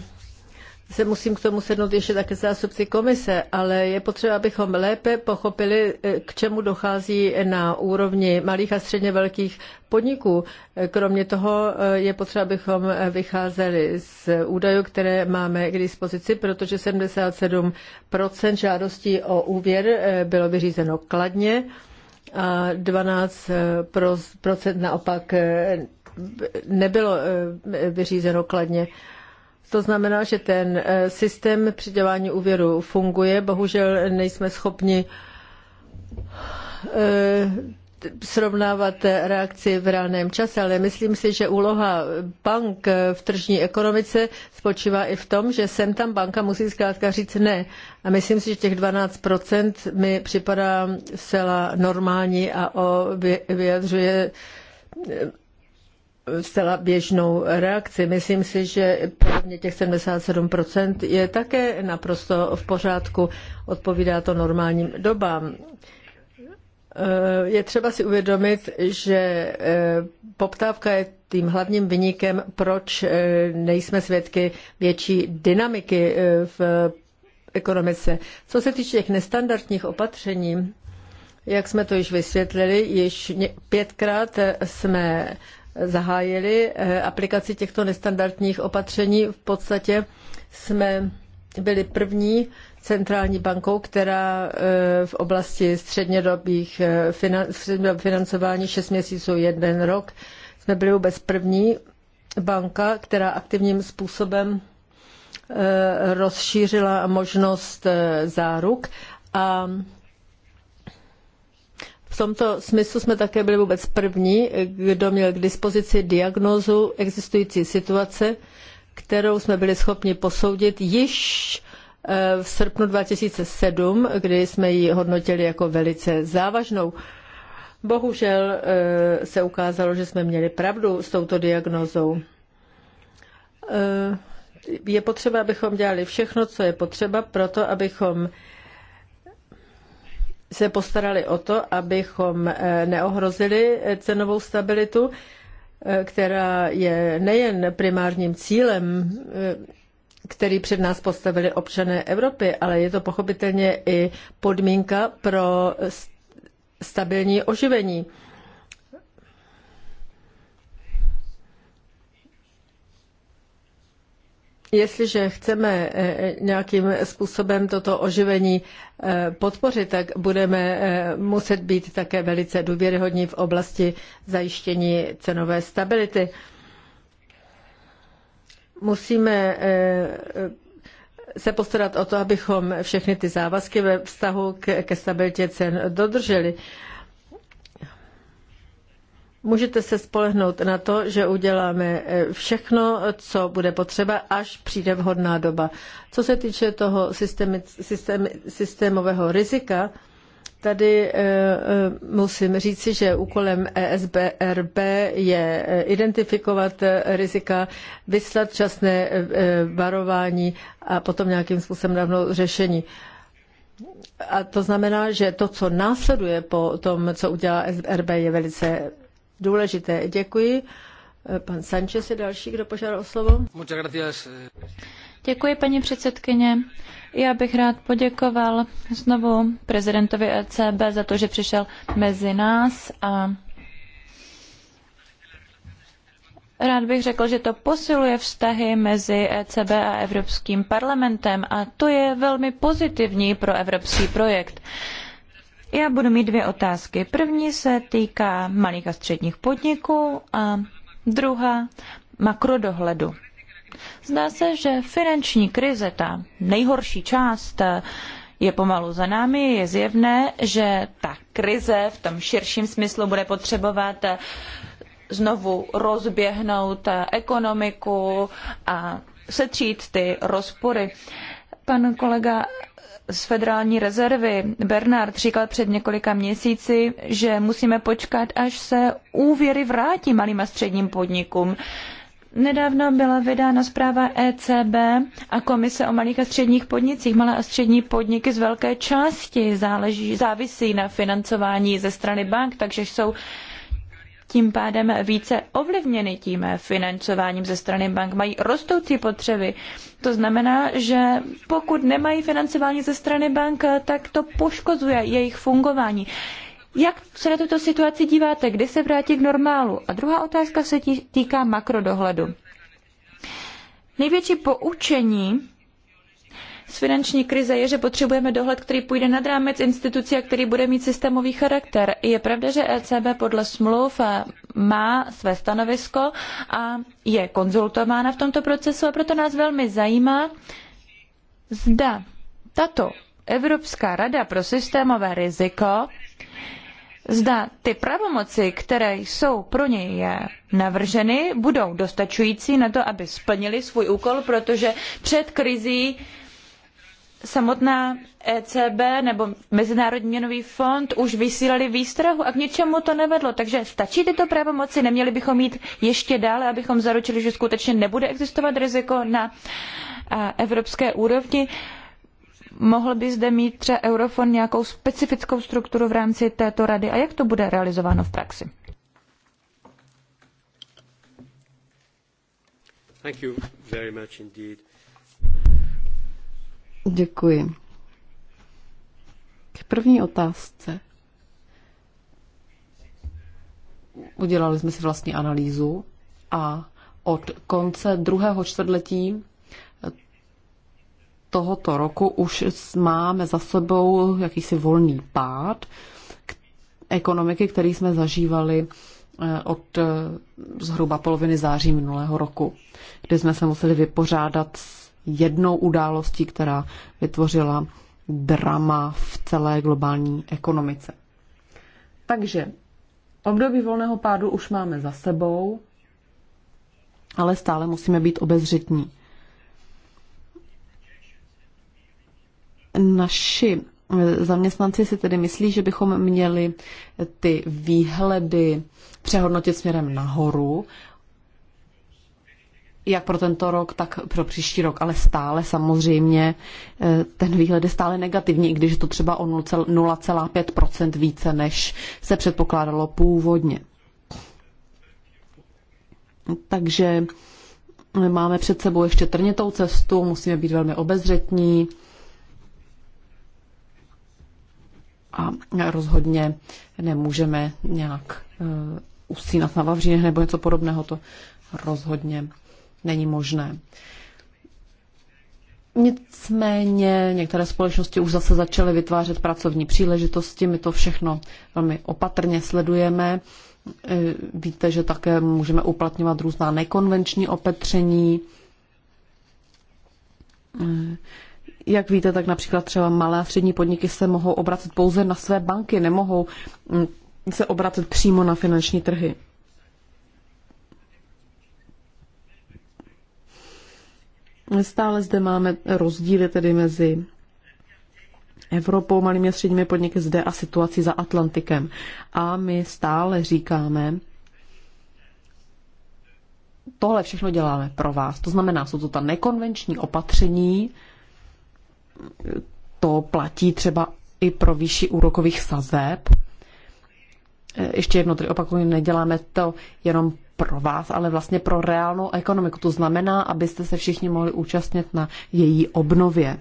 se musím k tomu sednout ještě také zástupci komise, ale je potřeba, abychom lépe pochopili, eh, k čemu dochází na úrovni malých a středně velkých podniků. Eh, kromě toho eh, je potřeba, abychom vycházeli z údajů, které máme k dispozici, protože 77% žádostí o úvěr bylo vyřízeno kladně a 12% naopak nebylo vyřízeno kladně. To znamená, že ten eh, systém přidělání úvěru funguje, bohužel nejsme schopni eh, srovnávat reakci v reálném čase, ale myslím si, že úloha bank v tržní ekonomice spočívá i v tom, že sem tam banka musí zkrátka říct ne. A myslím si, že těch 12% mi připadá zcela normální a vyjadřuje zcela běžnou reakci. Myslím si, že podobně těch 77% je také naprosto v pořádku, odpovídá to normálním dobám. Eh, je třeba si uvědomit, že eh, poptávka je tím hlavním vynikem, proč eh, nejsme svědky větší dynamiky v ekonomice. Co se týče těch nestandardních opatření, jak jsme to již vysvětlili, již pětkrát jsme zahájili eh, aplikaci těchto nestandardních opatření. V podstatě jsme byli první centrální bankou, která eh, v oblasti střednědobých eh, financování 6 měsíců, jeden rok, jsme byli vůbec první banka, která aktivním způsobem rozšířila možnost záruk a v tomto smyslu jsme také byli vůbec první, kdo měl k dispozici diagnózu existující situace, kterou jsme byli schopni posoudit již eh, v srpnu 2007, kdy jsme ji hodnotili jako velice závažnou. Bohužel eh, se ukázalo, že jsme měli pravdu s touto diagnózou. Eh, je potřeba, abychom dělali všechno, co je potřeba, proto abychom se postarali o to, abychom eh, neohrozili eh, cenovou stabilitu, eh, která je nejen primárním cílem, který před nás postavili občané Evropy, ale je to pochopitelně i podmínka pro stabilní oživení. Jestliže chceme eh, nějakým způsobem toto oživení eh, podpořit, tak budeme eh, muset být také velice důvěryhodní v oblasti zajištění cenové stability. Musíme se postarat o to, abychom všechny ty závazky ve vztahu ke stabilitě cen dodrželi. Můžete se spolehnout na to, že uděláme eh, všechno, co bude potřeba, až přijde vhodná doba. Co se týče toho systémy, systém, systémového rizika, tady eh, eh, musím říci, že úkolem ESBRB je identifikovat rizika, vyslat časné varování a potom nějakým způsobem dávnout řešení. A to znamená, že to, co následuje po tom, co udělá SRB, je velice důležité. Děkuji. Pan Sanchez je další, kdo požádal o slovo. Děkuji, paní předsedkyně. Já bych rád poděkoval znovu prezidentovi ECB za to, že přišel mezi nás a Rád bych řekl, že to posiluje vztahy mezi ECB a Evropským parlamentem a to je velmi pozitivní pro evropský projekt. Já budu mít dvě otázky. První se týká malých a středních podniků a druhá makrodohledu. Zdá se, že finanční krize, ta nejhorší část, je pomalu za námi. Je zjevné, že ta krize v tom širším smyslu bude potřebovat znovu rozběhnout ekonomiku a setřít ty rozpory. Pan kolega z Federální rezervy Bernard říkal před několika měsíci, že musíme počkat, až se úvěry vrátí malým a středním podnikům. Nedávno byla vydána zpráva ECB a Komise o malých a středních podnicích. Malé a střední podniky z velké části záleží, závisí na financování ze strany bank, takže jsou tím pádem více ovlivněny tím financováním ze strany bank, mají rostoucí potřeby. To znamená, že pokud nemají financování ze strany bank, tak to poškozuje jejich fungování. Jak se na tuto situaci díváte? Kdy se vrátí k normálu? A druhá otázka se týká makrodohledu. Největší poučení z finanční krize je, že potřebujeme dohled, který půjde nad rámec institucí a který bude mít systémový charakter. Je pravda, že ECB podle smluv eh, má své stanovisko a je konzultována v tomto procesu a proto nás velmi zajímá, zda tato Evropská rada pro systémové riziko zda ty pravomoci, které jsou pro něj eh, navrženy, budou dostačující na to, aby splnili svůj úkol, protože před krizí samotná ECB nebo Mezinárodní měnový fond už vysílali výstrahu a k něčemu to nevedlo. Takže stačí tyto pravomoci, neměli bychom jít ještě dále, abychom zaručili, že skutečně nebude existovat riziko na evropské úrovni. Mohl by zde mít třeba Eurofond nějakou specifickou strukturu v rámci této rady a jak to bude realizováno v praxi? Děkuji. K první otázce. Udělali jsme si vlastní analýzu a od konce druhého čtvrtletí tohoto roku už máme za sebou jakýsi volný pád ekonomiky, který jsme zažívali eh, od eh, zhruba poloviny září minulého roku, kdy jsme se museli vypořádat s jednou událostí, která vytvořila drama v celé globální ekonomice. Takže období volného pádu už máme za sebou, ale stále musíme být obezřetní. Naši zaměstnanci si tedy myslí, že bychom měli ty výhledy přehodnotit směrem nahoru jak pro tento rok, tak pro příští rok, ale stále samozřejmě eh, ten výhled je stále negativní, i když je to třeba o 0,5% více, než se předpokládalo původně. Takže máme před sebou ještě trnitou cestu, musíme být velmi obezřetní a rozhodně nemůžeme nějak eh, usínat na vavřínech nebo něco podobného, to rozhodně není možné. Nicméně některé společnosti už zase začaly vytvářet pracovní příležitosti, my to všechno velmi opatrně sledujeme. E, víte, že také můžeme uplatňovat různá nekonvenční opatření. E, jak víte, tak například třeba malé a střední podniky se mohou obracet pouze na své banky, nemohou mm, se obracet přímo na finanční trhy. Stále zde máme rozdíly tedy mezi Evropou, malými a středními podniky zde a situaci za Atlantikem. A my stále říkáme, tohle všechno děláme pro vás. To znamená, jsou to ta nekonvenční opatření, to platí třeba i pro výši úrokových sazeb. Ještě jedno tedy opakuju, neděláme to jenom pro vás, ale vlastně pro reálnou ekonomiku. To znamená, abyste se všichni mohli účastnit na její obnově.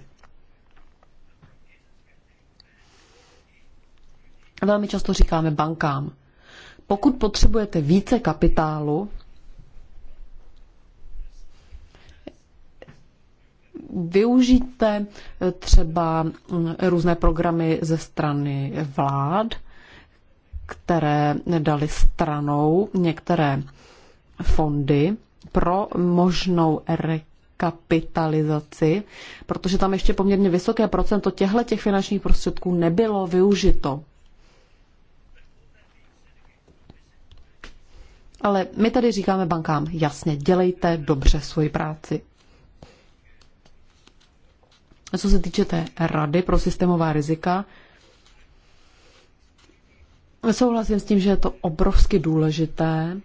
Velmi často říkáme bankám, pokud potřebujete více kapitálu, využijte eh, třeba hm, různé programy ze strany vlád, které dali stranou některé fondy pro možnou rekapitalizaci, protože tam ještě poměrně vysoké procento těchto těch finančních prostředků nebylo využito. Ale my tady říkáme bankám, jasně, dělejte dobře svoji práci. A co se týče té rady pro systémová rizika, souhlasím s tím, že je to obrovsky důležité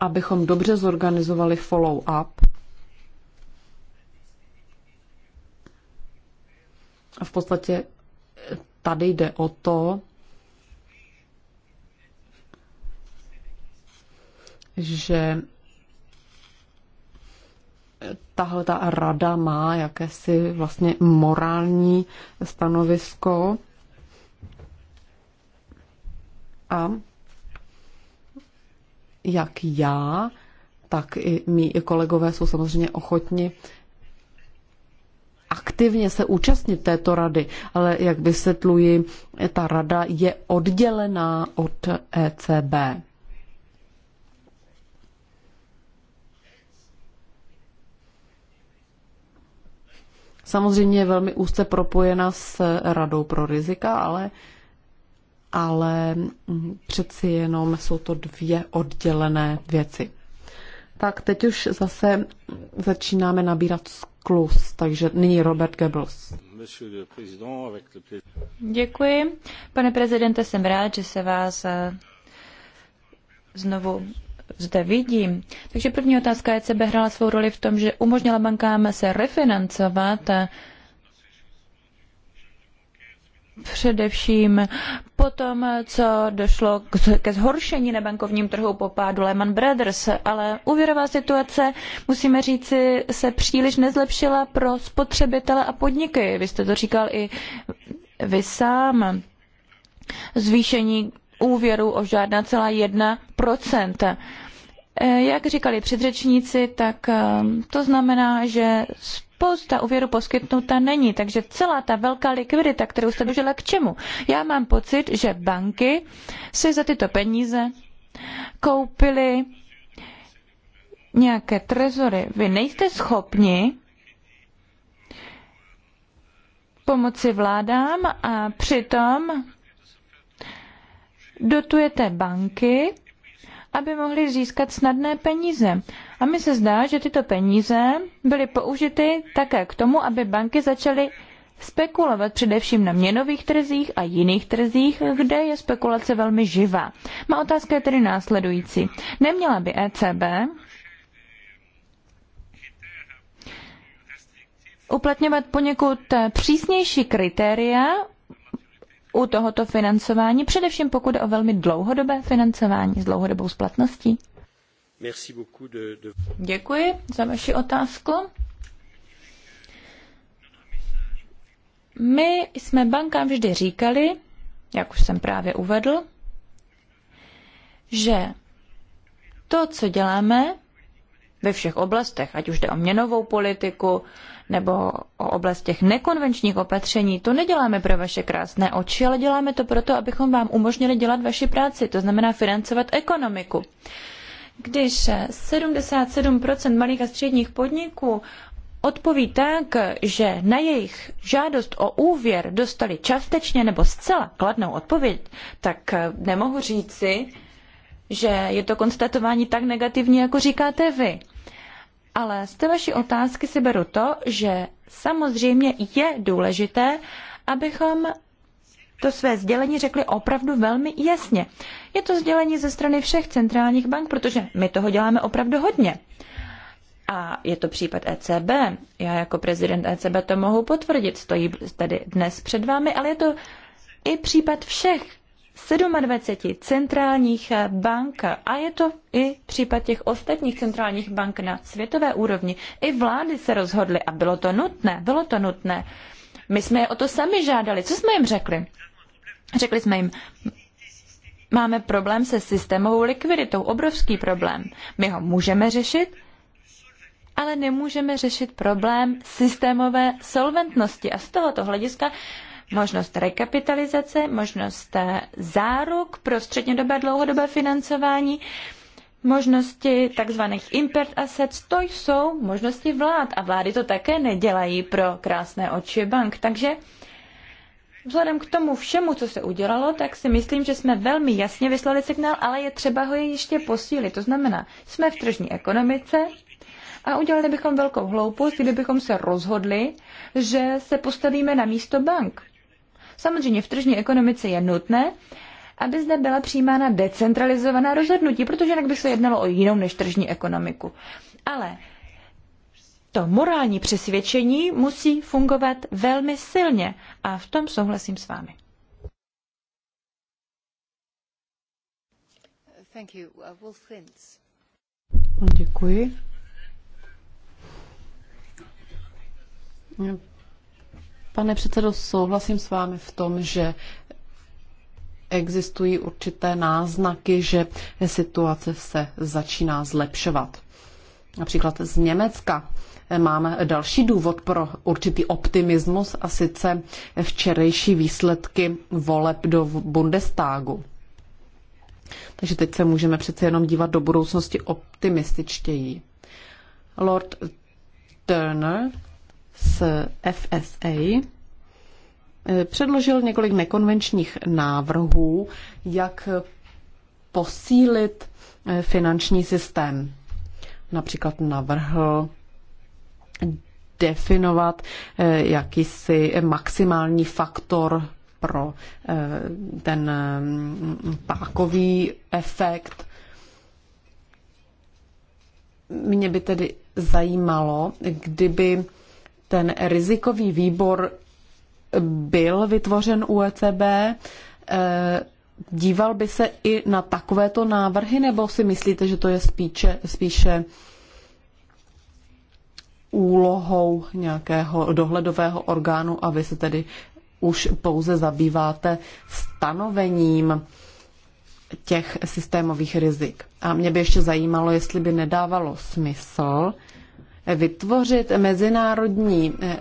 abychom dobře zorganizovali follow-up A v podstatě tady jde o to, že tahle ta rada má jakési vlastně morální stanovisko a jak já, tak i mý kolegové jsou samozřejmě ochotni aktivně se účastnit této rady, ale jak vysvětluji, ta rada je oddělená od ECB. Samozřejmě je velmi úzce propojena s Radou pro rizika, ale ale mm, přeci jenom jsou to dvě oddělené věci. Tak teď už zase začínáme nabírat sklus, takže nyní Robert Goebbels. Děkuji. Pane prezidente, jsem rád, že se vás eh, znovu zde vidím. Takže první otázka ECB hrála svou roli v tom, že umožnila bankám se refinancovat eh, především po tom, co došlo ke zhoršení na bankovním trhu po pádu Lehman Brothers, ale úvěrová situace, musíme říci, se příliš nezlepšila pro spotřebitele a podniky. Vy jste to říkal i vy sám. Zvýšení úvěru o žádná celá jedna procenta. Eh, jak říkali předřečníci, tak eh, to znamená, že plus ta úvěru poskytnuta není. Takže celá ta velká likvidita, kterou jste dožila k čemu? Já mám pocit, že banky si za tyto peníze koupily nějaké trezory. Vy nejste schopni pomoci vládám a přitom dotujete banky, aby mohly získat snadné peníze. A mi se zdá, že tyto peníze byly použity také k tomu, aby banky začaly spekulovat především na měnových trzích a jiných trzích, kde je spekulace velmi živá. Má otázka je tedy následující. Neměla by ECB uplatňovat poněkud přísnější kritéria u tohoto financování, především pokud o velmi dlouhodobé financování s dlouhodobou splatností? Děkuji za vaši otázku. My jsme bankám vždy říkali, jak už jsem právě uvedl, že to, co děláme ve všech oblastech, ať už jde o měnovou politiku nebo o oblast těch nekonvenčních opatření, to neděláme pro vaše krásné oči, ale děláme to proto, abychom vám umožnili dělat vaši práci, to znamená financovat ekonomiku. Když 77% malých a středních podniků odpoví tak, že na jejich žádost o úvěr dostali částečně nebo zcela kladnou odpověď, tak eh, nemohu říci, že je to konstatování tak negativní, jako říkáte vy. Ale z té vaší otázky si beru to, že samozřejmě je důležité, abychom to své sdělení řekli opravdu velmi jasně. Je to sdělení ze strany všech centrálních bank, protože my toho děláme opravdu hodně. A je to případ ECB. Já jako prezident ECB to mohu potvrdit. Stojí tady dnes před vámi, ale je to i případ všech 27 centrálních bank a je to i případ těch ostatních centrálních bank na světové úrovni. I vlády se rozhodly a bylo to nutné, bylo to nutné. My jsme je o to sami žádali. Co jsme jim řekli? Řekli jsme jim, máme problém se systémovou likviditou, obrovský problém. My ho můžeme řešit, ale nemůžeme řešit problém systémové solventnosti. A z tohoto hlediska možnost rekapitalizace, možnost eh, záruk pro střednědobé dlouhodobé financování, možnosti tzv. impert assets, to jsou možnosti vlád. A vlády to také nedělají pro krásné oči bank. Takže Vzhledem k tomu všemu, co se udělalo, tak si myslím, že jsme velmi jasně vyslali signál, ale je třeba ho ještě posílit. To znamená, jsme v tržní ekonomice a udělali bychom velkou hloupost, kdybychom se rozhodli, že se postavíme na místo bank. Samozřejmě v tržní ekonomice je nutné, aby zde byla přijímána decentralizovaná rozhodnutí, protože jinak by se jednalo o jinou než tržní ekonomiku. Ale to morální přesvědčení musí fungovat velmi silně a v tom souhlasím s vámi. Thank you. Uh, Wolf Děkuji. Pane předsedo, souhlasím s vámi v tom, že existují určité náznaky, že situace se začíná zlepšovat. Například z Německa mám další důvod pro určitý optimismus a sice včerejší výsledky voleb do Bundestagu. Takže teď se můžeme přece jenom dívat do budoucnosti optimističtěji. Lord Turner z FSA eh, předložil několik nekonvenčních návrhů, jak posílit eh, finanční systém. Například navrhl definovat eh, jakýsi maximální faktor pro eh, ten mm, pákový efekt. Mě by tedy zajímalo, kdyby ten rizikový výbor byl vytvořen u ECB, eh, díval by se i na takovéto návrhy, nebo si myslíte, že to je spíše, spíše úlohou nějakého dohledového orgánu a vy se tedy už pouze zabýváte stanovením těch systémových rizik. A mě by ještě zajímalo, jestli by nedávalo smysl vytvořit mezinárodní eh,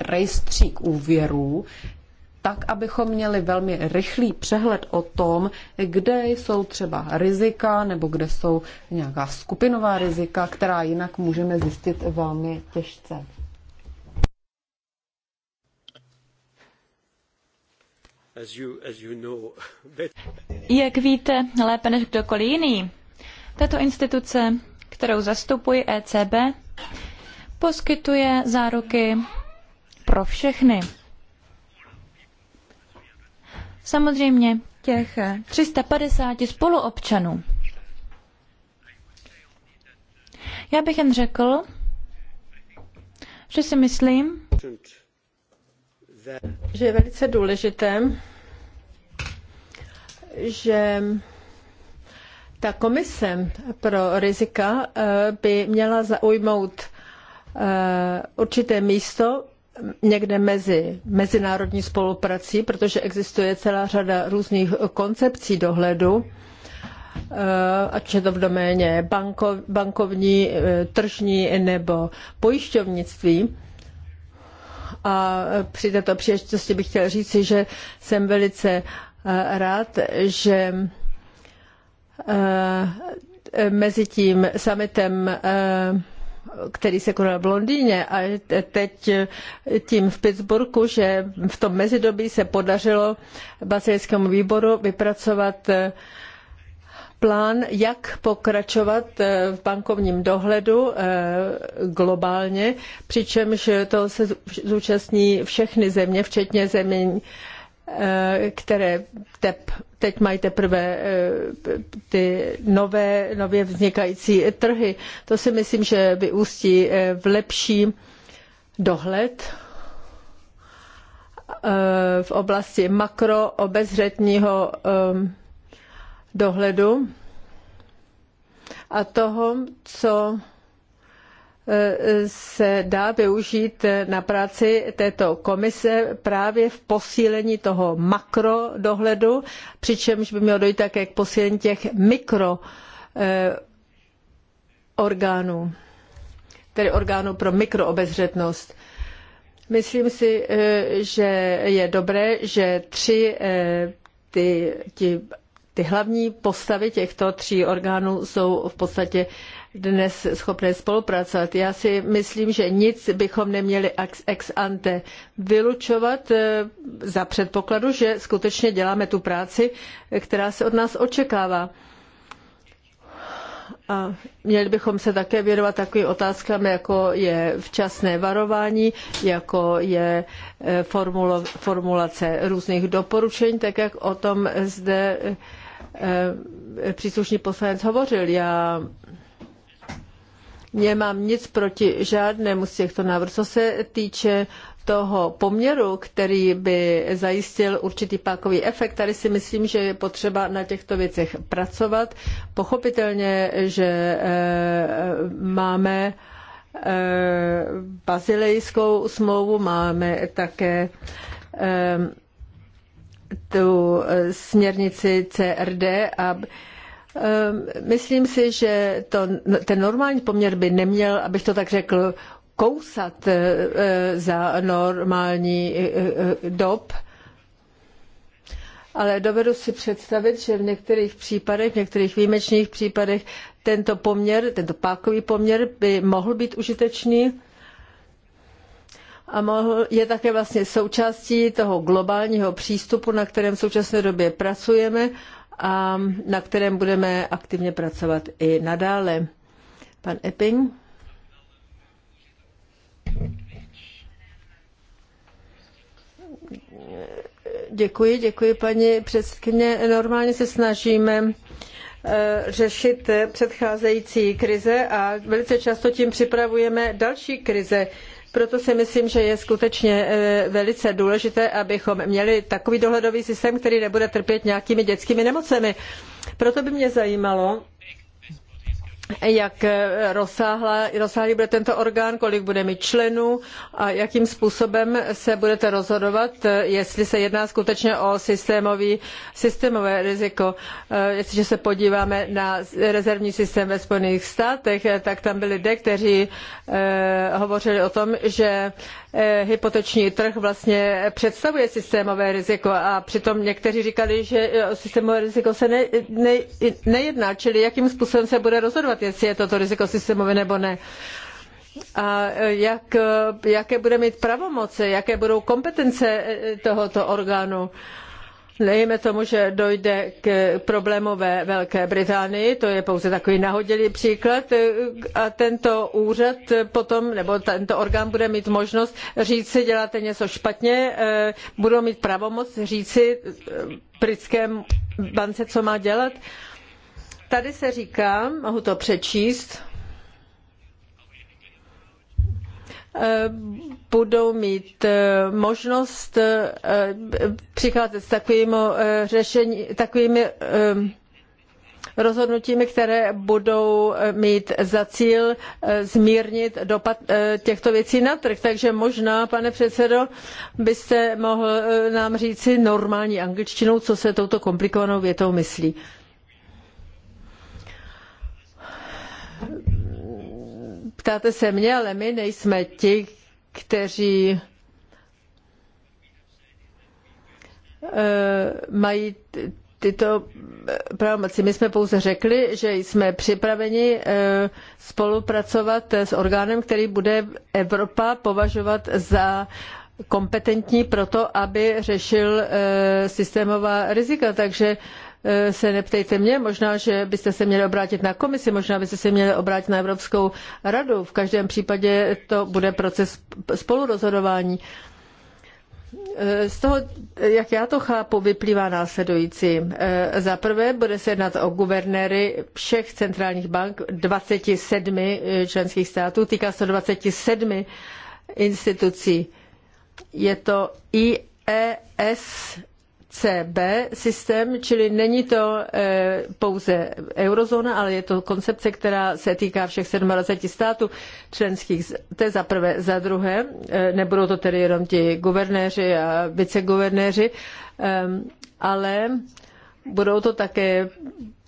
rejstřík úvěrů, tak, abychom měli velmi rychlý přehled o tom, kde jsou třeba rizika nebo kde jsou nějaká skupinová rizika, která jinak můžeme zjistit velmi těžce. Jak víte lépe než kdokoliv jiný, tato instituce, kterou zastupuji ECB, poskytuje záruky pro všechny Samozřejmě těch 350 eh, spoluobčanů. Já bych jen řekl, že si myslím, že je velice důležité, že ta komise pro rizika eh, by měla zaujmout eh, určité místo někde mezi mezinárodní spoluprací, protože existuje celá řada různých koncepcí dohledu, eh, ať je to v doméně banko, bankovní, eh, tržní nebo pojišťovnictví. A při této příležitosti bych chtěl říci, že jsem velice eh, rád, že mezi tím summitem který se konal v Londýně a teď tím v Pittsburghu, že v tom mezidobí se podařilo bazilickému výboru vypracovat eh, plán, jak pokračovat eh, v bankovním dohledu eh, globálně, přičemž to se zúčastní všechny země, včetně zemí Eh, které tep, teď mají teprve eh, ty nové, nově vznikající trhy. To si myslím, že vyústí eh, v lepší dohled v oblasti makroobezřetního dohledu a toho, co se dá využít na práci této komise právě v posílení toho makrodohledu, přičemž by mělo dojít také k posílení těch mikroorgánů, eh, tedy orgánů pro mikroobezřetnost. Myslím si, eh, že je dobré, že tři eh, ty, ty, ty hlavní postavy těchto tří orgánů jsou v podstatě dnes schopné spolupracovat. Já si myslím, že nic bychom neměli ex, ex ante vylučovat eh, za předpokladu, že skutečně děláme tu práci, která se od nás očekává. A měli bychom se také věnovat takovým otázkám, jako je včasné varování, jako je eh, formulo, formulace různých doporučení, tak jak o tom zde eh, příslušný poslanec hovořil. Já Nemám nic proti žádnému z těchto návrhů. Co se týče toho poměru, který by zajistil určitý pákový efekt. Tady si myslím, že je potřeba na těchto věcech pracovat. Pochopitelně, že eh, máme eh, bazilejskou smlouvu, máme také eh, tu směrnici CRD a Ehm, myslím si, že to, ten normální poměr by neměl, abych to tak řekl, kousat eh, eh, za normální eh, dob, ale dovedu si představit, že v některých případech, v některých výjimečných případech tento poměr, tento pákový poměr by mohl být užitečný a mohl, je také vlastně součástí toho globálního přístupu, na kterém v současné době pracujeme a na kterém budeme aktivně pracovat i nadále. Pan Epping. Děkuji, děkuji paní předsedkyně. Normálně se snažíme eh, řešit předcházející krize a velice často tím připravujeme další krize. Proto si myslím, že je skutečně e, velice důležité, abychom měli takový dohledový systém, který nebude trpět nějakými dětskými nemocemi. Proto by mě zajímalo, jak eh, rozsáhlý bude tento orgán, kolik bude mít členů a jakým způsobem se budete rozhodovat, eh, jestli se jedná skutečně o systémový, systémové riziko. Eh, jestliže se podíváme na rezervní systém ve Spojených státech, tak tam byli lidé, kteří hovořili o tom, že Eh, hypoteční trh vlastně představuje systémové riziko a přitom někteří říkali, že eh, o systémové riziko se ne, ne, nejedná, čili jakým způsobem se bude rozhodovat, jestli je toto riziko systémové nebo ne. A eh, jak, jaké bude mít pravomoci, jaké budou kompetence tohoto orgánu. Uh, Dejme tomu, že dojde k problému ve Velké Británii, to je pouze takový nahodilý příklad, a tento úřad potom, nebo tento orgán bude mít možnost říct si, děláte něco špatně, eh, budou mít pravomoc říct si eh, britské bance, co má dělat. Tady se říká, mohu to přečíst, Eh, budou mít eh, možnost eh, přicházet s řešení, takovými rozhodnutími, které budou mít za cíl zmírnit dopad těchto věcí na trh. Takže možná, pane předsedo, byste mohl nám říci normální angličtinou, co se touto komplikovanou větou myslí ptáte se mě, ale my nejsme ti, kteří eh, mají tyto pravomoci. My jsme pouze řekli, že jsme připraveni eh, spolupracovat s orgánem, který bude Evropa považovat za kompetentní pro to, aby řešil eh, systémová rizika. Takže Eh, se neptejte mě, možná, že byste se měli obrátit na komisi, možná byste se měli obrátit na Evropskou radu. V každém případě to bude proces spolurozhodování. Eh, z toho, jak já to chápu, vyplývá následující. Eh, za prvé bude se jednat o guvernéry všech centrálních bank 27 členských států, týká se 27 institucí. Je to IES CB systém, čili není to eh, pouze eurozóna, ale je to koncepce, která se týká všech 27 států členských. To je za prvé. Za druhé, eh, nebudou to tedy jenom ti guvernéři a viceguvernéři, ehm, ale budou to také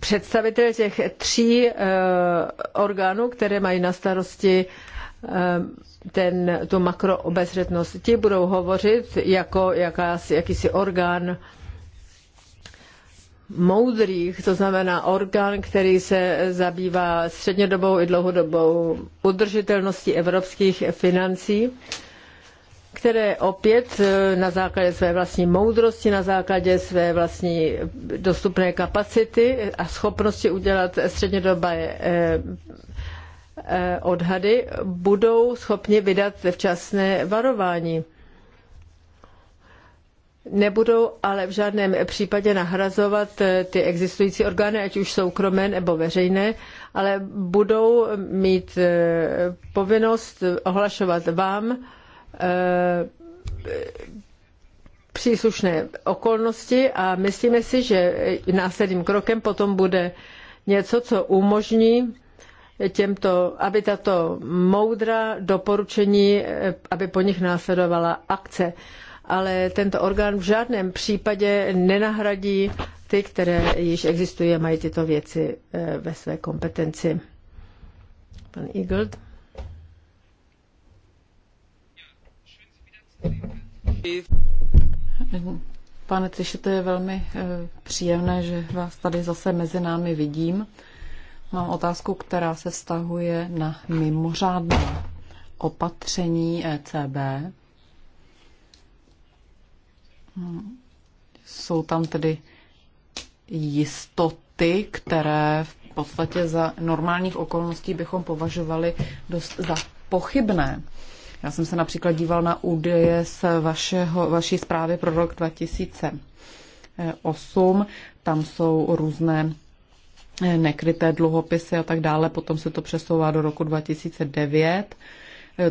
představitelé těch tří eh, orgánů, které mají na starosti ehm, ten, tu makroobezřetnost. Ti budou hovořit jako jakási, jakýsi orgán moudrých, to znamená orgán, který se zabývá střednědobou i dlouhodobou udržitelností evropských financí, které opět eh, na základě své vlastní moudrosti, na základě své vlastní dostupné kapacity a schopnosti udělat střednědobé eh, Eh, odhady, budou schopni vydat včasné varování. Nebudou ale v žádném případě nahrazovat eh, ty existující orgány, ať už soukromé nebo veřejné, ale budou mít eh, povinnost ohlašovat vám příslušné okolnosti a myslíme si, že následným krokem potom bude něco, co umožní těmto, aby tato moudra doporučení, eh, aby po nich následovala akce. Ale tento orgán v žádném případě nenahradí ty, které již existují a mají tyto věci eh, ve své kompetenci. Pan Eaglet. Pane Tyši, to je velmi eh, příjemné, že vás tady zase mezi námi vidím. Mám otázku, která se vztahuje na mimořádná opatření ECB. Jsou tam tedy jistoty, které v podstatě za normálních okolností bychom považovali dost za pochybné. Já jsem se například díval na údaje z vašeho, vaší zprávy pro rok 2008. Tam jsou různé nekryté dluhopisy a tak dále. Potom se to přesouvá do roku 2009.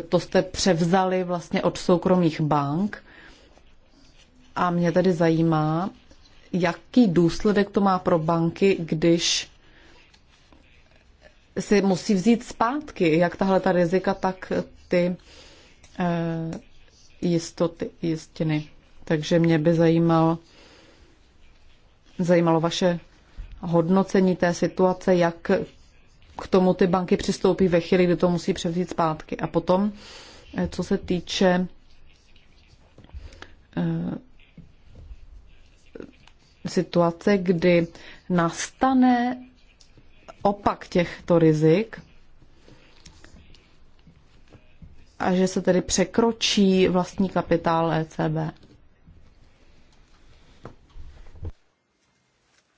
To jste převzali vlastně od soukromých bank. A mě tedy zajímá, jaký důsledek to má pro banky, když si musí vzít zpátky, jak tahle ta rizika, tak ty eh, jistoty, jistiny. Takže mě by zajímal, zajímalo vaše hodnocení té situace, jak k tomu ty banky přistoupí ve chvíli, kdy to musí převzít zpátky. A potom, eh, co se týče eh, situace, kdy nastane opak těchto rizik a že se tedy překročí vlastní kapitál ECB.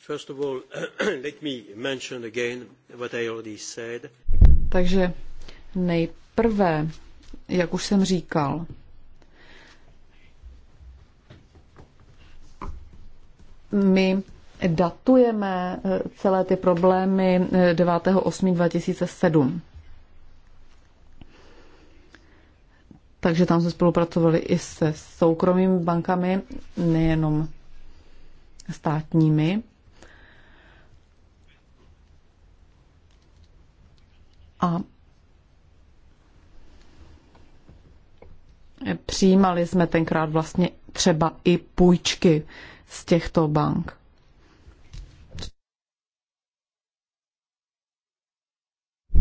First of all, let me mention again what I already said. Takže nejprve, jak už jsem říkal, my datujeme eh, celé ty problémy 9.8.2007. Eh, Takže tam jsme spolupracovali i se soukromými bankami, nejenom státními. a přijímali jsme tenkrát vlastně třeba i půjčky z těchto bank.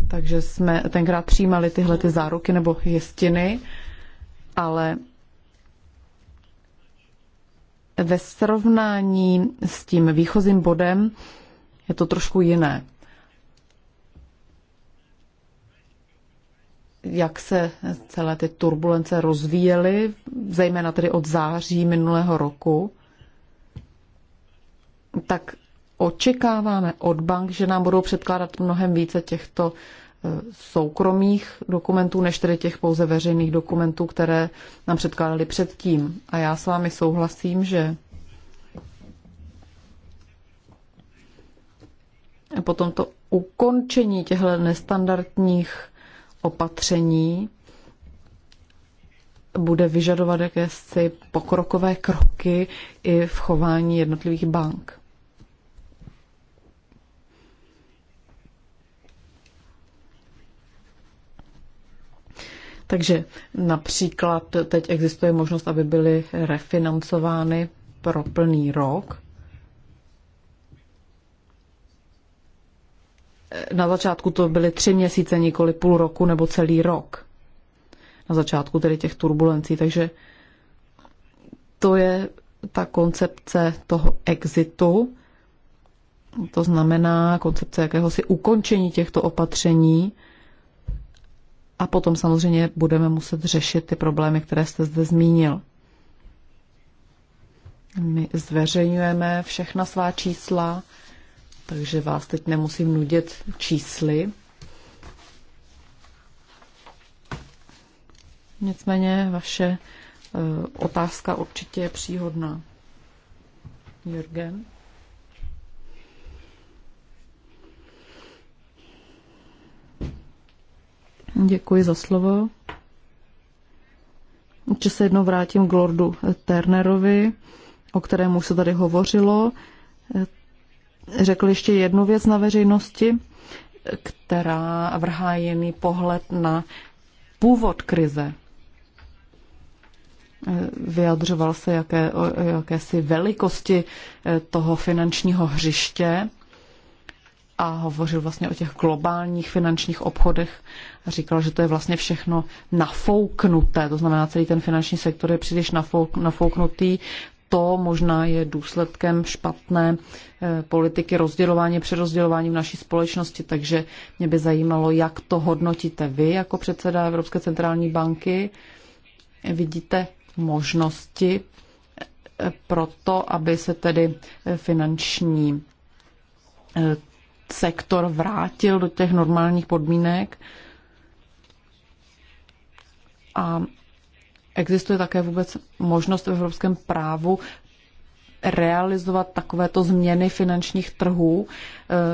Takže jsme tenkrát přijímali tyhle ty záruky nebo jistiny, ale ve srovnání s tím výchozím bodem je to trošku jiné. jak se celé ty turbulence rozvíjely, zejména tedy od září minulého roku, tak očekáváme od bank, že nám budou předkládat mnohem více těchto e, soukromých dokumentů, než tedy těch pouze veřejných dokumentů, které nám předkládali předtím. A já s vámi souhlasím, že po tomto ukončení těchto nestandardních opatření bude vyžadovat jakési pokrokové kroky i v chování jednotlivých bank. Takže například teď existuje možnost, aby byly refinancovány pro plný rok. na začátku to byly tři měsíce, nikoli půl roku nebo celý rok. Na začátku tedy těch turbulencí, takže to je ta koncepce toho exitu, to znamená koncepce jakéhosi ukončení těchto opatření a potom samozřejmě budeme muset řešit ty problémy, které jste zde zmínil. My zveřejňujeme všechna svá čísla, takže vás teď nemusím nudit čísly. Nicméně vaše eh, otázka určitě je příhodná. Jürgen? Děkuji za slovo. Ještě se jednou vrátím k Lordu Turnerovi, o kterém už se tady hovořilo řekl ještě jednu věc na veřejnosti, která vrhá jiný pohled na původ krize. Vyjadřoval se jaké, o jakési velikosti eh, toho finančního hřiště a hovořil vlastně o těch globálních finančních obchodech a říkal, že to je vlastně všechno nafouknuté, to znamená celý ten finanční sektor je příliš nafouknutý to možná je důsledkem špatné eh, politiky rozdělování, přerozdělování v naší společnosti, takže mě by zajímalo, jak to hodnotíte vy jako předseda Evropské centrální banky. Vidíte možnosti eh, pro to, aby se tedy eh, finanční sektor vrátil do těch normálních podmínek a existuje také vůbec možnost v evropském právu realizovat takovéto změny finančních trhů.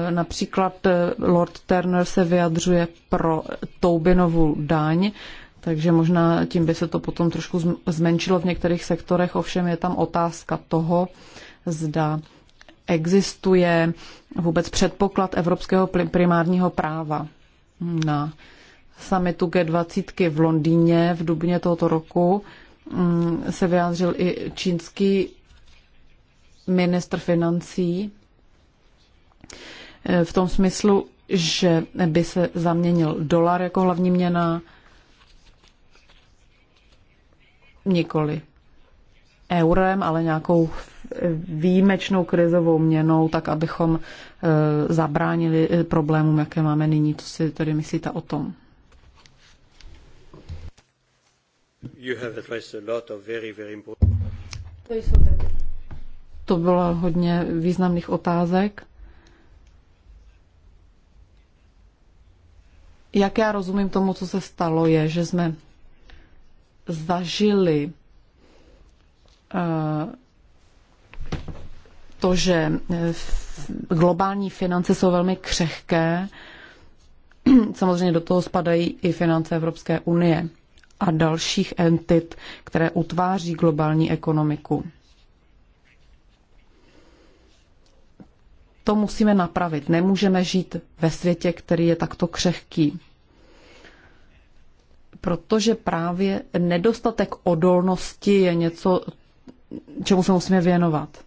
E, například e, Lord Turner se vyjadřuje pro Toubinovu daň, takže možná tím by se to potom trošku zmenšilo v některých sektorech, ovšem je tam otázka toho, zda existuje vůbec předpoklad evropského primárního práva na summitu G20 v Londýně v dubně tohoto roku mm, se vyjádřil i čínský ministr financí eh, v tom smyslu, že by se zaměnil dolar jako hlavní měna, nikoli eurem, ale nějakou výjimečnou krizovou měnou, tak abychom eh, zabránili eh, problémům, jaké máme nyní. Co si tedy myslíte o tom? You have addressed a lot of very, very important... To bylo hodně významných otázek. Jak já rozumím tomu, co se stalo, je, že jsme zažili uh, to, že eh, globální finance jsou velmi křehké. Samozřejmě do toho spadají i finance Evropské unie a dalších entit, které utváří globální ekonomiku. To musíme napravit. Nemůžeme žít ve světě, který je takto křehký. Protože právě nedostatek odolnosti je něco, čemu se musíme věnovat.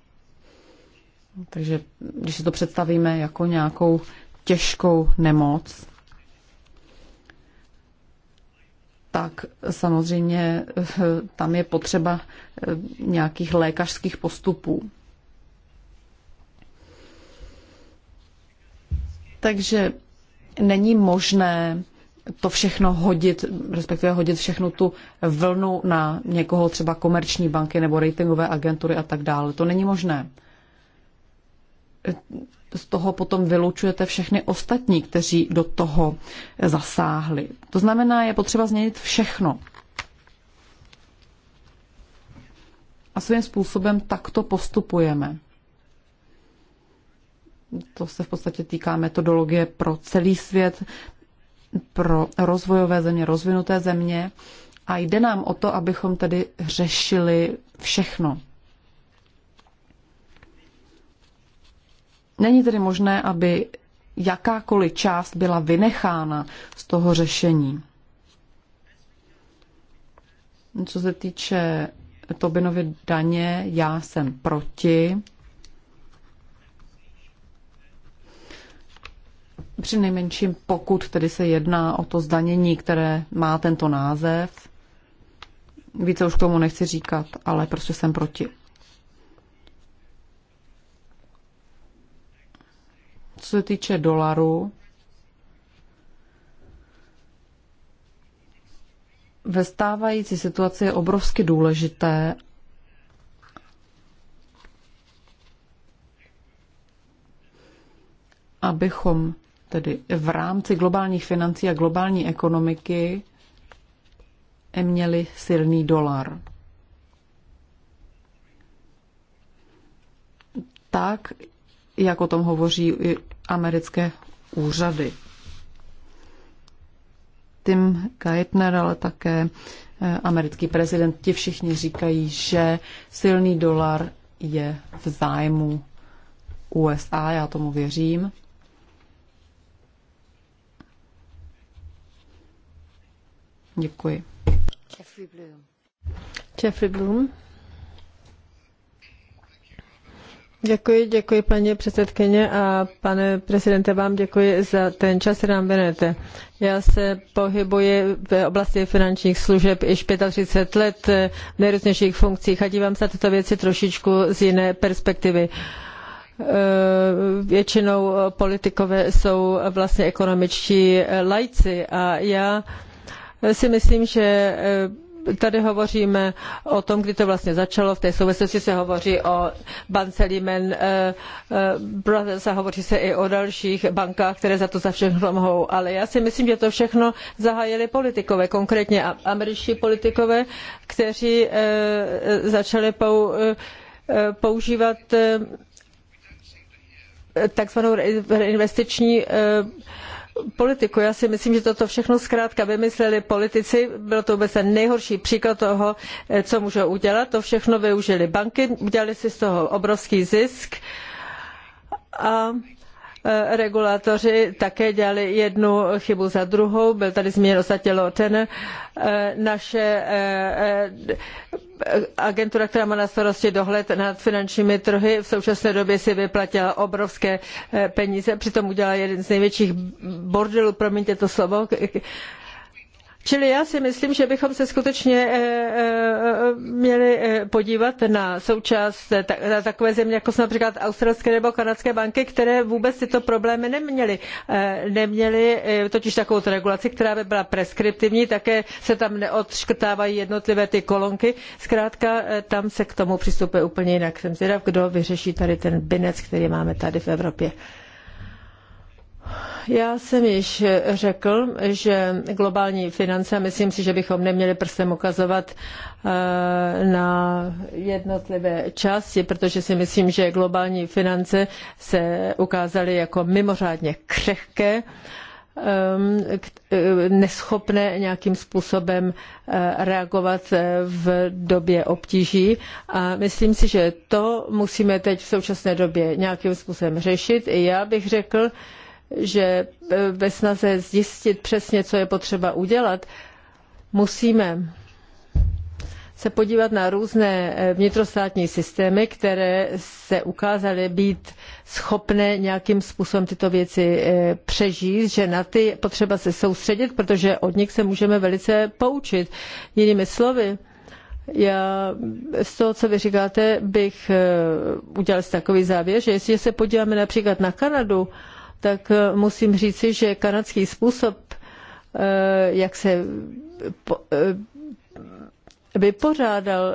Takže když si to představíme jako nějakou těžkou nemoc, tak samozřejmě eh, tam je potřeba eh, nějakých lékařských postupů. Takže není možné to všechno hodit, respektive hodit všechnu tu vlnu na někoho třeba komerční banky nebo ratingové agentury a tak dále. To není možné z toho potom vylučujete všechny ostatní, kteří do toho zasáhli. To znamená, je potřeba změnit všechno. A svým způsobem takto postupujeme. To se v podstatě týká metodologie pro celý svět, pro rozvojové země, rozvinuté země. A jde nám o to, abychom tedy řešili všechno. Není tedy možné, aby jakákoliv část byla vynechána z toho řešení. Co se týče Tobinovy daně, já jsem proti. Při nejmenším pokud tedy se jedná o to zdanění, které má tento název. Více už k tomu nechci říkat, ale prostě jsem proti. se týče dolaru, ve stávající situaci je obrovsky důležité, abychom tedy v rámci globálních financí a globální ekonomiky měli silný dolar. Tak, jak o tom hovoří i americké úřady. Tim Geithner, ale také eh, americký prezident, ti všichni říkají, že silný dolar je v zájmu USA, já tomu věřím. Děkuji. Jeffrey Bloom. Jeffrey Bloom. Děkuji, děkuji paní předsedkyně a pane prezidente, vám děkuji za ten čas, který nám věnujete. Já se pohybuji v oblasti finančních služeb již 35 let v nejrůznějších funkcích a dívám se na tyto věci trošičku z jiné perspektivy eh, většinou politikové jsou vlastně ekonomičtí lajci a já si myslím, že eh, tady hovoříme o tom, kdy to vlastně začalo. V té souvislosti se hovoří o bance Lehman eh, eh, Brothers a hovoří se i o dalších bankách, které za to za všechno mohou. Ale já si myslím, že to všechno zahájili politikové, konkrétně američtí politikové, kteří eh, začali používat takzvanou reinvestiční politiku. Já si myslím, že toto všechno zkrátka vymysleli politici. Byl to vůbec ten nejhorší příklad toho, eh, co můžou udělat. To všechno využili banky, udělali si z toho obrovský zisk. A Eh, regulátoři také dělali jednu chybu za druhou. Byl tady zmíněn ostatně ten eh, naše eh, agentura, která má na starosti dohled nad finančními trhy, v současné době si vyplatila obrovské peníze, přitom udělala jeden z největších bordelů, promiňte to slovo, Čili já si myslím, že bychom se skutečně eh, eh, měli eh, podívat na součást na takové země, jako jsou například australské nebo kanadské banky, které vůbec tyto problémy neměly. Neměly totiž takovou regulaci, která by byla preskriptivní, také se tam neodškrtávají jednotlivé ty kolonky. Zkrátka tam se k tomu přistupuje úplně jinak. Jsem zvědav, kdo vyřeší tady ten binec, který máme tady v Evropě. Já jsem již řekl, že globální finance, myslím si, že bychom neměli prstem ukazovat eh, na jednotlivé části, protože si myslím, že globální finance se ukázaly jako mimořádně křehké, ehm, eh, neschopné nějakým způsobem eh, reagovat v době obtíží. A myslím si, že to musíme teď v současné době nějakým způsobem řešit. I já bych řekl, že e, ve snaze zjistit přesně, co je potřeba udělat, musíme se podívat na různé e, vnitrostátní systémy, které se ukázaly být schopné nějakým způsobem tyto věci e, přežít, že na ty potřeba se soustředit, protože od nich se můžeme velice poučit. Jinými slovy, já z toho, co vy říkáte, bych udělal takový závěr, že jestli se podíváme například na Kanadu, tak eh, musím říci, že kanadský způsob, eh, jak se eh, vypořádal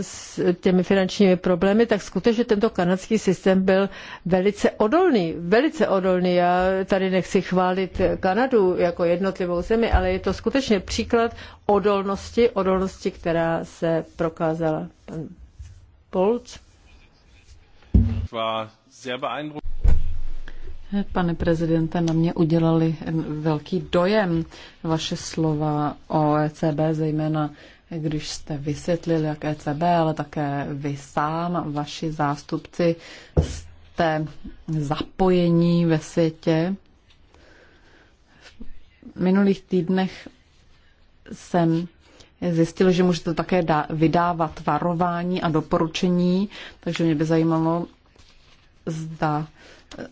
s těmi finančními problémy, tak skutečně tento kanadský systém byl velice odolný. Velice odolný. Já tady nechci chválit Kanadu jako jednotlivou zemi, ale je to skutečně příklad odolnosti, odolnosti, která se prokázala. Pan Polc. Pane prezidente, na mě udělali velký dojem vaše slova o ECB, zejména když jste vysvětlil, jak ECB, ale také vy sám, vaši zástupci, jste zapojení ve světě. V minulých týdnech jsem zjistil, že můžete také vydávat varování a doporučení, takže mě by zajímalo, zda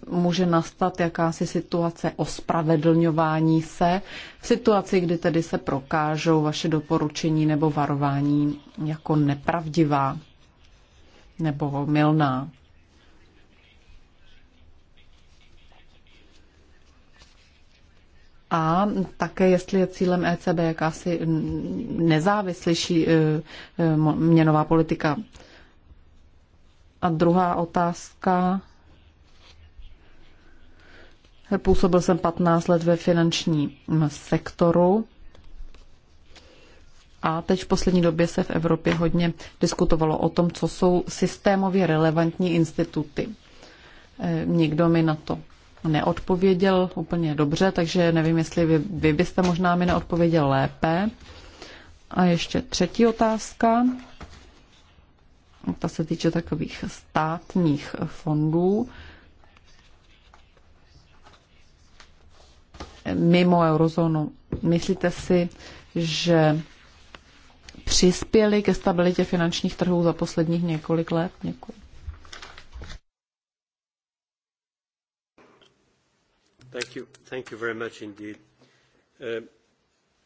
může nastat jakási situace ospravedlňování se v situaci, kdy tedy se prokážou vaše doporučení nebo varování jako nepravdivá nebo milná. A také, jestli je cílem ECB jakási nezávislejší eh, eh, měnová politika. A druhá otázka Působil jsem 15 let ve finančním sektoru a teď v poslední době se v Evropě hodně diskutovalo o tom, co jsou systémově relevantní instituty. E, nikdo mi na to neodpověděl úplně dobře, takže nevím, jestli vy, vy byste možná mi neodpověděl lépe. A ještě třetí otázka. Ta se týče takových státních fondů. mimo eurozónu. Myslíte si, že přispěli ke stabilitě finančních trhů za posledních několik let? Děkuji. Thank you. Thank you very much indeed. Uh,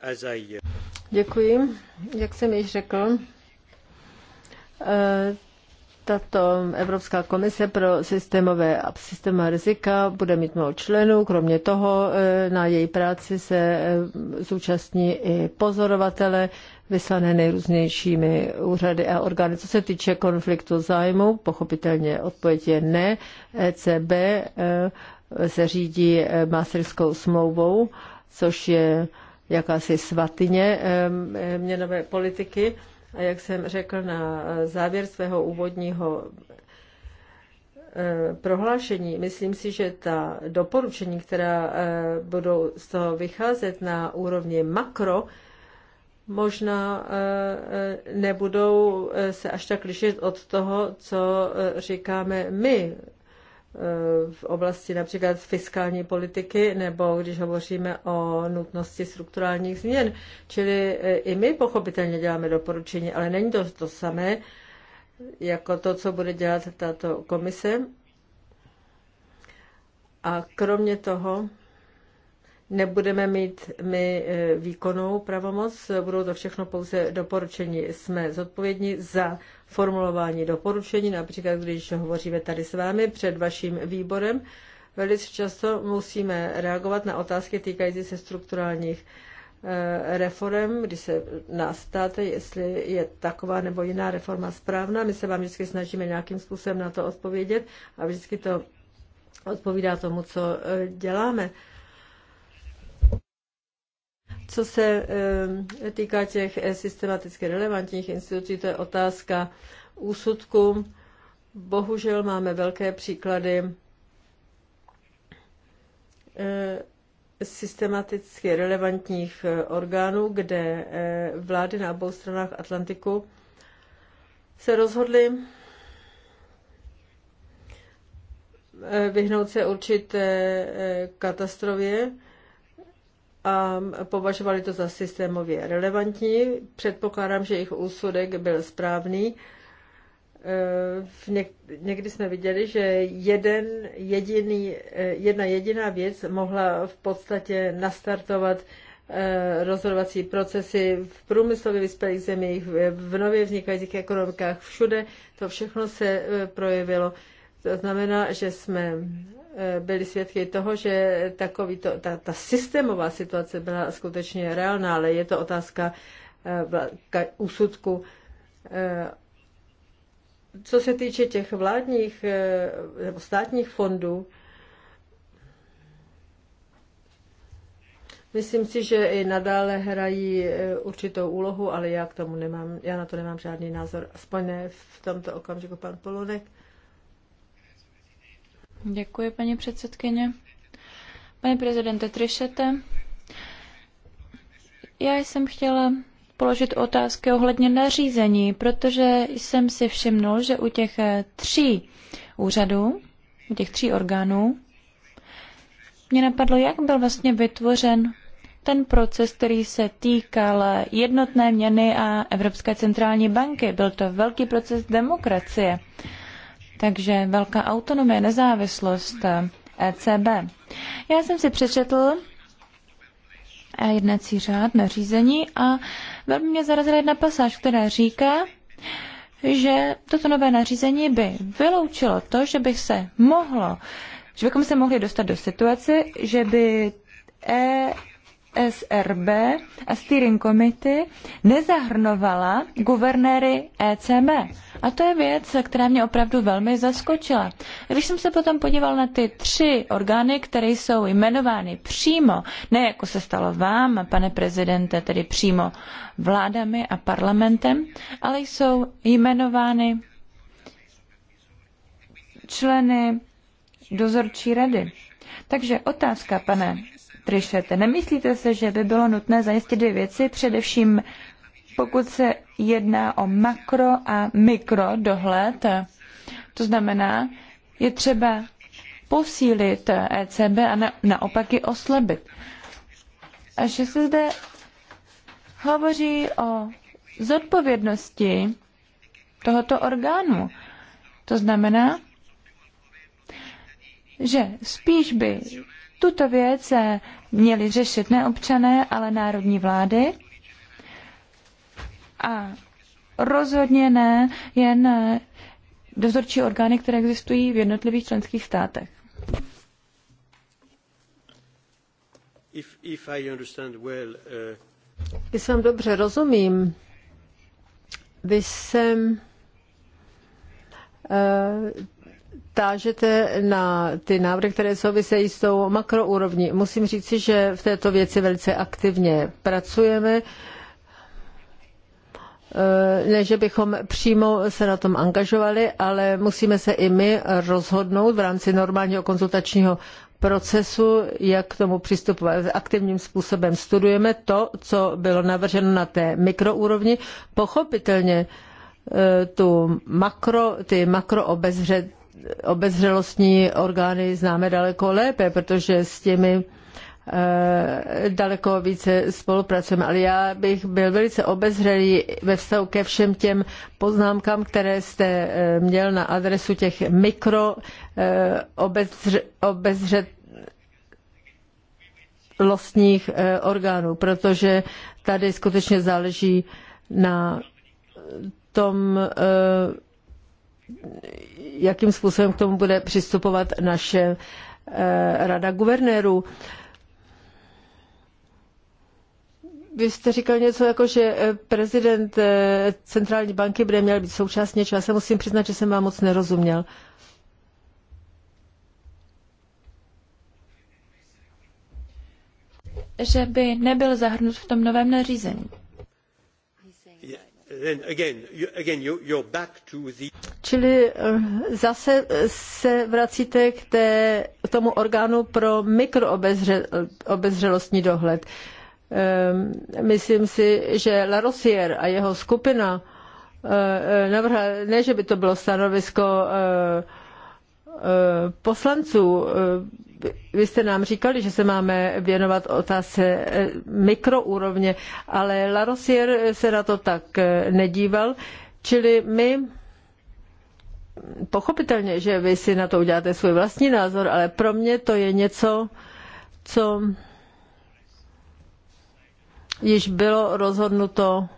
as I, uh, Děkuji. Jak jsem již řekl, eh, tato Evropská komise pro systémové a systéma rizika bude mít mnoho členů. Kromě toho eh, na její práci se eh, zúčastní i pozorovatele vyslané nejrůznějšími úřady a orgány. Co se týče konfliktu zájmu, pochopitelně odpověď je ne. ECB eh, se řídí masterskou smlouvou, což je jakási svatyně měnové politiky. A jak jsem řekl na eh, závěr svého úvodního eh, prohlášení, myslím si, že ta doporučení, která eh, budou z toho vycházet na úrovni makro, možná nebudou se až tak lišit od toho, co říkáme my Eh, v oblasti například fiskální politiky nebo když hovoříme o nutnosti strukturálních změn. Čili eh, i my pochopitelně děláme doporučení, ale není to to samé jako to, co bude dělat tato komise. A kromě toho nebudeme mít my eh, výkonnou pravomoc, budou to všechno pouze doporučení. Jsme zodpovědní za formulování doporučení, například když hovoříme tady s vámi před vaším výborem, velice často musíme reagovat na otázky týkající se strukturálních eh, reform, když se nás ptáte, jestli je taková nebo jiná reforma správná. My se vám vždycky snažíme nějakým způsobem na to odpovědět a vždycky to odpovídá tomu, co eh, děláme. Co se eh, týká těch eh, systematicky relevantních institucí, to je otázka úsudku. Bohužel máme velké příklady eh, systematicky relevantních orgánů, kde vlády na obou stranách Atlantiku se rozhodly vyhnout se určité katastrofě a považovali to za systémově relevantní. Předpokládám, že jejich úsudek byl správný. E, někdy jsme viděli, že jeden jediný, e, jedna jediná věc mohla v podstatě nastartovat e, rozhodovací procesy v průmyslově vyspělých zemích, v nově vznikajících ekonomikách, všude. To všechno se projevilo to znamená, že jsme eh, byli svědky toho, že takový to, ta, ta systémová situace byla skutečně reálná, ale je to otázka eh, úsudku. Eh, co se týče těch vládních nebo státních fondů, Myslím si, že i nadále hrají určitou úlohu, ale já k tomu nemám, já na to nemám žádný názor, aspoň ne v tomto okamžiku pan Polonek. Děkuji, paní předsedkyně. Pane prezidente Trišete, já jsem chtěla položit otázky ohledně nařízení, protože jsem si všimnul, že u těch eh, tří úřadů, u těch tří orgánů, mě napadlo, jak byl vlastně vytvořen ten proces, který se týkal jednotné měny a Evropské centrální banky. Byl to velký proces demokracie. Takže velká autonomie, nezávislost ECB. Eh, e Já jsem si přečetl eh, jednací řád, řízení a velmi mě zarazila jedna pasáž, která říká, že toto nové nařízení by vyloučilo to, že by se mohlo, že bychom se mohli dostat do situace, že by ESRB a Steering Committee nezahrnovala guvernéry ECB. A to je věc, která mě opravdu velmi zaskočila. Když jsem se potom podíval na ty tři orgány, které jsou jmenovány přímo, ne jako se stalo vám, pane prezidente, tedy přímo vládami a parlamentem, ale jsou jmenovány členy dozorčí rady. Takže otázka, pane Trichet, Nemyslíte se, že by bylo nutné zajistit dvě věci, především pokud se jedná o makro a mikro dohled, to znamená, je třeba posílit ECB a na, naopak ji oslabit. A že se zde hovoří o zodpovědnosti tohoto orgánu. To znamená, že spíš by tuto věc měli řešit ne občané, ale národní vlády. A rozhodně ne jen dozorčí orgány, které existují v jednotlivých členských státech. If, if well, uh... Když jsem dobře rozumím, vy jsem uh, tážete na ty návrhy, které souvisejí s tou makroúrovní. Musím říci, že v této věci velice aktivně pracujeme. Eh, ne, že bychom přímo se na tom angažovali, ale musíme se i my rozhodnout v rámci normálního konzultačního procesu, jak k tomu přistupovat. Aktivním způsobem studujeme to, co bylo navrženo na té mikroúrovni. Pochopitelně eh, tu makro, ty makroobezřet, obezřelostní orgány známe daleko lépe, protože s těmi eh, daleko více spolupracujeme. Ale já bych byl velice obezřelý ve vztahu ke všem těm poznámkám, které jste eh, měl na adresu těch mikro eh, obezřelostních orgánů, protože tady skutečně záleží na tom, jakým způsobem k tomu bude přistupovat naše eh, rada guvernérů. Vy jste říkal něco jako, že eh, prezident eh, centrální banky bude měl být součást něčeho. Já se musím přiznat, že jsem vám moc nerozuměl. Že by nebyl zahrnut v tom novém nařízení. Čili eh, zase se vracíte k, té, k tomu orgánu pro mikroobezřelostní dohled. Eh, myslím si, že La a jeho skupina eh, navrhla, ne, že by to bylo stanovisko poslanců, vy jste nám říkali, že se máme věnovat otázce mikroúrovně, ale La se na to tak nedíval, čili my pochopitelně, že vy si na to uděláte svůj vlastní názor, ale pro mě to je něco, co již bylo rozhodnuto,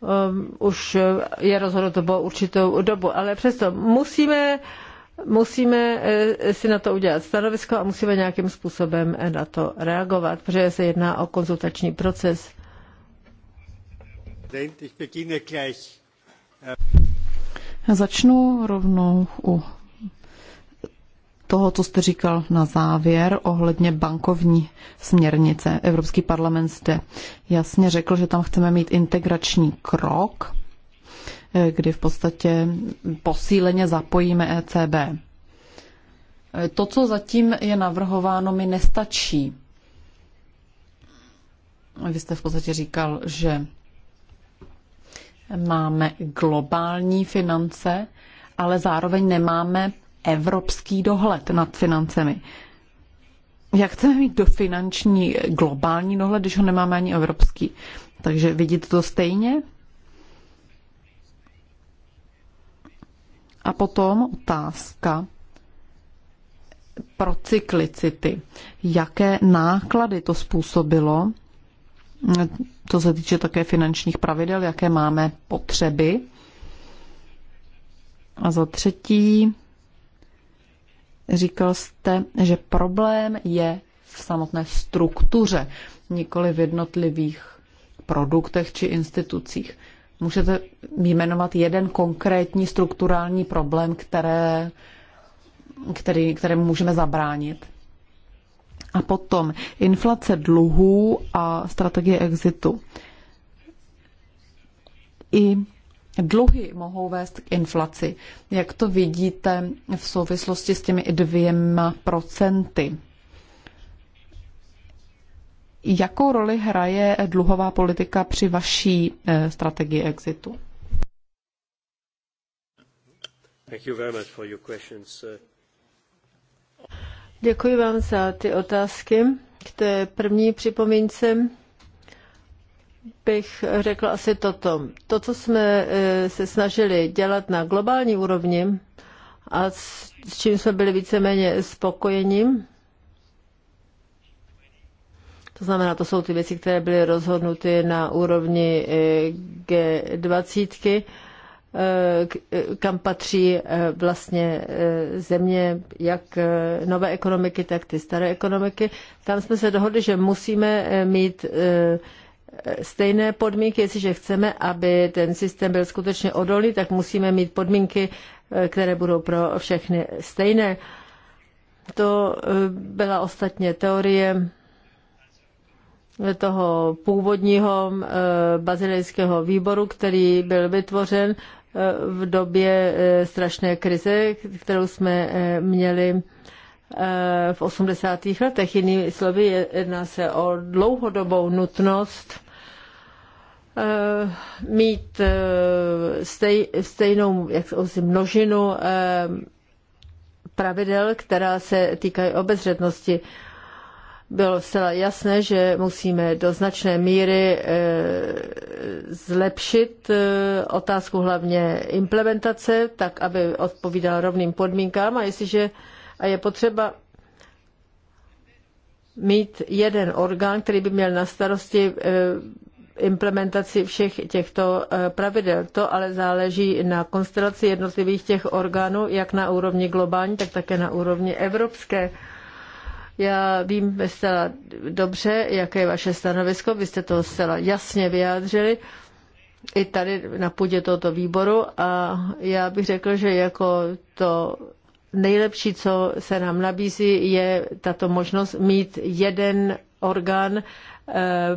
um, už je rozhodnuto po určitou dobu, ale přesto musíme, musíme eh, si na to udělat stanovisko a musíme nějakým způsobem eh, na to reagovat, protože se jedná o konzultační proces. Začnu rovnou u toho, co jste říkal na závěr ohledně bankovní směrnice. Evropský parlament zde jasně řekl, že tam chceme mít integrační krok, kdy v podstatě posíleně zapojíme ECB. To, co zatím je navrhováno, mi nestačí. Vy jste v podstatě říkal, že máme globální finance, ale zároveň nemáme evropský dohled nad financemi. Jak chceme mít do finanční globální dohled, když ho nemáme ani evropský? Takže vidíte to stejně? A potom otázka pro cyklicity. Jaké náklady to způsobilo? To se týče také finančních pravidel, jaké máme potřeby. A za třetí, říkal jste, že problém je v samotné struktuře, nikoli v jednotlivých produktech či institucích. Můžete jmenovat jeden konkrétní strukturální problém, které, který, kterému můžeme zabránit? A potom inflace dluhů a strategie exitu. I dluhy mohou vést k inflaci. Jak to vidíte v souvislosti s těmi dvěma procenty? Jakou roli hraje dluhová politika při vaší eh, strategii exitu? Děkuji vám za ty otázky. K té první připomínce bych řekla asi toto. To, co jsme e, se snažili dělat na globální úrovni a s čím jsme byli víceméně spokojeni, to znamená, to jsou ty věci, které byly rozhodnuty na úrovni e, G20, Eh, eh, kam patří eh, vlastně země, jak nové ekonomiky, tak ty staré ekonomiky. Tam jsme se dohodli, že musíme mít stejné podmínky, jestliže chceme, aby ten systém byl skutečně odolný, tak musíme mít podmínky, které budou pro všechny stejné. To byla ostatně teorie toho původního bazilejského výboru, který byl vytvořen v době eh, strašné krize, kterou jsme eh, měli eh, v 80. letech. Jinými slovy, jedná se o dlouhodobou nutnost mít stej, stejnou jak si, množinu pravidel, která se týkají obezřetnosti bylo zcela jasné, že musíme do značné míry eh, zlepšit eh, otázku hlavně implementace, tak aby odpovídala rovným podmínkám a jestliže a je potřeba mít jeden orgán, který by měl na starosti eh, implementaci všech těchto pravidel. To ale záleží na konstelaci jednotlivých těch orgánů, jak na úrovni globální, tak také na úrovni evropské. Já vím zcela dobře, jaké je vaše stanovisko, vy jste to zcela jasně vyjádřili i tady na půdě tohoto výboru a já bych řekl, že jako to nejlepší, co se nám nabízí, je tato možnost mít jeden orgán eh,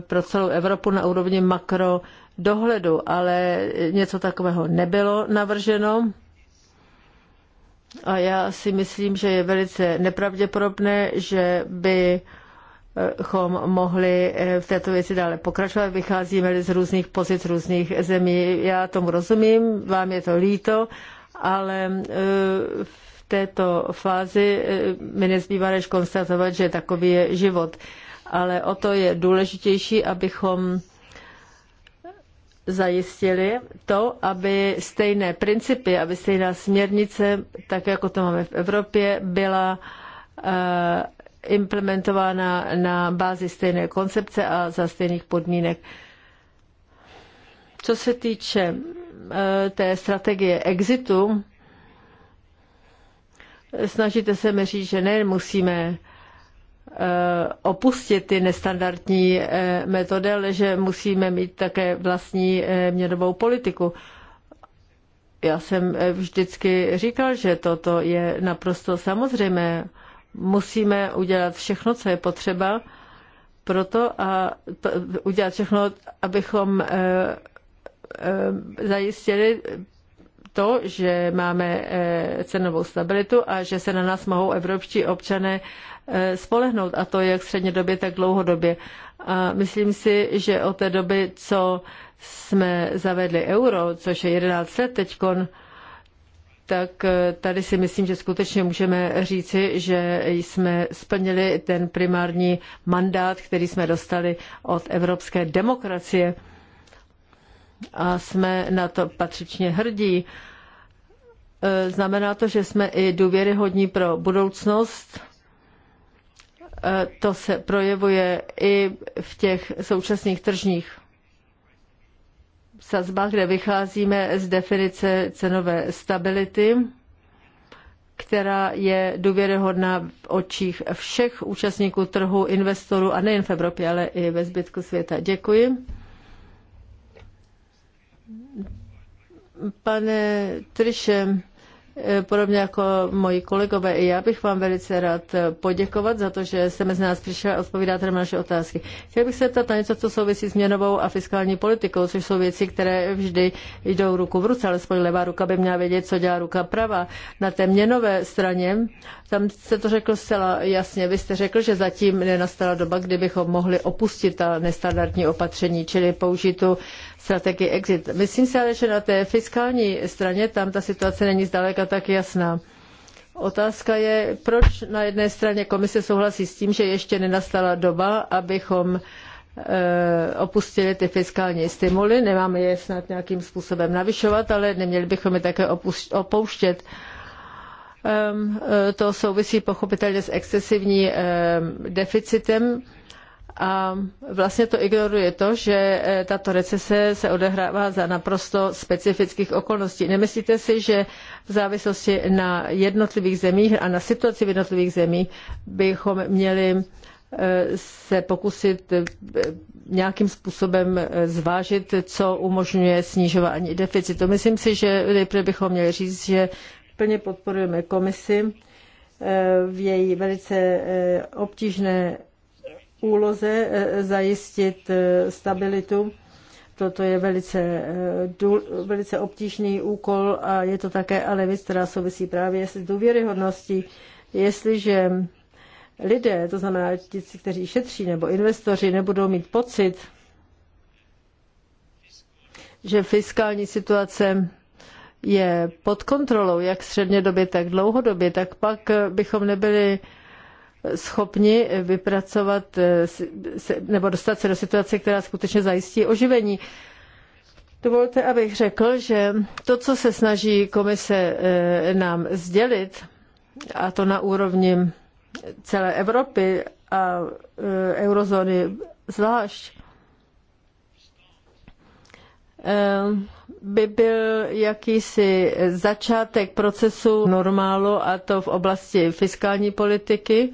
pro celou Evropu na úrovni makro dohledu, ale něco takového nebylo navrženo. A já si myslím, že je velice nepravděpodobné, že by chom mohli eh, v této věci dále pokračovat. Vycházíme z různých pozic různých zemí. Já tomu rozumím, vám je to líto, ale eh, v této fázi eh, mi nezbývá než konstatovat, že takový je život. Ale o to je důležitější, abychom zajistili to, aby stejné principy, aby stejná směrnice, tak jako to máme v Evropě, byla eh, implementována na bázi stejné koncepce a za stejných podmínek. Co se týče eh, té strategie exitu, snažíte se mi říct, že ne, musíme Eh, opustit ty nestandardní eh, metody, ale že musíme mít také vlastní eh, měnovou politiku. Já jsem vždycky říkal, že toto je naprosto samozřejmé. Musíme udělat všechno, co je potřeba, pro to a to, udělat všechno, abychom e, e, zajistili to, že máme e, cenovou stabilitu a že se na nás mohou evropští občané e, Eh, spolehnout, a to jak střednědobě, tak dlouhodobě. A myslím si, že od té doby, co jsme zavedli euro, což je 11 let teďkon, tak eh, tady si myslím, že skutečně můžeme říci, že jsme splnili ten primární mandát, který jsme dostali od evropské demokracie a jsme na to patřičně hrdí. Eh, znamená to, že jsme i důvěryhodní pro budoucnost E, to se projevuje i v těch současných tržních sazbách, kde vycházíme z definice cenové stability, která je důvěryhodná v očích všech účastníků trhu, investorů a nejen v Evropě, ale i ve zbytku světa. Děkuji. Pane Triše, Eh, podobně jako moji kolegové i já bych vám velice rád eh, poděkovat za to, že jste mezi nás přišel a odpovídáte na naše otázky. Chtěl bych se zeptat na něco, co souvisí s měnovou a fiskální politikou, což jsou věci, které vždy jdou ruku v ruce, alespoň levá ruka by měla vědět, co dělá ruka prava Na té měnové straně, tam se to řekl zcela jasně, vy jste řekl, že zatím nenastala doba, kdybychom mohli opustit ta nestandardní opatření, čili použít tu strategii exit. Myslím si ale, že na té fiskální straně tam ta situace není zdaleka tak jasná. Otázka je, proč na jedné straně komise souhlasí s tím, že ještě nenastala doba, abychom e, opustili ty fiskální stimuly. Nemáme je snad nějakým způsobem navyšovat, ale neměli bychom je také opouštět. Ehm, e, to souvisí pochopitelně s excesivní ehm, deficitem a vlastně to ignoruje to, že e, tato recese se odehrává za naprosto specifických okolností. Nemyslíte si, že v závislosti na jednotlivých zemích a na situaci v jednotlivých zemích bychom měli e, se pokusit e, nějakým způsobem zvážit, co umožňuje snižování deficitu. Myslím si, že nejprve bychom měli říct, že plně podporujeme komisi v její velice obtížné úloze eh, zajistit eh, stabilitu. Toto je velice, eh, velice obtížný úkol a je to také ale věc, která souvisí právě s důvěryhodností. Jestliže lidé, to znamená ti, kteří šetří nebo investoři, nebudou mít pocit, že fiskální situace je pod kontrolou, jak době, tak dlouhodobě, tak pak bychom nebyli schopni vypracovat eh, nebo dostat se do situace, která skutečně zajistí oživení. Dovolte, abych řekl, že to, co se snaží komise eh, nám sdělit, a to na úrovni celé Evropy a eh, eurozóny zvlášť, by byl jakýsi začátek procesu normálu a to v oblasti fiskální politiky,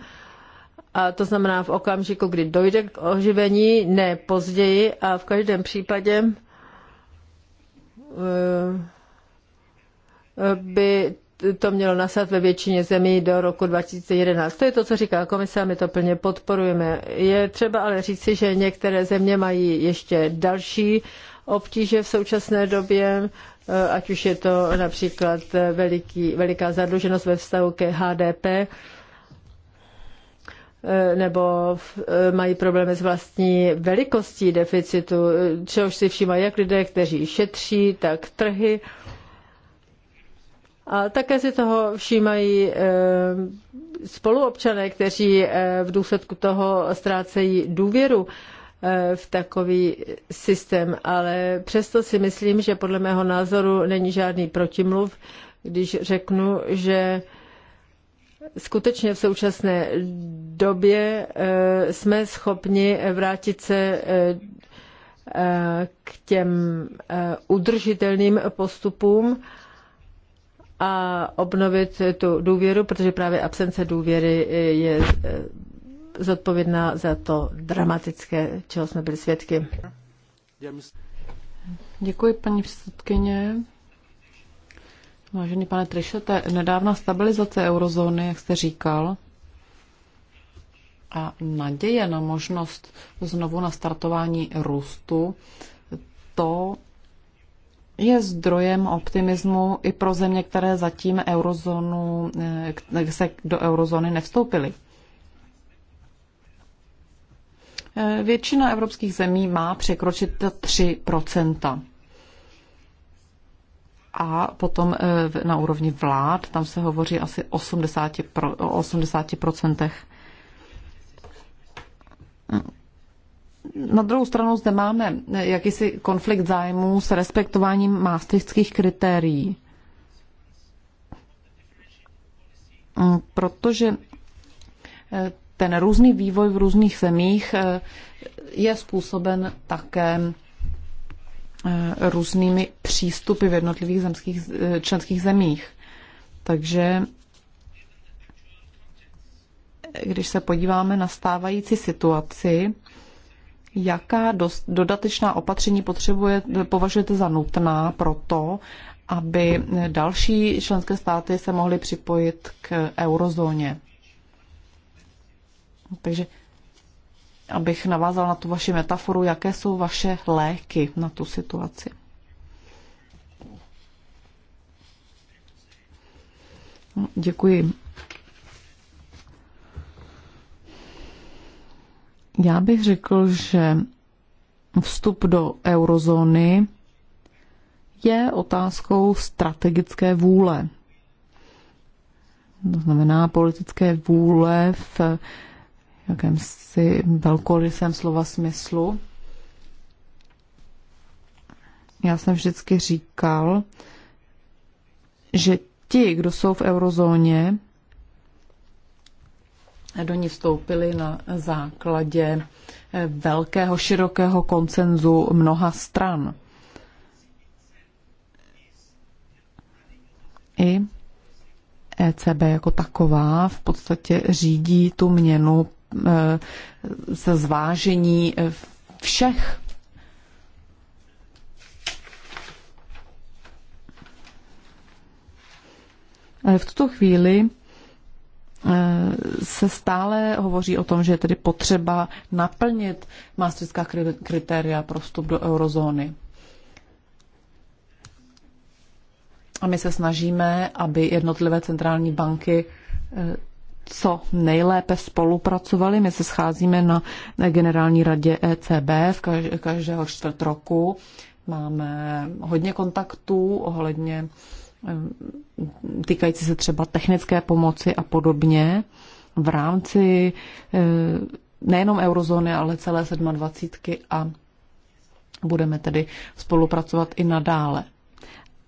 a to znamená v okamžiku, kdy dojde k oživení, ne později a v každém případě e, by to mělo nasad ve většině zemí do roku 2011. To je to, co říká komise a my to plně podporujeme. Je třeba ale říci, že některé země mají ještě další obtíže v současné době, e, ať už je to například veliký, veliká zadluženost ve vztahu ke HDP, Eh, nebo eh, mají problémy s vlastní velikostí deficitu, eh, čehož si všímají jak lidé, kteří šetří, tak trhy. A také si toho všímají spoluobčané, kteří v důsledku toho ztrácejí důvěru v takový systém, ale přesto si myslím, že podle mého názoru není žádný protimluv, když řeknu, že skutečně v současné době eh, jsme schopni vrátit se eh, k těm eh, udržitelným postupům a obnovit tu důvěru, protože právě absence důvěry je zodpovědná za to dramatické, čeho jsme byli svědky. Děkuji, paní předsedkyně. Vážený pane Trišete, nedávna stabilizace eurozóny, jak jste říkal, a naděje na možnost znovu nastartování růstu, to je zdrojem optimismu i pro země, které zatím eurozónu, eh, se do eurozóny nevstoupily. Eh, většina evropských zemí má překročit 3 a potom e, na úrovni vlád, tam se hovoří asi 80 pro, o 80%. Na druhou stranu zde máme e, jakýsi konflikt zájmů s respektováním maastrichtských kritérií. Mm, protože e, ten různý vývoj v různých zemích je způsoben také Eh, různými přístupy v jednotlivých zemských, eh, členských zemích. Takže když se podíváme na stávající situaci, jaká dost, dodatečná opatření potřebuje, považujete za nutná pro to, aby další členské státy se mohly připojit k eurozóně? Takže abych navázal na tu vaši metaforu, jaké jsou vaše léky na tu situaci. No, děkuji. Já bych řekl, že vstup do eurozóny je otázkou strategické vůle. To znamená politické vůle v jakémsi velkorysém slova smyslu. Já jsem vždycky říkal, že ti, kdo jsou v eurozóně, do ní vstoupili na základě eh, velkého, širokého koncenzu mnoha stran. I ECB jako taková v podstatě řídí tu měnu Eh, se zvážení eh, všech V tuto chvíli eh, se stále hovoří o tom, že je tedy potřeba naplnit mástřická kritéria pro vstup do eurozóny. A my se snažíme, aby jednotlivé centrální banky co nejlépe spolupracovali. My se scházíme na generální radě ECB v každého čtvrt roku. Máme hodně kontaktů ohledně eh, týkající se třeba technické pomoci a podobně v rámci eh, nejenom eurozóny, ale celé 27 a budeme tedy spolupracovat i nadále.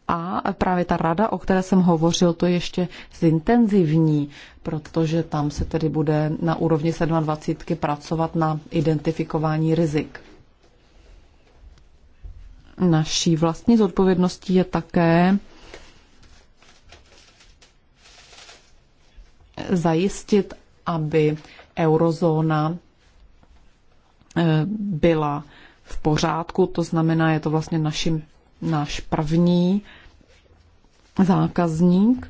A právě ta rada, o které jsem hovořil, to ještě zintenzivní protože tam se tedy bude na úrovni 27 pracovat na identifikování rizik. Naší vlastní zodpovědností je také zajistit, aby eurozóna eh, byla v pořádku, to znamená, je to vlastně naším, náš první zákazník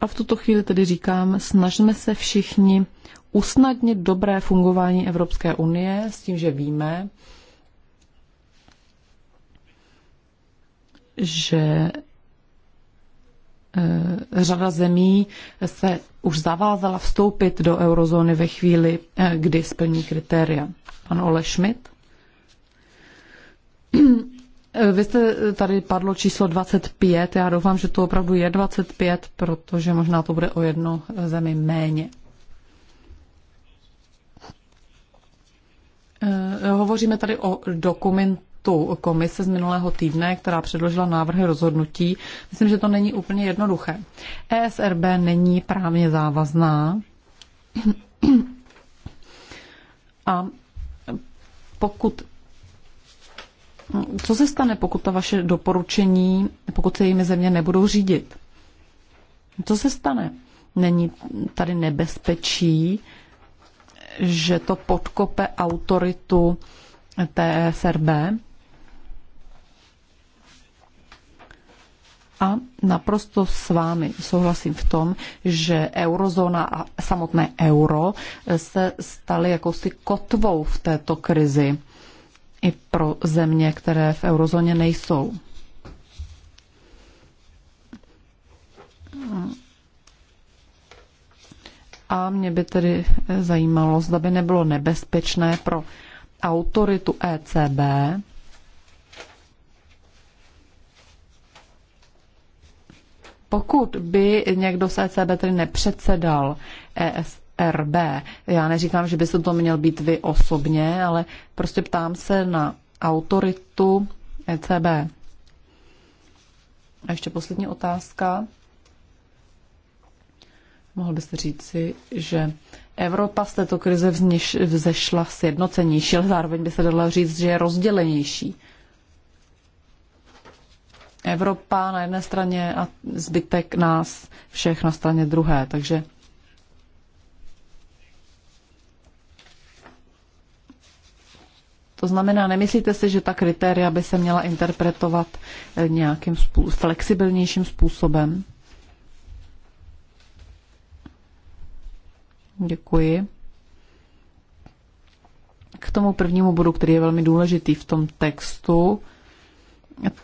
A v tuto chvíli tedy říkám, snažíme se všichni usnadnit dobré fungování Evropské unie s tím, že víme, že eh, řada zemí se už zavázala vstoupit do eurozóny ve chvíli, eh, kdy splní kritéria. Pan Ole Schmidt. Eh, vy jste eh, tady padlo číslo 25, já doufám, že to opravdu je 25, protože možná to bude o jedno eh, zemi méně. Hovoříme tady o dokumentu komise z minulého týdne, která předložila návrhy rozhodnutí. Myslím, že to není úplně jednoduché. ESRB není právně závazná a pokud co se stane, pokud ta vaše doporučení, pokud se jimi země nebudou řídit? Co se stane? Není tady nebezpečí, že to podkope autoritu TSRB? A naprosto s vámi souhlasím v tom, že eurozóna a samotné euro se staly jakousi kotvou v této krizi i pro země, které v eurozóně nejsou. A mě by tedy zajímalo, zda by nebylo nebezpečné pro autoritu ECB, pokud by někdo z ECB tedy nepředsedal ESB, RB. Já neříkám, že byste to měl být vy osobně, ale prostě ptám se na autoritu ECB. A ještě poslední otázka. Mohl byste říci, že Evropa z této krize vzniš, vzešla sjednocenější, ale zároveň by se dalo říct, že je rozdělenější. Evropa na jedné straně a zbytek nás všech na straně druhé. Takže To znamená, nemyslíte si, že ta kritéria by se měla interpretovat eh, nějakým způsob, flexibilnějším způsobem? Děkuji. K tomu prvnímu bodu, který je velmi důležitý v tom textu,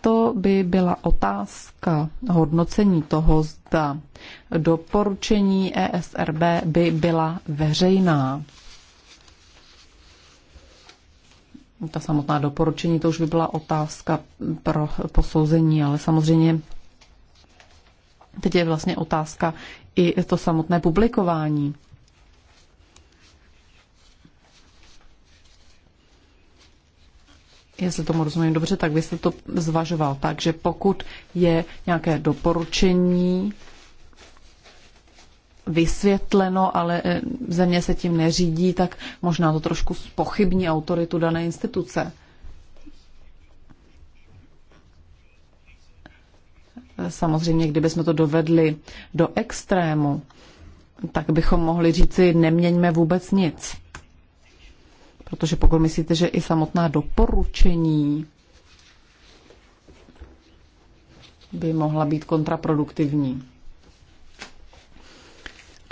to by byla otázka hodnocení toho, zda doporučení ESRB by byla veřejná. ta samotná doporučení, to už by byla otázka pro posouzení, ale samozřejmě teď je vlastně otázka i to samotné publikování. Jestli tomu rozumím dobře, tak byste to zvažoval tak, že pokud je nějaké doporučení, vysvětleno, ale eh, země se tím neřídí, tak možná to trošku spochybní autoritu dané instituce. Samozřejmě, kdybychom to dovedli do extrému, tak bychom mohli říci, neměňme vůbec nic. Protože pokud myslíte, že i samotná doporučení by mohla být kontraproduktivní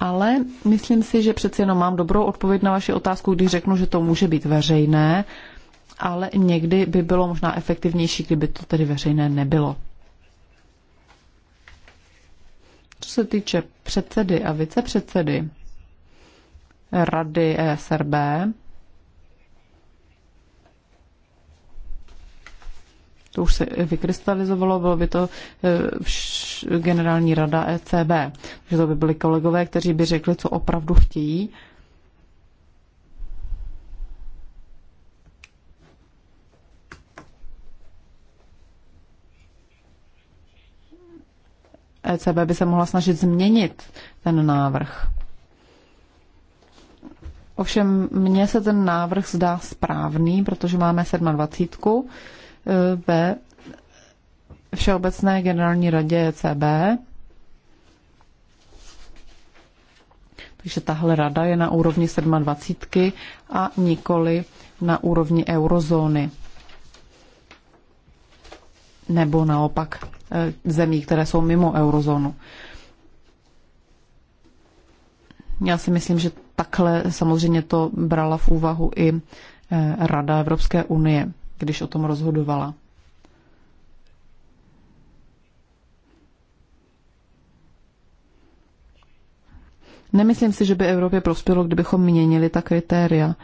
ale myslím si, že přeci jenom mám dobrou odpověď na vaši otázku, když řeknu, že to může být veřejné, ale někdy by bylo možná efektivnější, kdyby to tedy veřejné nebylo. Co se týče předsedy a vicepředsedy rady ESRB, to už se vykrystalizovalo, bylo by to e, generální rada ECB. Že to by byli kolegové, kteří by řekli, co opravdu chtějí. ECB by se mohla snažit změnit ten návrh. Ovšem mně se ten návrh zdá správný, protože máme 27 ve Všeobecné generální radě ECB. Takže tahle rada je na úrovni 27 a nikoli na úrovni eurozóny. Nebo naopak eh, zemí, které jsou mimo eurozónu. Já si myslím, že takhle samozřejmě to brala v úvahu i eh, Rada Evropské unie když o tom rozhodovala. Nemyslím si, že by Evropě prospělo, kdybychom měnili ta kritéria.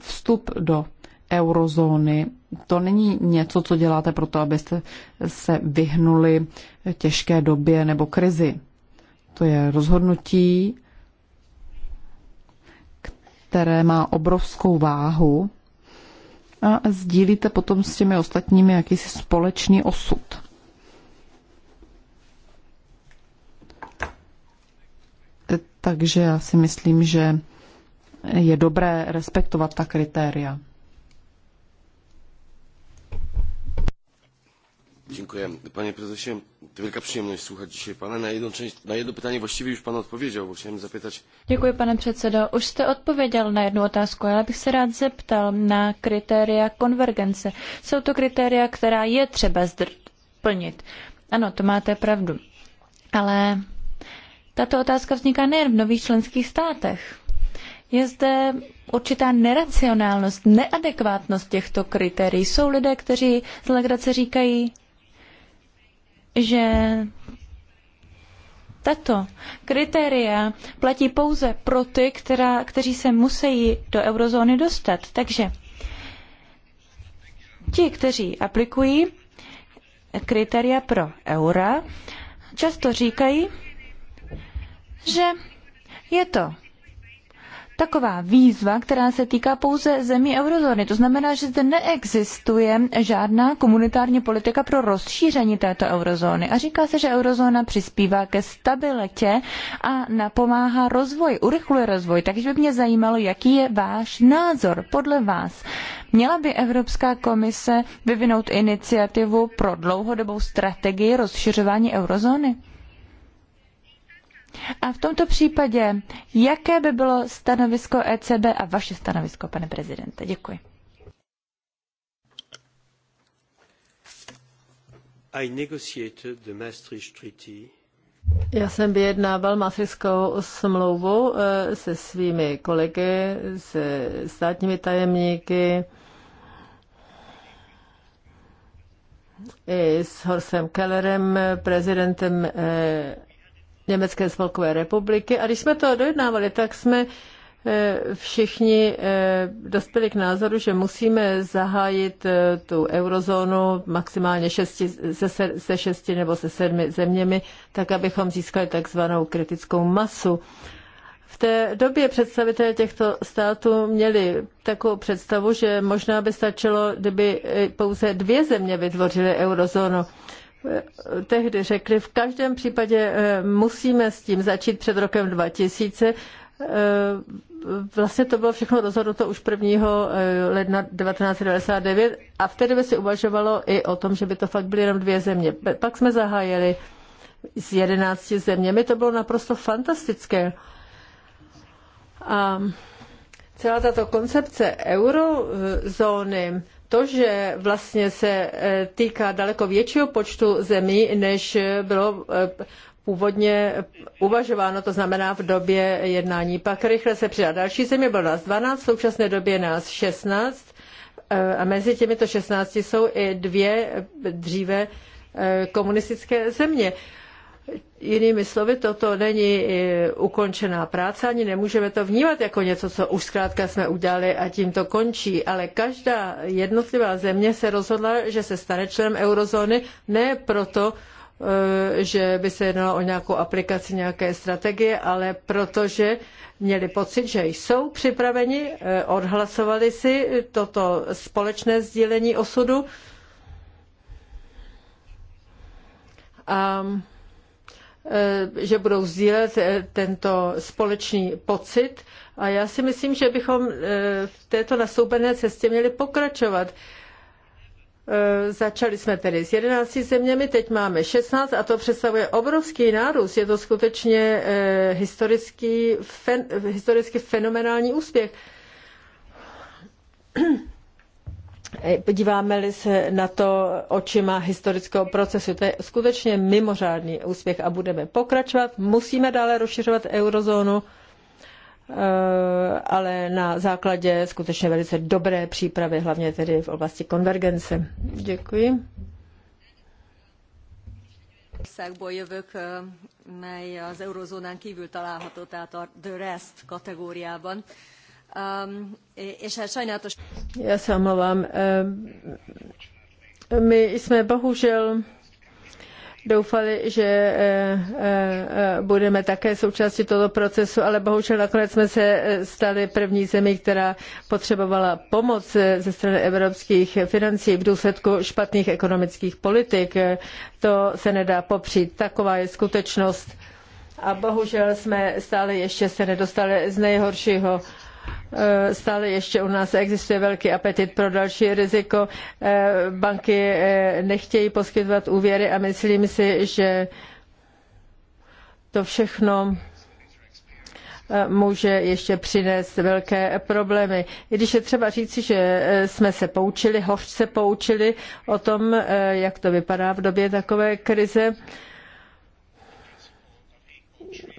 Vstup do eurozóny, to není něco, co děláte proto, abyste se vyhnuli těžké době nebo krizi. To je rozhodnutí, které má obrovskou váhu a sdílíte potom s těmi ostatními jakýsi společný osud. Takže já si myslím, že je dobré respektovat ta kritéria. Dziękuję. Panie prezesie, to wielka przyjemność słuchać dzisiaj pana. Na jedno, część, na jedno pytanie właściwie już pan odpowiedział, bo chciałem zapytać... Děkuji, pane předsedo. Už jste odpověděl na jednu otázku, ale bych se rád zeptal na kritéria konvergence. Jsou to kritéria, která je třeba splnit? Ano, to máte pravdu. Ale tato otázka vzniká nejen v nových členských státech. Je zde určitá neracionálnost, neadekvátnost těchto kritérií. Jsou lidé, kteří z legrace říkají, že tato kritéria platí pouze pro ty, která, kteří se musí do eurozóny dostat. Takže ti, kteří aplikují kritéria pro eura, často říkají, že je to taková výzva, která se týká pouze zemí eurozóny. To znamená, že zde neexistuje žádná komunitární politika pro rozšíření této eurozóny. A říká se, že eurozóna přispívá ke stabilitě a napomáhá rozvoji, urychluje rozvoj. Takže by mě zajímalo, jaký je váš názor podle vás. Měla by Evropská komise vyvinout iniciativu pro dlouhodobou strategii rozšiřování eurozóny? A v tomto případě, jaké by bylo stanovisko ECB a vaše stanovisko, pane prezidente? Děkuji. Já jsem vyjednával Maastrichtskou smlouvu eh, se svými kolegy, se státními tajemníky, i s Horsem Kellerem, prezidentem eh, Německé spolkové republiky. A když jsme to dojednávali, tak jsme e, všichni e, dospěli k názoru, že musíme zahájit e, tu eurozónu maximálně šesti, se, se šesti nebo se sedmi zeměmi, tak abychom získali takzvanou kritickou masu. V té době představitelé těchto států měli takovou představu, že možná by stačilo, kdyby pouze dvě země vytvořily eurozónu tehdy řekli, v každém případě eh, musíme s tím začít před rokem 2000. Eh, vlastně to bylo všechno rozhodnuto už 1. Eh, ledna 1999 a v té době se uvažovalo i o tom, že by to fakt byly jenom dvě země. Pak jsme zahájili s jedenácti zeměmi, to bylo naprosto fantastické. A celá tato koncepce eurozóny to, že vlastně se eh, týká daleko většího počtu zemí, než bylo eh, původně uvažováno, to znamená v době jednání. Pak rychle se přidá další země, bylo nás 12, v současné době nás 16 eh, a mezi těmito 16 jsou i dvě dříve komunistické země. Jinými slovy, toto není e, ukončená práce, ani nemůžeme to vnímat jako něco, co už zkrátka jsme udělali a tím to končí. Ale každá jednotlivá země se rozhodla, že se stane členem eurozóny, ne proto, e, že by se jednalo o nějakou aplikaci nějaké strategie, ale protože měli pocit, že jsou připraveni, e, odhlasovali si toto společné sdílení osudu. A Eh, že budou sdílet eh, tento společný pocit. A já si myslím, že bychom eh, v této nastoupené cestě měli pokračovat. Začali jsme tedy s 11 zeměmi, teď máme 16 a to představuje obrovský nárůst. Je to skutečně historický, fen, historicky fenomenální úspěch. Eh, podíváme-li se na to očima historického procesu, to je skutečně mimořádný úspěch a budeme pokračovat. Musíme dále rozšiřovat eurozónu, eh, ale na základě skutečně velice dobré přípravy, hlavně tedy v oblasti konvergence. Děkuji. Országból jövök, eh, mely az eurozónán kívül található, tehát a the rest kategóriában. Um, Já se omlouvám. Eh, my jsme bohužel doufali, že eh, eh, budeme také součástí tohoto procesu, ale bohužel nakonec jsme se stali první zemí, která potřebovala pomoc ze strany evropských financí v důsledku špatných ekonomických politik. To se nedá popřít. Taková je skutečnost. A bohužel jsme stále ještě se nedostali z nejhoršího Eh, stále ještě u nás existuje velký apetit pro další riziko. Eh, banky eh, nechtějí poskytovat úvěry a myslím si, že to všechno může ještě přinést velké problémy. I když je třeba říci, že jsme se poučili, hořce poučili o tom, jak to vypadá v době takové krize,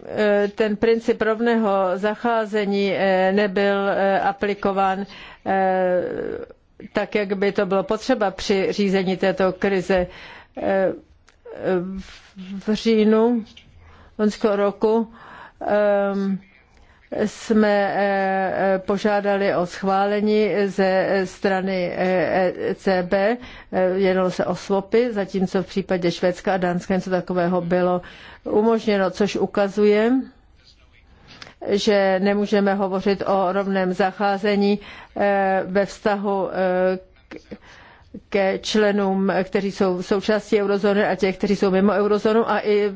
Eh, ten princip rovného zacházení eh, nebyl eh, aplikován tak, jak by to bylo potřeba při řízení této krize. V říjnu loňského roku um, jsme eh, eh, požádali o schválení ze strany ECB, eh, e jednalo se o swapy, zatímco v případě Švédska a Dánska něco takového bylo umožněno, což ukazuje, že nemůžeme hovořit o rovném zacházení ve vztahu ke členům, kteří jsou součástí eurozóny a těch, kteří jsou mimo eurozónu a i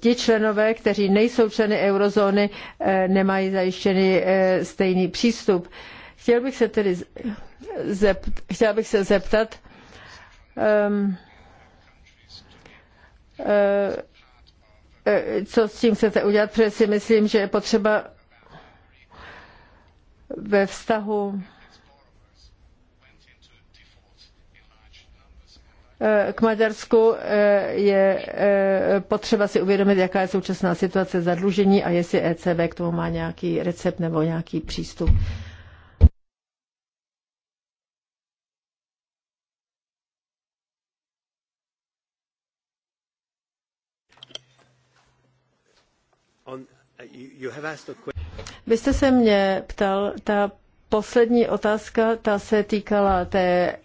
ti členové, kteří nejsou členy eurozóny, eh, nemají zajištěný eh, stejný přístup. Chtěl bych se tedy zept, chtěla bych se zeptat, um, co s tím chcete udělat, protože si myslím, že je potřeba ve vztahu Eh, k Maďarsku eh, je eh, potřeba si uvědomit, jaká je současná situace zadlužení a jestli ECB k tomu má nějaký recept nebo nějaký přístup. Vy jste se mě ptal, ta poslední otázka, ta se týkala té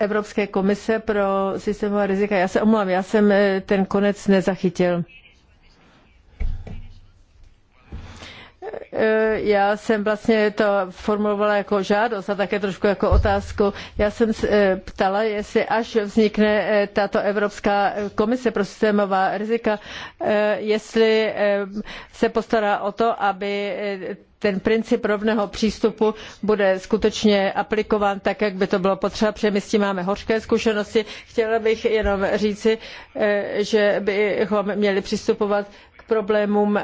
Evropské komise pro systémová rizika. Já se omlouvám, já jsem eh, ten konec nezachytil. Eh, já jsem vlastně to formulovala jako žádost a také trošku jako otázku. Já jsem eh, ptala, jestli až vznikne eh, tato Evropská komise pro systémová rizika, jestli se postará o to, aby ten princip rovného přístupu bude skutečně aplikován tak, jak by to bylo potřeba, protože my s tím máme hořké zkušenosti. Chtěla bych jenom říci, že bychom měli přistupovat k problémům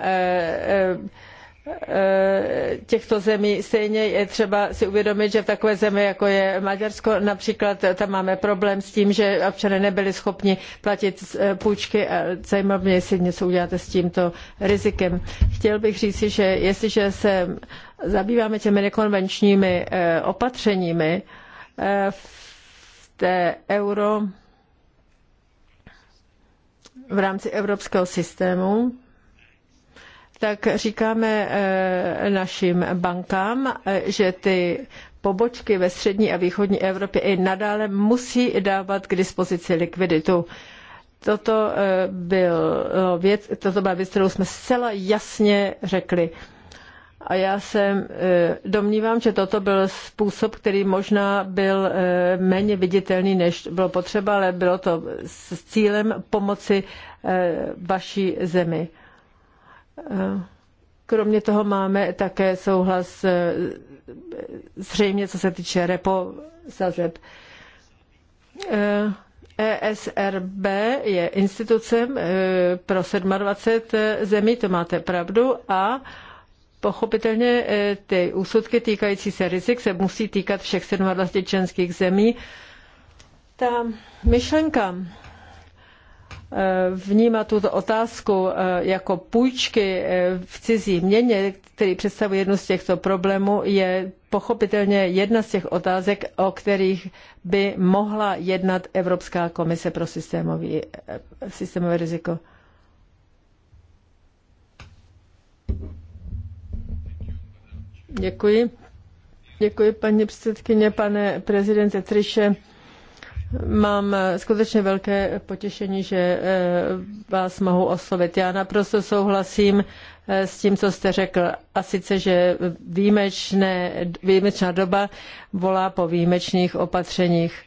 Eh, těchto zemí. Stejně je třeba si uvědomit, že v takové zemi, jako je Maďarsko například, tam máme problém s tím, že občané nebyli schopni platit eh, půjčky a zajímalo mě, jestli něco uděláte s tímto rizikem. Chtěl bych říci, že jestliže se zabýváme těmi nekonvenčními eh, opatřeními v té euro v rámci evropského systému, tak říkáme eh, našim bankám, eh, že ty pobočky ve střední a východní Evropě i nadále musí dávat k dispozici likviditu. Toto, eh, byl no, věc, toto byla věc, kterou jsme zcela jasně řekli. A já se domnívám, že toto byl způsob, který možná byl méně viditelný, než bylo potřeba, ale bylo to s cílem pomoci vaší zemi. Eh, kromě toho máme také souhlas eh, zřejmě, co se týče repo sazeb. ESRB eh, e je institucem pro 27 zemí, to máte pravdu, a pochopitelně ty úsudky týkající se rizik se musí týkat všech 27 členských zemí. Ta myšlenka Eh, vnímat tuto otázku eh, jako půjčky eh, v cizí měně, který představuje jednu z těchto problémů, je pochopitelně jedna z těch otázek, o kterých by mohla jednat Evropská komise pro systémový, systémové riziko. Děkuji. Děkuji, paní předsedkyně, pane prezidente Triše. Mám eh, skutečně velké eh, potěšení, že eh, vás mohu oslovit. Já naprosto souhlasím s tím, co jste řekl. A sice, že výjimečné, výjimečná doba volá po výjimečných opatřeních.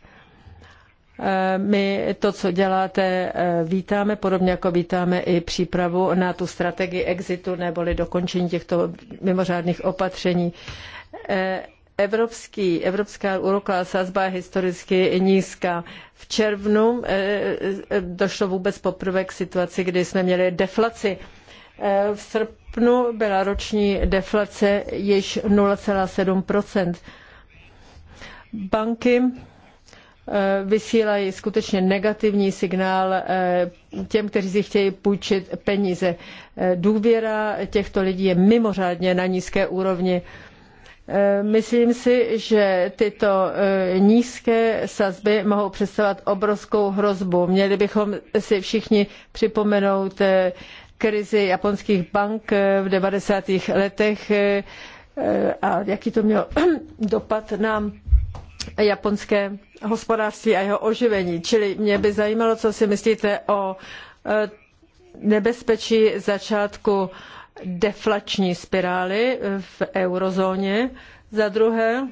My to, co děláte, vítáme, podobně jako vítáme i přípravu na tu strategii exitu neboli dokončení těchto mimořádných opatření. Evropský, evropská úroková sazba je historicky nízká. V červnu eh, eh, došlo vůbec poprvé k situaci, kdy jsme měli deflaci. Eh, v srpnu byla roční deflace již 0,7 Banky vysílají skutečně negativní signál těm, kteří si chtějí půjčit peníze. Důvěra těchto lidí je mimořádně na nízké úrovni. Eh, myslím si, že tyto eh, nízké sazby mohou představovat obrovskou hrozbu. Měli bychom si všichni připomenout eh, krizi japonských bank v 90. letech a jaký to mělo dopad na japonské hospodářství a jeho oživení. Čili mě by zajímalo, co si myslíte o nebezpečí začátku deflační spirály v eurozóně. Za druhé,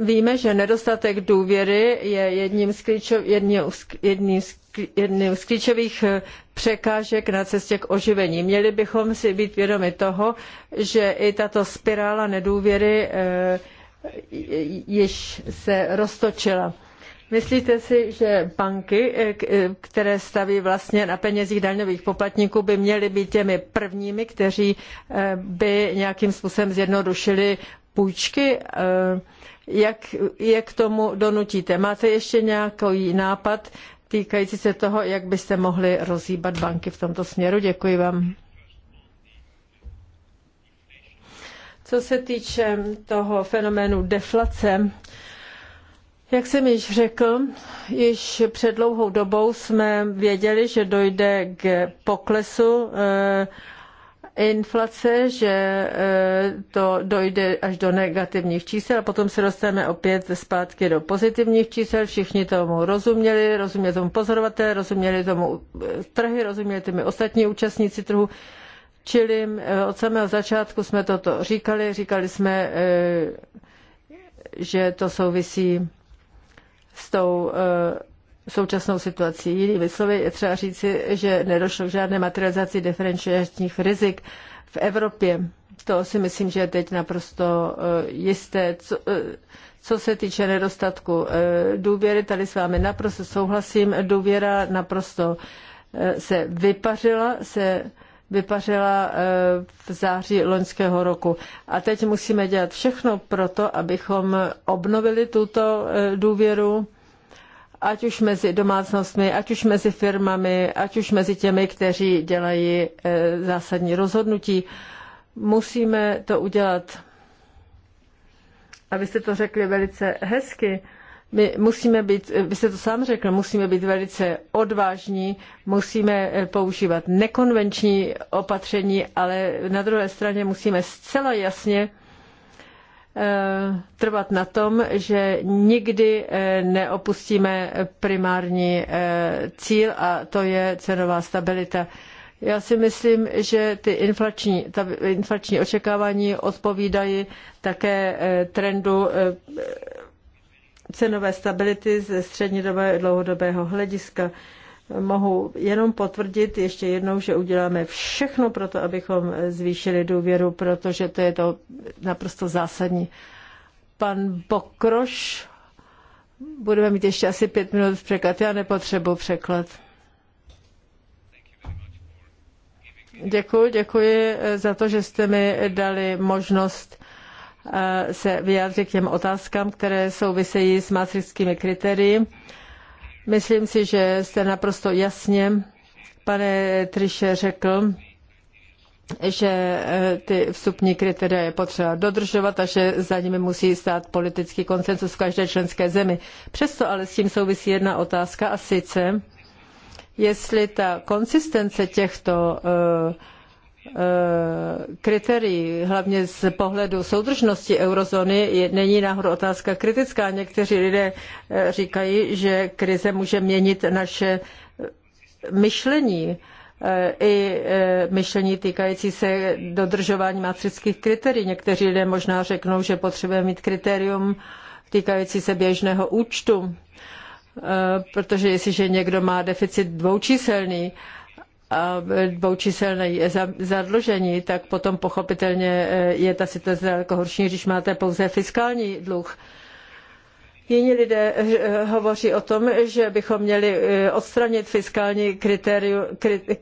Víme, že nedostatek důvěry je jedním z, klíčov, jedním, z, jedním, z, jedním z, klíčových eh, překážek na cestě k oživení. Měli bychom si být vědomi toho, že i tato spirála nedůvěry e, již se roztočila. Myslíte si, že banky, eh, eh, které staví vlastně na penězích daňových poplatníků, by měly být těmi prvními, kteří eh, by nějakým způsobem zjednodušili půjčky? Jak je k tomu donutíte? Máte ještě nějaký nápad týkající se toho, jak byste mohli rozhýbat banky v tomto směru? Děkuji vám. Co se týče toho fenoménu deflace, jak jsem již řekl, již před dlouhou dobou jsme věděli, že dojde k poklesu eh, inflace, že eh, to dojde až do negativních čísel a potom se dostaneme opět zpátky do pozitivních čísel. Všichni tomu rozuměli, rozuměli tomu pozorovatelé, rozuměli tomu eh, trhy, rozuměli tomu ostatní účastníci trhu. Čili od samého začátku jsme toto říkali, říkali jsme, že to souvisí s tou eh, současnou situací. Jinými slovy, je třeba říci, že nedošlo k žádné materializaci diferenčních rizik v Evropě. To si myslím, že je teď naprosto eh, jisté. Co, eh, co se týče nedostatku důvěry, tady s vámi naprosto souhlasím. Důvěra naprosto se vypařila, se vypařila eh, v září loňského roku. A teď musíme dělat všechno pro to, abychom obnovili tuto eh, důvěru, ať už mezi domácnostmi, ať už mezi firmami, ať už mezi těmi, kteří dělají eh, zásadní rozhodnutí. Musíme to udělat. Abyste to řekli velice hezky my musíme být, vy jste to sám řekl, musíme být velice odvážní, musíme eh, používat nekonvenční opatření, ale na druhé straně musíme zcela jasně eh, trvat na tom, že nikdy eh, neopustíme primární cíl a to je cenová stabilita. Já si myslím, že ty inflační, ta inflační očekávání odpovídají také trendu cenové stability ze střednědobého a dlouhodobého hlediska. Mohu jenom potvrdit ještě jednou, že uděláme všechno pro to, abychom zvýšili důvěru, protože to je to naprosto zásadní. Pan Bokroš, budeme mít ještě asi pět minut v překlad. Já nepotřebuji překlad. Děkuji, děkuji za to, že jste mi dali možnost Eh, se vyjádřit k těm otázkám, které souvisejí s maastrichtskými kritérii. Myslím si, že jste naprosto jasně, pane Triše, řekl, že eh, ty vstupní kritéria je potřeba dodržovat a že za nimi musí stát politický koncensus v každé členské zemi. Přesto ale s tím souvisí jedna otázka a sice, jestli ta konsistence těchto uh, Eh, kritérií, hlavně z pohledu soudržnosti eurozóny, není náhodou otázka kritická. Někteří lidé eh, říkají, že krize může měnit naše eh, myšlení i myšlení týkající se dodržování maastrichtských kritérií. Někteří lidé možná řeknou, že potřebujeme mít kritérium týkající se běžného účtu, protože jestliže někdo má deficit dvoučíselný, a dvoučiselné zadlužení, tak potom pochopitelně eh, je ta situace daleko horší, když máte pouze fiskální dluh. Jiní lidé eh, eh, hovoří o tom, že bychom měli eh, odstranit fiskální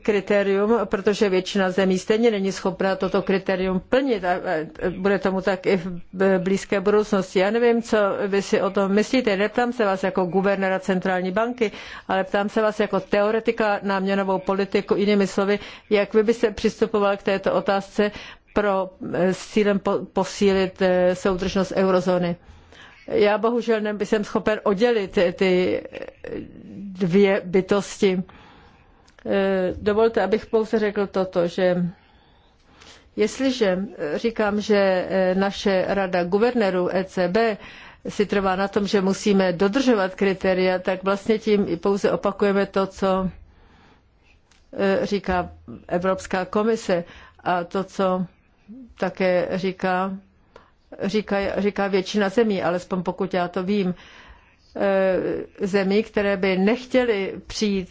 kritérium, protože většina zemí stejně není schopna toto kritérium plnit a bude tomu tak i v blízké budoucnosti. Já nevím, co vy si o tom myslíte. Neptám se vás jako guvernéra centrální banky, ale ptám se vás jako teoretika na měnovou politiku, jinými slovy, jak vy byste přistupoval k této otázce pro, s cílem posílit soudržnost eurozóny. Já bohužel nejsem schopen oddělit ty dvě bytosti. Eh, dovolte, abych pouze řekl toto, že jestliže eh, říkám, že eh, naše rada guvernérů ECB si trvá na tom, že musíme dodržovat kritéria, tak vlastně tím pouze opakujeme to, co říká Evropská komise a to, co také říká říká, říká většina zemí, alespoň pokud já to vím, eh, zemí, které by nechtěly přijít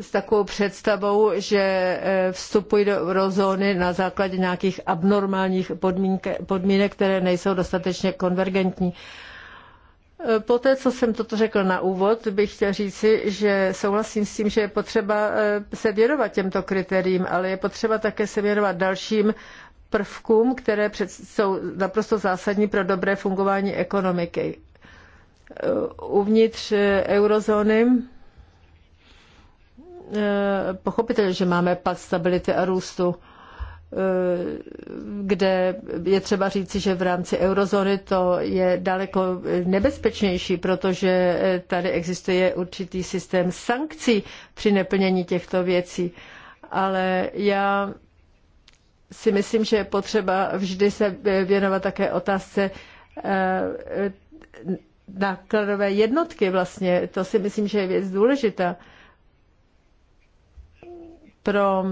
s, takovou představou, že eh, vstupují do eurozóny na základě nějakých abnormálních podmínek které nejsou dostatečně konvergentní. Eh, poté, co jsem toto řekl na úvod, bych chtěl říci, že souhlasím s tím, že je potřeba eh, se věnovat těmto kritériím, ale je potřeba také se věnovat dalším prvkům, které jsou naprosto zásadní pro dobré fungování ekonomiky. Eh, uvnitř eurozóny pochopitelně, že máme pad stability a růstu Eh, kde je třeba říci, že v rámci eurozóny to je daleko nebezpečnější, protože eh, tady existuje určitý systém sankcí při neplnění těchto věcí. Ale já si myslím, že je potřeba vždy se eh, věnovat také otázce nákladové jednotky vlastně. To si myslím, že je věc důležitá pro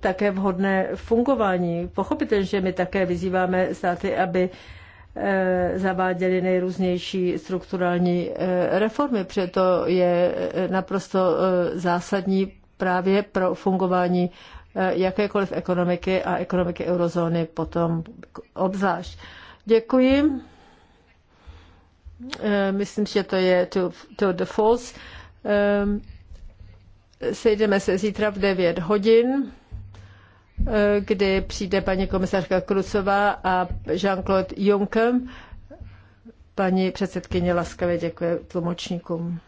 také vhodné fungování. Pochopitelně, že my také vyzýváme státy, aby eh, zaváděli nejrůznější strukturální eh, reformy, Proto je eh, naprosto zásadní právě pro fungování jakékoliv ekonomiky a ekonomiky eurozóny potom obzvlášť. Děkuji. Myslím, že to je to, to the false. Sejdeme se zítra v 9 hodin, eh, kdy přijde paní komisařka Krucová a Jean-Claude Juncker. Paní předsedkyně laskavě děkuje tlumočníkům.